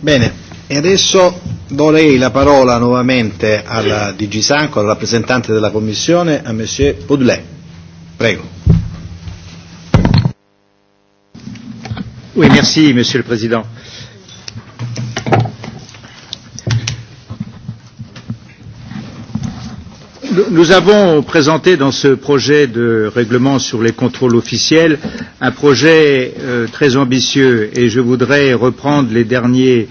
Bene, e adesso Vorrei la parola nuovamente alla DG Sanco, al rappresentante della Commissione, a Monsieur Baudelet. Prego. Oui, merci Monsieur le Président. Nous avons présenté dans ce projet de règlement sur les contrôles officiels un projet euh, très ambitieux et je voudrais reprendre les derniers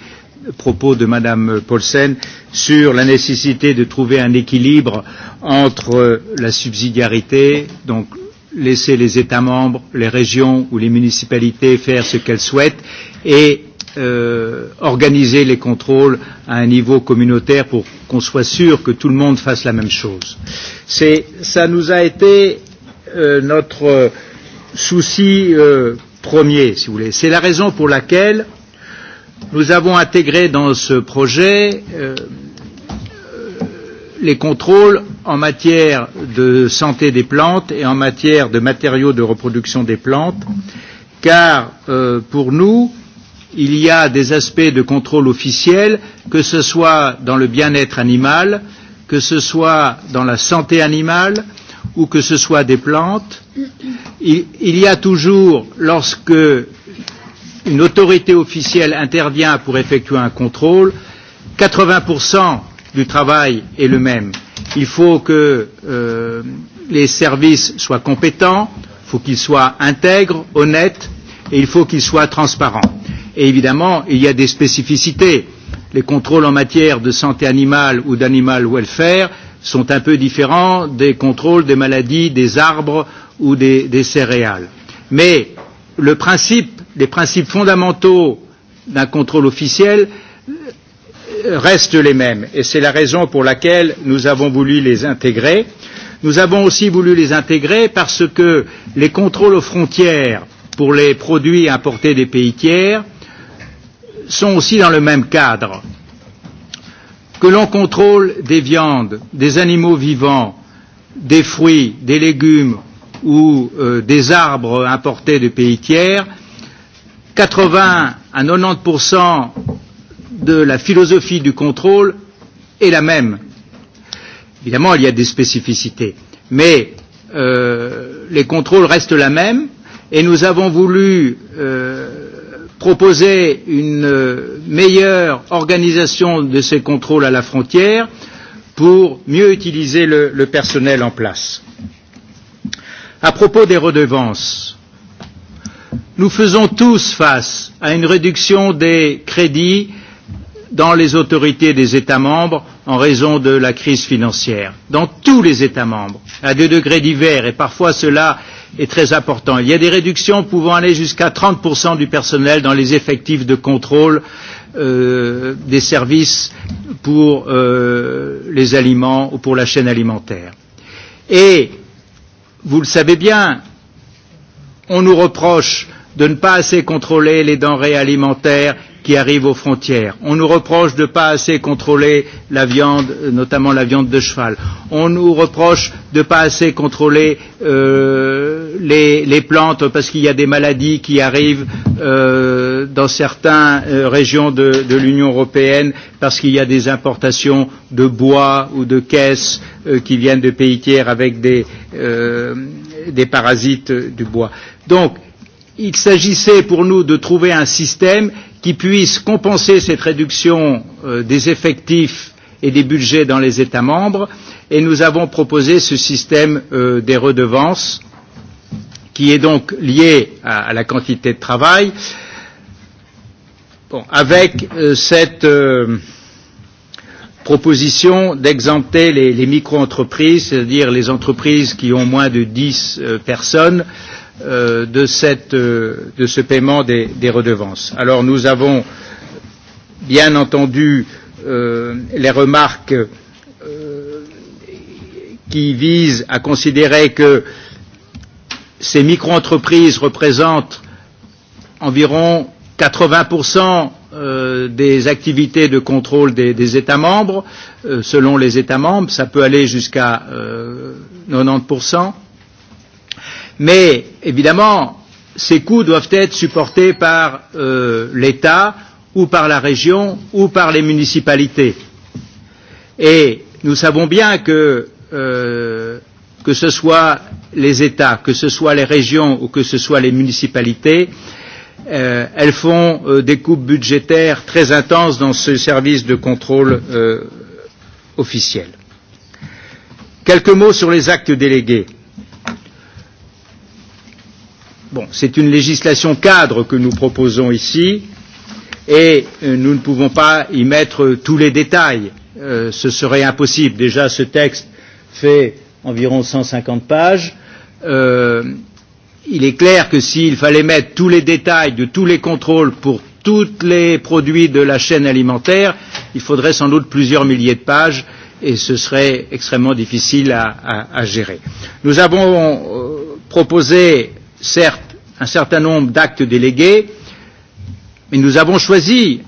propos de Madame Paulsen sur la nécessité de trouver un équilibre entre euh, la subsidiarité, donc laisser les États membres, les régions ou les municipalités faire ce qu'elles souhaitent, et euh, organiser les contrôles à un niveau communautaire pour qu'on soit sûr que tout le monde fasse la même chose. C'est, ça nous a été euh, notre euh, souci euh, premier, si vous voulez. C'est la raison pour laquelle nous avons intégré dans ce projet euh, les contrôles en matière de santé des plantes et en matière de matériaux de reproduction des plantes, car euh, pour nous, il y a des aspects de contrôle officiel, que ce soit dans le bien-être animal, que ce soit dans la santé animale ou que ce soit des plantes. Il, il y a toujours, lorsque une autorité officielle intervient pour effectuer un contrôle, 80% du travail est le même. Il faut que euh, les services soient compétents, il faut qu'ils soient intègres, honnêtes et il faut qu'ils soient transparents. Et évidemment, il y a des spécificités. Les contrôles en matière de santé animale ou d'animal welfare sont un peu différents des contrôles des maladies des arbres ou des, des céréales. Mais le principe, les principes fondamentaux d'un contrôle officiel restent les mêmes et c'est la raison pour laquelle nous avons voulu les intégrer. Nous avons aussi voulu les intégrer parce que les contrôles aux frontières pour les produits importés des pays tiers sont aussi dans le même cadre. Que l'on contrôle des viandes, des animaux vivants, des fruits, des légumes ou euh, des arbres importés de pays tiers, 80 à 90% de la philosophie du contrôle est la même. Évidemment, il y a des spécificités, mais euh, les contrôles restent la même et nous avons voulu euh, proposer une euh, meilleure organisation de ces contrôles à la frontière pour mieux utiliser le, le personnel en place. À propos des redevances, nous faisons tous face à une réduction des crédits dans les autorités des États membres en raison de la crise financière, dans tous les États membres, à des degrés divers, et parfois cela est très important. Il y a des réductions pouvant aller jusqu'à 30% du personnel dans les effectifs de contrôle euh, des services pour euh, les aliments ou pour la chaîne alimentaire. Et vous le savez bien, on nous reproche de ne pas assez contrôler les denrées alimentaires qui arrivent aux frontières. On nous reproche de ne pas assez contrôler la viande, notamment la viande de cheval. On nous reproche de ne pas assez contrôler euh, les, les plantes parce qu'il y a des maladies qui arrivent euh, dans certaines euh, régions de, de l'Union européenne parce qu'il y a des importations de bois ou de caisses euh, qui viennent de pays tiers avec des, euh, des parasites du bois. Donc, il s'agissait pour nous de trouver un système qui puisse compenser cette réduction euh, des effectifs et des budgets dans les États membres et nous avons proposé ce système euh, des redevances qui est donc lié à, à la quantité de travail bon, avec euh, cette euh, proposition d'exempter les, les micro-entreprises, c'est-à-dire les entreprises qui ont moins de 10 euh, personnes, euh, Euh, de, cette, euh, de ce paiement des, des redevances. Alors nous avons bien entendu euh, les remarques euh, qui vise à considérer que ces micro-entreprises représentent environ 80 euh, des activités de contrôle des, des États membres, selon les États membres, ça peut aller jusqu'à 90 Mais évidemment, ces coûts doivent être supportés par euh, l'État ou par la région ou par les municipalités. Et nous savons bien que, euh, que ce soit les États, que ce soit les régions ou que ce soit les municipalités, euh, elles font euh, des coupes budgétaires très intenses dans ce service de contrôle euh, officiel. Quelques mots sur les actes délégués. Bon, c'est une législation cadre que nous proposons ici et euh, nous ne pouvons pas y mettre tous les détails. Euh, ce serait impossible. Déjà, ce texte fait environ 150 pages. Euh, il est clair que s'il fallait mettre tous les détails de tous les contrôles pour tous les produits de la chaîne alimentaire, il faudrait sans doute plusieurs milliers de pages et ce serait extrêmement difficile à, à, à gérer. Nous avons euh, proposé certes un certain nombre d'actes délégués, mais nous avons choisi,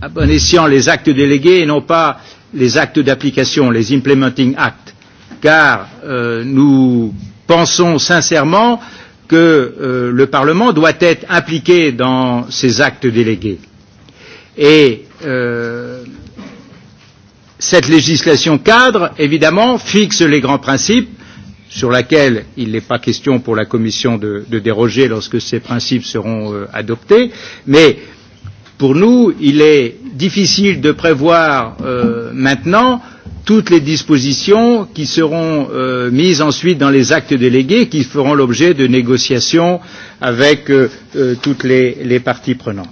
à bon escient, les actes délégués et non pas les actes d'application, les implementing acts, car euh, nous pensons sincèrement que euh, le Parlement doit être impliqué dans ces actes délégués. Et euh, cette législation cadre, évidemment, fixe les grands principes, sur laquelle il n'est pas question pour la Commission de, de déroger lorsque ces principes seront euh, adoptés, mais pour nous, il est difficile de prévoir euh, maintenant toutes les dispositions qui seront euh, mises ensuite dans les actes délégués qui feront l'objet de négociations avec euh, euh, toutes les, les parties prenantes.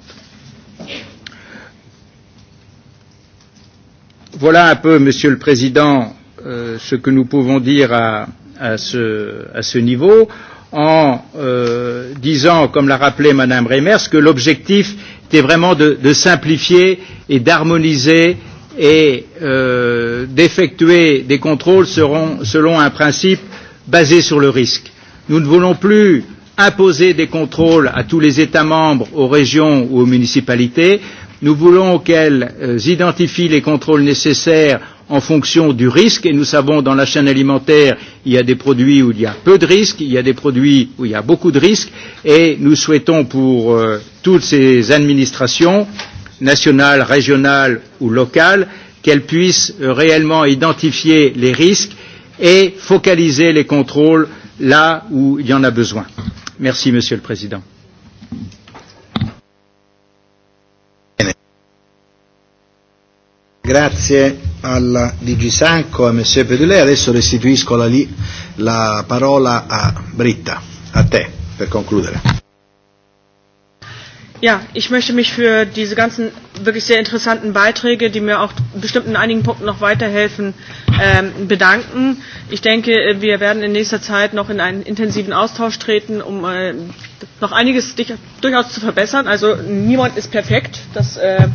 Voilà un peu, Monsieur le Président, euh, ce que nous pouvons dire à, à ce, à ce niveau en euh, disant, comme l'a rappelé Madame Reimers, que l'objectif était vraiment de, de simplifier et d'harmoniser et euh, d'effectuer des contrôles seront, selon un principe basé sur le risque. Nous ne voulons plus imposer des contrôles à tous les États membres, aux régions ou aux municipalités. Nous voulons qu'elles euh, identifient les contrôles nécessaires en fonction du risque et nous savons dans la chaîne alimentaire il y a des produits où il y a peu de risques, il y a des produits où il y a beaucoup de risques et nous souhaitons pour euh, toutes ces administrations nationales, régionales ou locales qu'elles puissent réellement identifier les risques et focaliser les contrôles là où il y en a besoin. Merci Monsieur le Président. Grazie alla DG Sanco e Messie Pedulè. Adesso restituisco la, li, la parola a Britta, a te, per concludere. Ja, ich möchte mich für diese ganzen wirklich sehr interessanten Beiträge, die mir auch bestimmt in einigen Punkten noch weiterhelfen, ähm, bedanken. Ich denke, äh, wir werden in nächster Zeit noch in einen intensiven Austausch treten, um äh, noch einiges durchaus zu verbessern. Also niemand ist perfekt, das äh,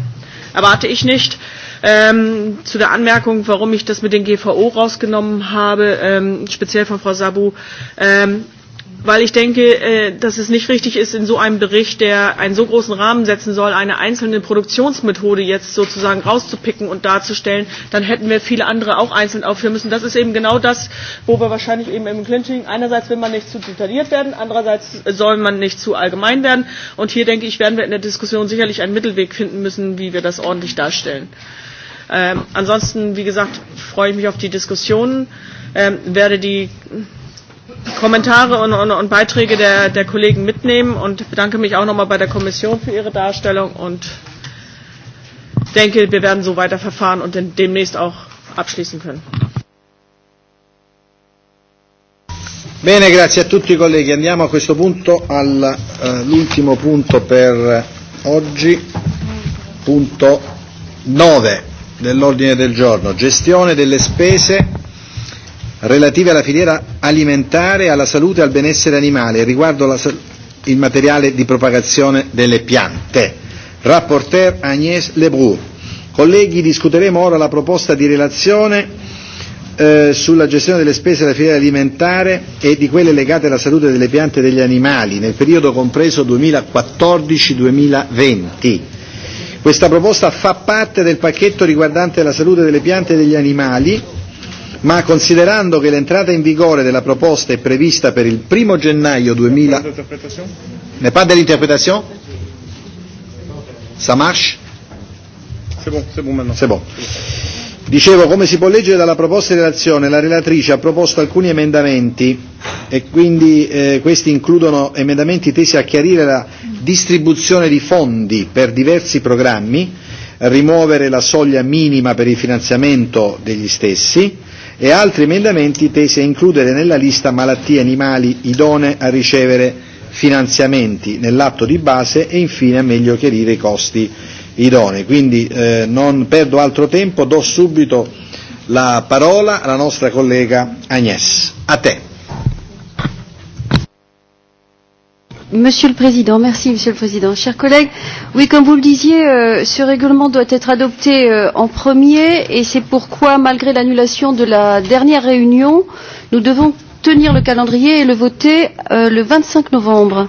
erwarte ich nicht. Ähm, zu der Anmerkung, warum ich das mit den GVO rausgenommen habe, ähm, speziell von Frau Sabu. Ähm, weil ich denke, äh, dass es nicht richtig ist, in so einem Bericht, der einen so großen Rahmen setzen soll, eine einzelne Produktionsmethode jetzt sozusagen rauszupicken und darzustellen. Dann hätten wir viele andere auch einzeln aufführen müssen. Das ist eben genau das, wo wir wahrscheinlich eben im Clinching, einerseits will man nicht zu detailliert werden, andererseits soll man nicht zu allgemein werden. Und hier denke ich, werden wir in der Diskussion sicherlich einen Mittelweg finden müssen, wie wir das ordentlich darstellen. Ähm, ansonsten, wie gesagt, freue ich mich auf die Diskussionen, ähm, werde die Kommentare und, und, und Beiträge der, der Kollegen mitnehmen und bedanke mich auch nochmal bei der Kommission für ihre Darstellung und denke, wir werden so weiter verfahren und demnächst auch abschließen können. Bene, grazie a tutti i colleghi. Andiamo a questo punto all'ultimo eh, uh, punto per oggi, punto 9 dell'ordine del giorno, gestione delle spese relative alla filiera alimentare, alla salute e al benessere animale riguardo la, il materiale di propagazione delle piante. Rapporteur Agnès Lebrou. Colleghi, discuteremo ora la proposta di relazione eh, sulla gestione delle spese della filiera alimentare e di quelle legate alla salute delle piante e degli animali nel periodo compreso 2014-2020 Questa proposta fa parte del pacchetto riguardante la salute delle piante e degli animali, ma considerando che l'entrata in vigore della proposta è prevista per il primo gennaio 2000... Ne parla dell'interpretazione? Ça marche C'est bon, c'est bon maintenant. C'est bon. Dicevo, come si può leggere dalla proposta di relazione, la relatrice ha proposto alcuni emendamenti e quindi eh, questi includono emendamenti tesi a chiarire la distribuzione di fondi per diversi programmi, rimuovere la soglia minima per il finanziamento degli stessi e altri emendamenti tesi a includere nella lista malattie e animali idonee a ricevere finanziamenti nell'atto di base e infine a meglio chiarire i costi idonei. Quindi eh, non perdo altro tempo, do subito la parola alla nostra collega Agnès. A te. Monsieur le Président, merci Monsieur le Président. Chers collègues, oui, comme vous le disiez, euh, ce règlement doit être adopté euh, en premier et c'est pourquoi, malgré l'annulation de la dernière réunion, nous devons tenir le calendrier et le voter euh, le 25 novembre.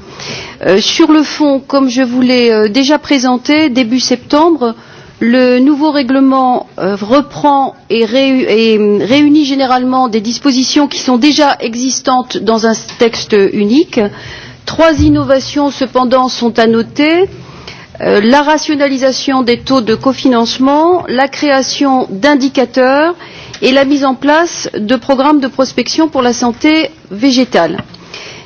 Euh, sur le fond, comme je vous l'ai euh, déjà présenté début septembre, le nouveau règlement euh, reprend et, ré, et euh, réunit généralement des dispositions qui sont déjà existantes dans un texte unique. Trois innovations cependant sont à noter euh, la rationalisation des taux de cofinancement, la création d'indicateurs et la mise en place de programmes de prospection pour la santé végétale.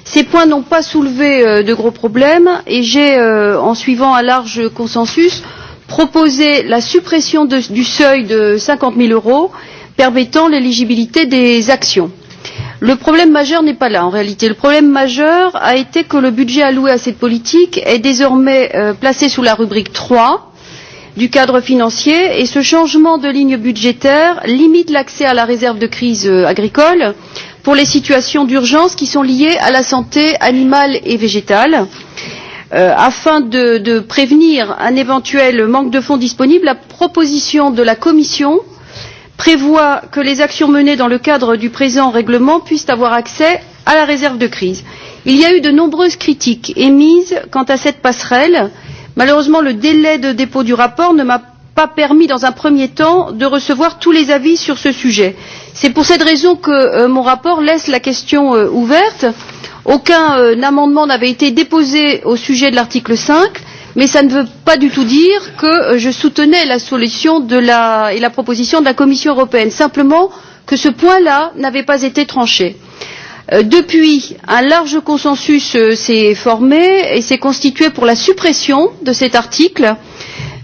Ces points n'ont pas soulevé euh, de gros problèmes et j'ai, euh, en suivant un large consensus, proposé la suppression de, du seuil de 50 000 euros permettant l'éligibilité des actions. Le problème majeur n'est pas là en réalité. Le problème majeur a été que le budget alloué à cette politique est désormais euh, placé sous la rubrique 3 du cadre financier et ce changement de ligne budgétaire limite l'accès à la réserve de crise euh, agricole pour les situations d'urgence qui sont liées à la santé animale et végétale. Euh, afin de, de prévenir un éventuel manque de fonds disponibles la proposition de la commission prévoit que les actions menées dans le cadre du présent règlement puissent avoir accès à la réserve de crise. il y a eu de nombreuses critiques émises quant à cette passerelle et malheureusement le délai de dépôt du rapport ne m'a pas permis dans un premier temps de recevoir tous les avis sur ce sujet. c'est pour cette raison que euh, mon rapport laisse la question euh, ouverte. aucun euh, amendement n'avait été déposé au sujet de l'article cinq mais cela ne veut pas du tout dire que je soutenais la solution la, et la proposition de la commission européenne simplement que ce point là n'avait pas été tranché Euh, depuis un large consensus euh, s'est formé et s'est constitué pour la suppression de cet article.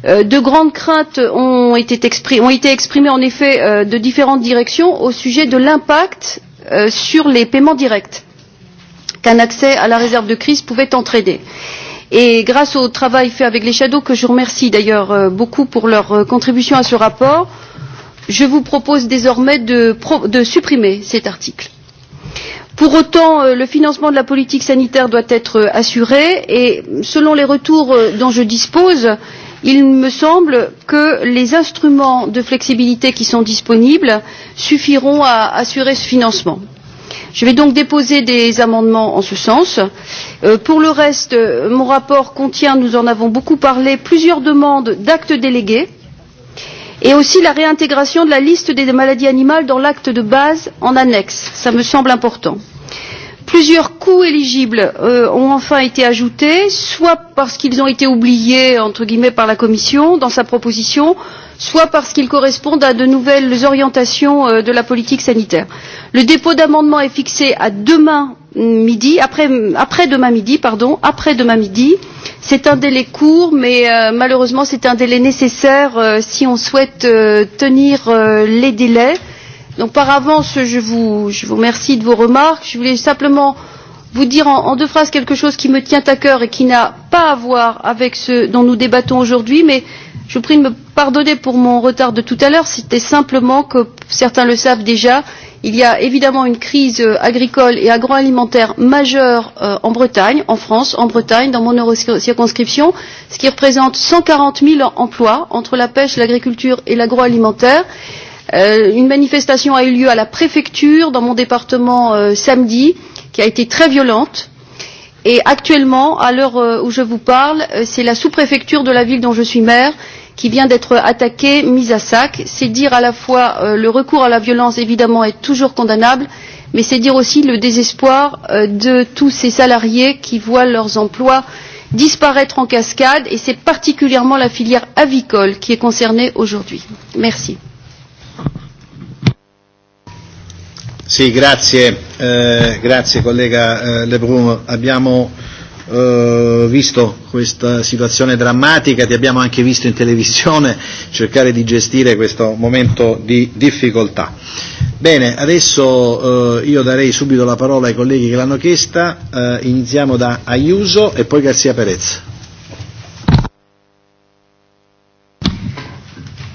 Euh, de grandes craintes ont été, exprim ont été exprimées en effet de différentes directions au sujet de l'impact sur les paiements directs qu'un accès à la réserve de crise pouvait entraîner et grâce au travail fait avec les Shadows, que je remercie d'ailleurs beaucoup pour leur contribution à ce rapport je vous propose désormais de, de supprimer cet article pour autant euh, le financement de la politique sanitaire doit être euh, assuré et selon les retours euh, dont je dispose il me semble que les instruments de flexibilité qui sont disponibles suffiront à assurer ce financement. je vais donc déposer des amendements en ce sens. pour le reste mon rapport contient nous en avons beaucoup parlé plusieurs demandes d'actes délégués et aussi la réintégration de la liste des maladies animales dans l'acte de base en annexe. Ça me semble important Plusieurs coûts éligibles euh, ont enfin été ajoutés, soit parce qu'ils ont été oubliés entre guillemets par la Commission dans sa proposition, soit parce qu'ils correspondent à de nouvelles orientations euh, de la politique sanitaire. Le dépôt d'amendements est fixé à demain midi, après, après demain midi, pardon, après demain midi. C'est un délai court, mais euh, malheureusement c'est un délai nécessaire euh, si on souhaite euh, tenir euh, les délais Donc par avance, je vous, je vous remercie de vos remarques. Je voulais simplement vous dire en, en deux phrases quelque chose qui me tient à cœur et qui n'a pas à voir avec ce dont nous débattons aujourd'hui, mais je vous prie de me pardonner pour mon retard de tout à l'heure. C'était simplement que certains le savent déjà, il y a évidemment une crise euh, agricole et agroalimentaire majeure euh, en Bretagne, en France, en Bretagne, dans mon circonscription, ce qui représente 140 000 emplois entre la pêche, l'agriculture et l'agroalimentaire. Euh, Euh, une manifestation a eu lieu à la préfecture dans mon département euh, samedi, qui a été très violente. Et actuellement, à l'heure euh, où je vous parle, euh, c'est la sous-préfecture de la ville dont je suis maire qui vient d'être attaquée, mise à sac. C'est dire à la fois euh, le recours à la violence, évidemment, est toujours condamnable, mais c'est dire aussi le désespoir euh, de tous ces salariés qui voient leurs emplois disparaître en cascade, et c'est particulièrement la filière avicole qui est concernée aujourd'hui. Merci. Sì, grazie, eh, grazie collega eh, Lebrun. Abbiamo eh, visto questa situazione drammatica, ti abbiamo anche visto in televisione cercare di gestire questo momento di difficoltà. Bene, adesso eh, io darei subito la parola ai colleghi che l'hanno chiesta, eh, iniziamo da Ayuso e poi Garzia Perez.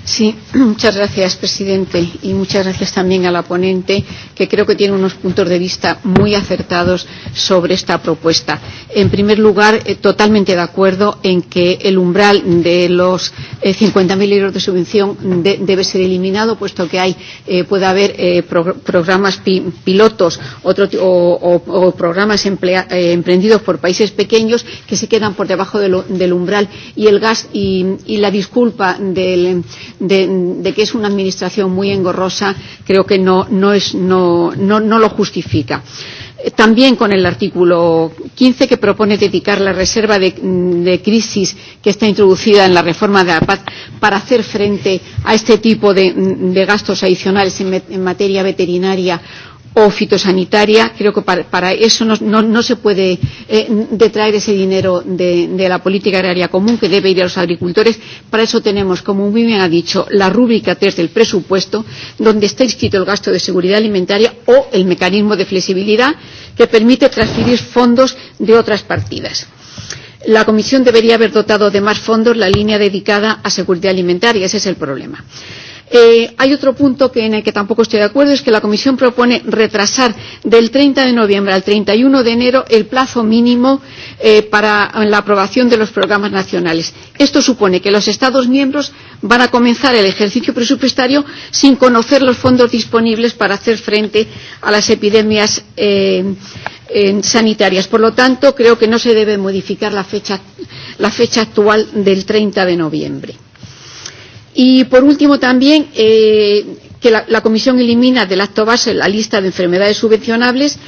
Sí, muchas gracias, presidente, y muchas gracias también a la ponente, que creo que tiene unos puntos de vista muy acertados sobre esta propuesta. En primer lugar, eh, totalmente de acuerdo en que el umbral de los eh, 50.000 euros de subvención de, debe ser eliminado, puesto que hay, eh, puede haber eh, pro, programas pi, pilotos otro, o, o, o programas emplea, eh, emprendidos por países pequeños que se quedan por debajo de lo, del umbral y el gas y, y la disculpa del de, de que es una administración muy engorrosa, creo que no, no, es, no, no, no lo justifica. Eh, también con el artículo 15 que propone dedicar la reserva de, de crisis que está introducida en la reforma de la paz para hacer frente a este tipo de, de gastos adicionales en, en materia veterinaria o fitosanitaria. Creo que para, para eso no, no, no se puede eh, detraer ese dinero de, de la política agraria común que debe ir a los agricultores. Para eso tenemos, como muy bien ha dicho, la rúbrica 3 del presupuesto, donde está inscrito el gasto de seguridad alimentaria o el mecanismo de flexibilidad que permite transferir fondos de otras partidas. La Comisión debería haber dotado de más fondos la línea dedicada a seguridad alimentaria. Ese es el problema. Eh, hay otro punto que, en el que tampoco estoy de acuerdo, es que la Comisión propone retrasar del 30 de noviembre al 31 de enero el plazo mínimo eh, para la aprobación de los programas nacionales. Esto supone que los Estados miembros van a comenzar el ejercicio presupuestario sin conocer los fondos disponibles para hacer frente a las epidemias eh, eh, sanitarias. Por lo tanto, creo que no se debe modificar la fecha, la fecha actual del 30 de noviembre. Y por último también eh, que la, la Comisión elimina del acto base la lista de enfermedades subvencionables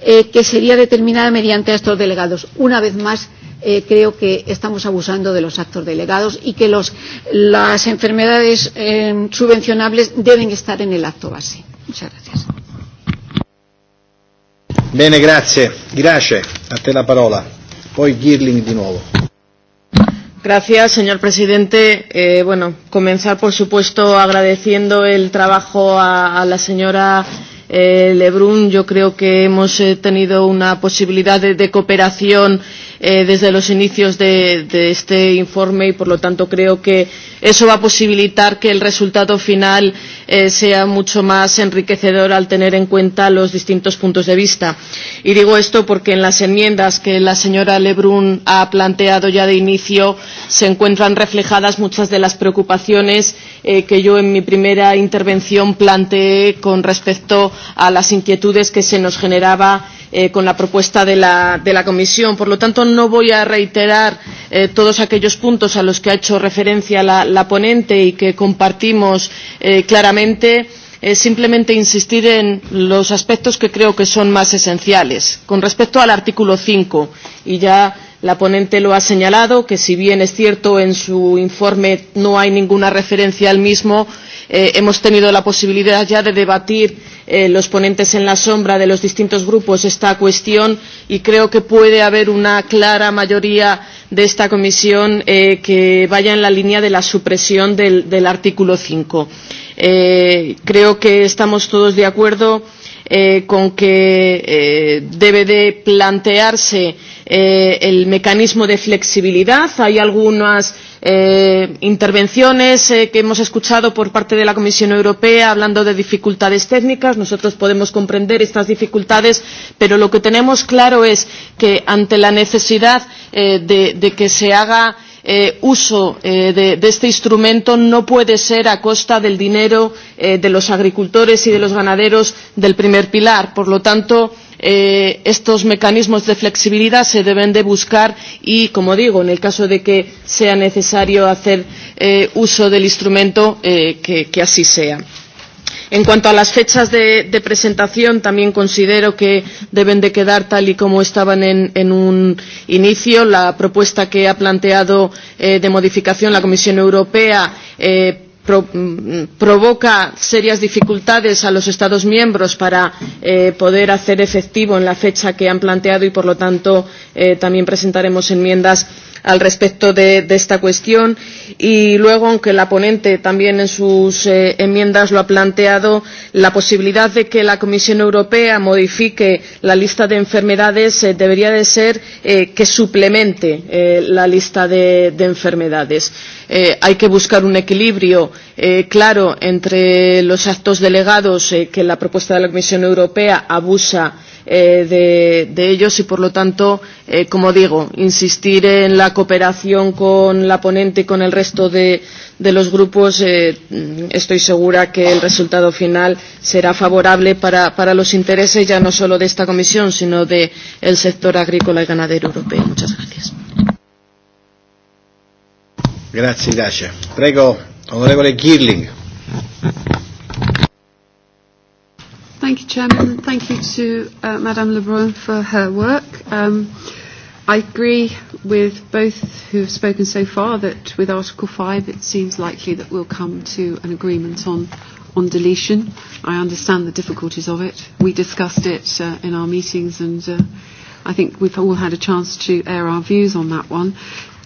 eh, que sería determinada mediante actos delegados. Una vez más, eh, creo que estamos abusando de los actos delegados y que los, las enfermedades eh, subvencionables deben estar en el acto base. Muchas gracias. Bene, grazie. Grazie, a te la parola. Poi Girling di nuovo. Gracias, señor presidente. Eh, bueno, comenzar, por supuesto, agradeciendo el trabajo a, a la señora eh, Lebrun, yo creo que hemos eh, tenido una posibilidad de, de cooperación eh, desde los inicios de, de este informe y, por lo tanto, creo que eso va a posibilitar que el resultado final eh, sea mucho más enriquecedor al tener en cuenta los distintos puntos de vista. Y digo esto porque en las enmiendas que la señora Lebrun ha planteado ya de inicio se encuentran reflejadas muchas de las preocupaciones eh, que yo en mi primera intervención planteé con respecto a a las inquietudes que se nos generaba eh, con la propuesta de la, de la Comisión. Por lo tanto, no voy a reiterar eh, todos aquellos puntos a los que ha hecho referencia la, la ponente y que compartimos eh, claramente. Es eh, simplemente insistir en los aspectos que creo que son más esenciales. Con respecto al artículo 5, y ya la ponente lo ha señalado, que si bien es cierto en su informe no hay ninguna referencia al mismo, eh, Eh, hemos tenido la posibilidad ya de debatir eh, los ponentes en la sombra de los distintos grupos esta cuestión y creo que puede haber una clara mayoría de esta comisión eh, que vaya en la línea de la supresión del, del artículo 5. Eh, creo que estamos todos de acuerdo eh, con que eh, debe de plantearse eh, el mecanismo de flexibilidad. Hay algunas eh, intervenciones eh, que hemos escuchado por parte de la Comisión Europea hablando de dificultades técnicas. Nosotros podemos comprender estas dificultades, pero lo que tenemos claro es que ante la necesidad eh, de, de que se haga eh, uso eh, de, de este instrumento no puede ser a costa del dinero eh, de los agricultores y de los ganaderos del primer pilar. Por lo tanto, eh, estos mecanismos de flexibilidad se deben de buscar y, como digo, en el caso de que sea necesario hacer eh, uso del instrumento, eh, que, que así sea. En cuanto a las fechas de, de presentación, también considero que deben de quedar tal y como estaban en, en un inicio. La propuesta que ha planteado eh, de modificación la Comisión Europea eh, pro, mm, provoca serias dificultades a los Estados miembros para eh, poder hacer efectivo en la fecha que han planteado y, por lo tanto, eh, también presentaremos enmiendas al respecto de, de esta cuestión. Y luego, aunque la ponente también en sus eh, enmiendas lo ha planteado, la posibilidad de que la Comisión Europea modifique la lista de enfermedades eh, debería de ser eh, que suplemente eh, la lista de, de enfermedades. Eh, hay que buscar un equilibrio eh, claro entre los actos delegados eh, que la propuesta de la Comisión Europea abusa eh, de, de ellos y, por lo tanto, eh, como digo, insistir en la cooperación con la ponente y con el resto de, de los grupos. Eh, estoy segura que el resultado final será favorable para, para los intereses ya no solo de esta comisión, sino del de sector agrícola y ganadero europeo. Muchas gracias. Grazie, grazie. Prego, onorevole Girling. Thank you, Chairman, thank you to uh, Madame Lebrun for her work. Um, I agree with both who have spoken so far that with Article 5 it seems likely that we'll come to an agreement on, on deletion. I understand the difficulties of it. We discussed it uh, in our meetings and uh, I think we've all had a chance to air our views on that one.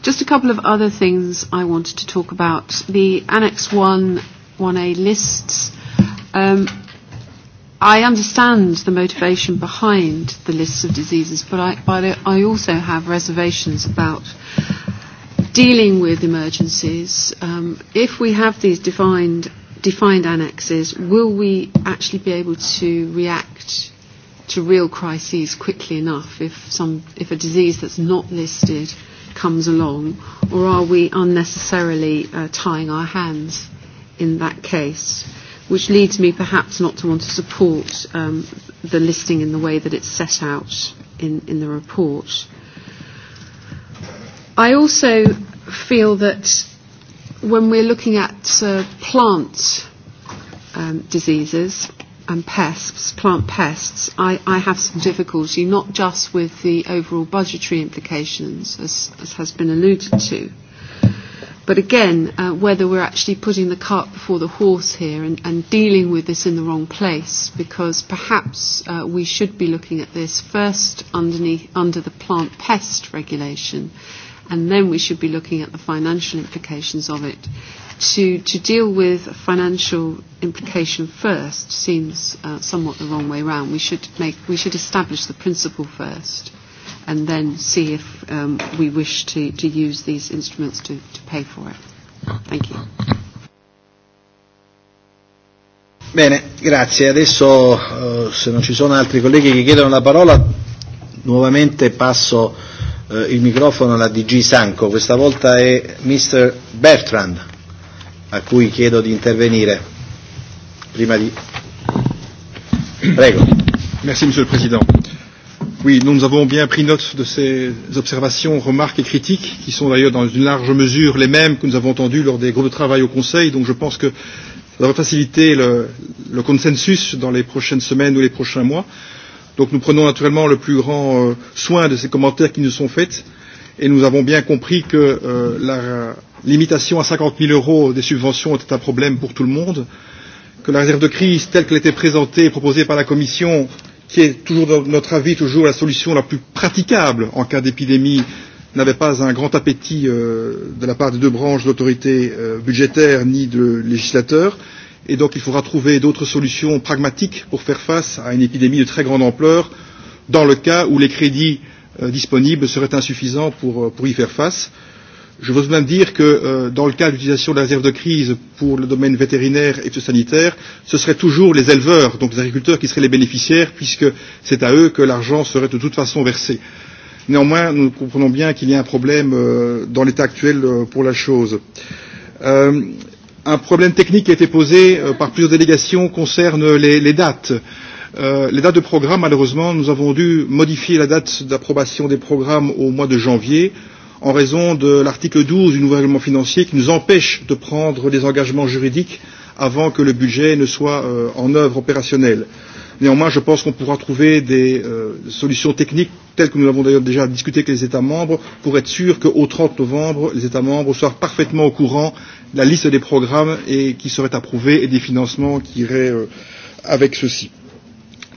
Just a couple of other things I wanted to talk about. The Annex 1 1A lists. Um, I understand the motivation behind the lists of diseases, but I, but I also have reservations about dealing with emergencies. Um, if we have these defined, defined annexes, will we actually be able to react to real crises quickly enough if, some, if a disease that's not listed – comes along, or are we unnecessarily uh, tying our hands in that case? Which leads me perhaps not to want to support um, the listing in the way that it's set out in, in the report. I also feel that when we're looking at uh, plant um, diseases, and pests, plant pests, I, I have some difficulty, not just with the overall budgetary implications, as, as has been alluded to, but again, uh, whether we're actually putting the cart before the horse here and, and dealing with this in the wrong place, because perhaps uh, we should be looking at this first underneath, under the plant pest regulation, and then we should be looking at the financial implications of it to, to deal with financial implication first seems uh, somewhat the wrong way round. We should, make, we should establish the principle first and then see if um, we wish to, to use these instruments to, to pay for it. Thank you. Bene, grazie. Adesso uh, se non ci sono altri colleghi che chiedono la parola, nuovamente passo uh, il microfono alla DG Sanco. Questa volta è Mr. Bertrand a cui chiedo di intervenire. Prima di... Prego. Merci Monsieur le Président. Oui, nous, nous avons bien pris note de ces observations, remarques et critiques, qui sont d'ailleurs dans une large mesure les mêmes que nous avons entendues lors des groupes de travail au Conseil, donc je pense que ça va faciliter le, le consensus dans les prochaines semaines ou les prochains mois. Donc nous prenons naturellement le plus grand euh, soin de ces commentaires qui nous sont faits et nous avons bien compris que euh, la limitation à 50 000 euros des subventions était un problème pour tout le monde, que la réserve de crise telle qu'elle était présentée et proposée par la Commission, qui est toujours dans notre avis toujours la solution la plus praticable en cas d'épidémie, n'avait pas un grand appétit euh, de la part des deux branches d'autorité euh, budgétaire ni de législateur. Et donc il faudra trouver d'autres solutions pragmatiques pour faire face à une épidémie de très grande ampleur, dans le cas où les crédits euh, euh, disponibles seraient insuffisants pour, euh, pour y faire face. Je veux même dire que euh, dans le cas d'utilisation de la réserve de crise pour le domaine vétérinaire et sanitaire, ce seraient toujours les éleveurs, donc les agriculteurs, qui seraient les bénéficiaires, puisque c'est à eux que l'argent serait de toute façon versé. Néanmoins, nous comprenons bien qu'il y a un problème euh, dans l'état actuel euh, pour la chose. Euh, un problème technique qui a été posé euh, par plusieurs délégations concerne les, les dates. Euh, Euh, les dates de programme, malheureusement, nous avons dû modifier la date d'approbation des programmes au mois de janvier en raison de l'article 12 du nouveau règlement financier qui nous empêche de prendre des engagements juridiques avant que le budget ne soit euh, en œuvre opérationnelle. Néanmoins, je pense qu'on pourra trouver des euh, solutions techniques telles que nous l'avons d'ailleurs déjà discuté avec les États membres pour être sûr qu'au 30 novembre, les États membres soient parfaitement au courant de la liste des programmes et qui seraient approuvés et des financements qui iraient euh, avec ceux-ci.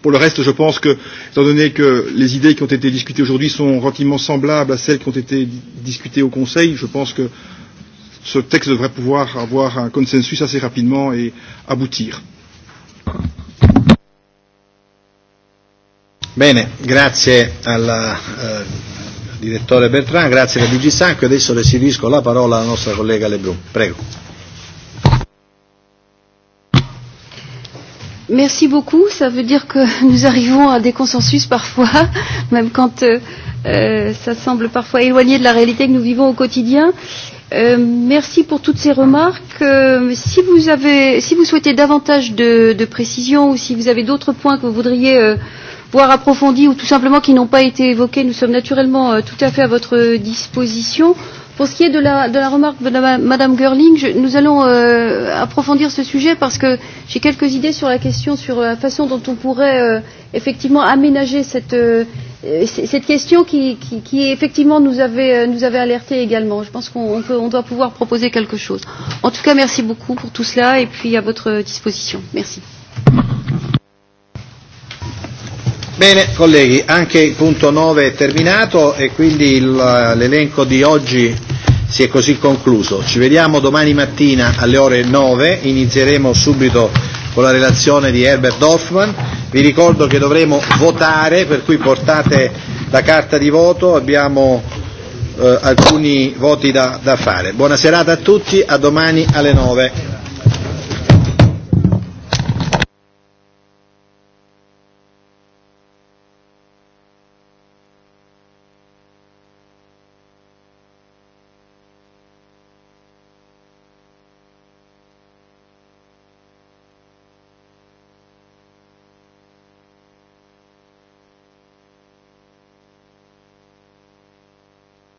Pour le reste, je pense que, étant donné que les idées qui ont été discutées aujourd'hui sont relativement semblables à celles qui ont été discutées au Conseil, je pense que ce texte devrait pouvoir avoir un consensus assez rapidement et aboutir. Bene, grazie al eh, direttore Bertrand, grazie alla DG Sanco. Adesso restituisco la parola alla nostra collega Lebrun. Prego. Merci beaucoup. Ça veut dire que nous arrivons à des consensus parfois, même quand euh, euh, ça semble parfois éloigné de la réalité que nous vivons au quotidien. Euh, merci pour toutes ces remarques. Euh, si, vous avez, si vous souhaitez davantage de, de précisions ou si vous avez d'autres points que vous voudriez euh, voir approfondis ou tout simplement qui n'ont pas été évoqués, nous sommes naturellement euh, tout à fait à votre disposition. Euh, Pour ce qui est de la, de la remarque de Madame Görling, je, nous allons euh, approfondir ce sujet parce que j'ai quelques idées sur la question, sur euh, la façon dont on pourrait euh, effectivement aménager cette, euh, cette question qui, qui, qui effectivement nous avait, euh, nous avait alerté également. Je pense qu'on peut, on doit pouvoir proposer quelque chose. En tout cas, merci beaucoup pour tout cela et puis à votre disposition. Merci. Bene colleghi, anche il punto 9 è terminato e quindi eh, l'elenco di oggi si è così concluso. Ci vediamo domani mattina alle ore 9, inizieremo subito con la relazione di Herbert Hoffman. Vi ricordo che dovremo votare, per cui portate la carta di voto, abbiamo eh, alcuni voti da, da fare. Buona serata a tutti, a domani alle 9.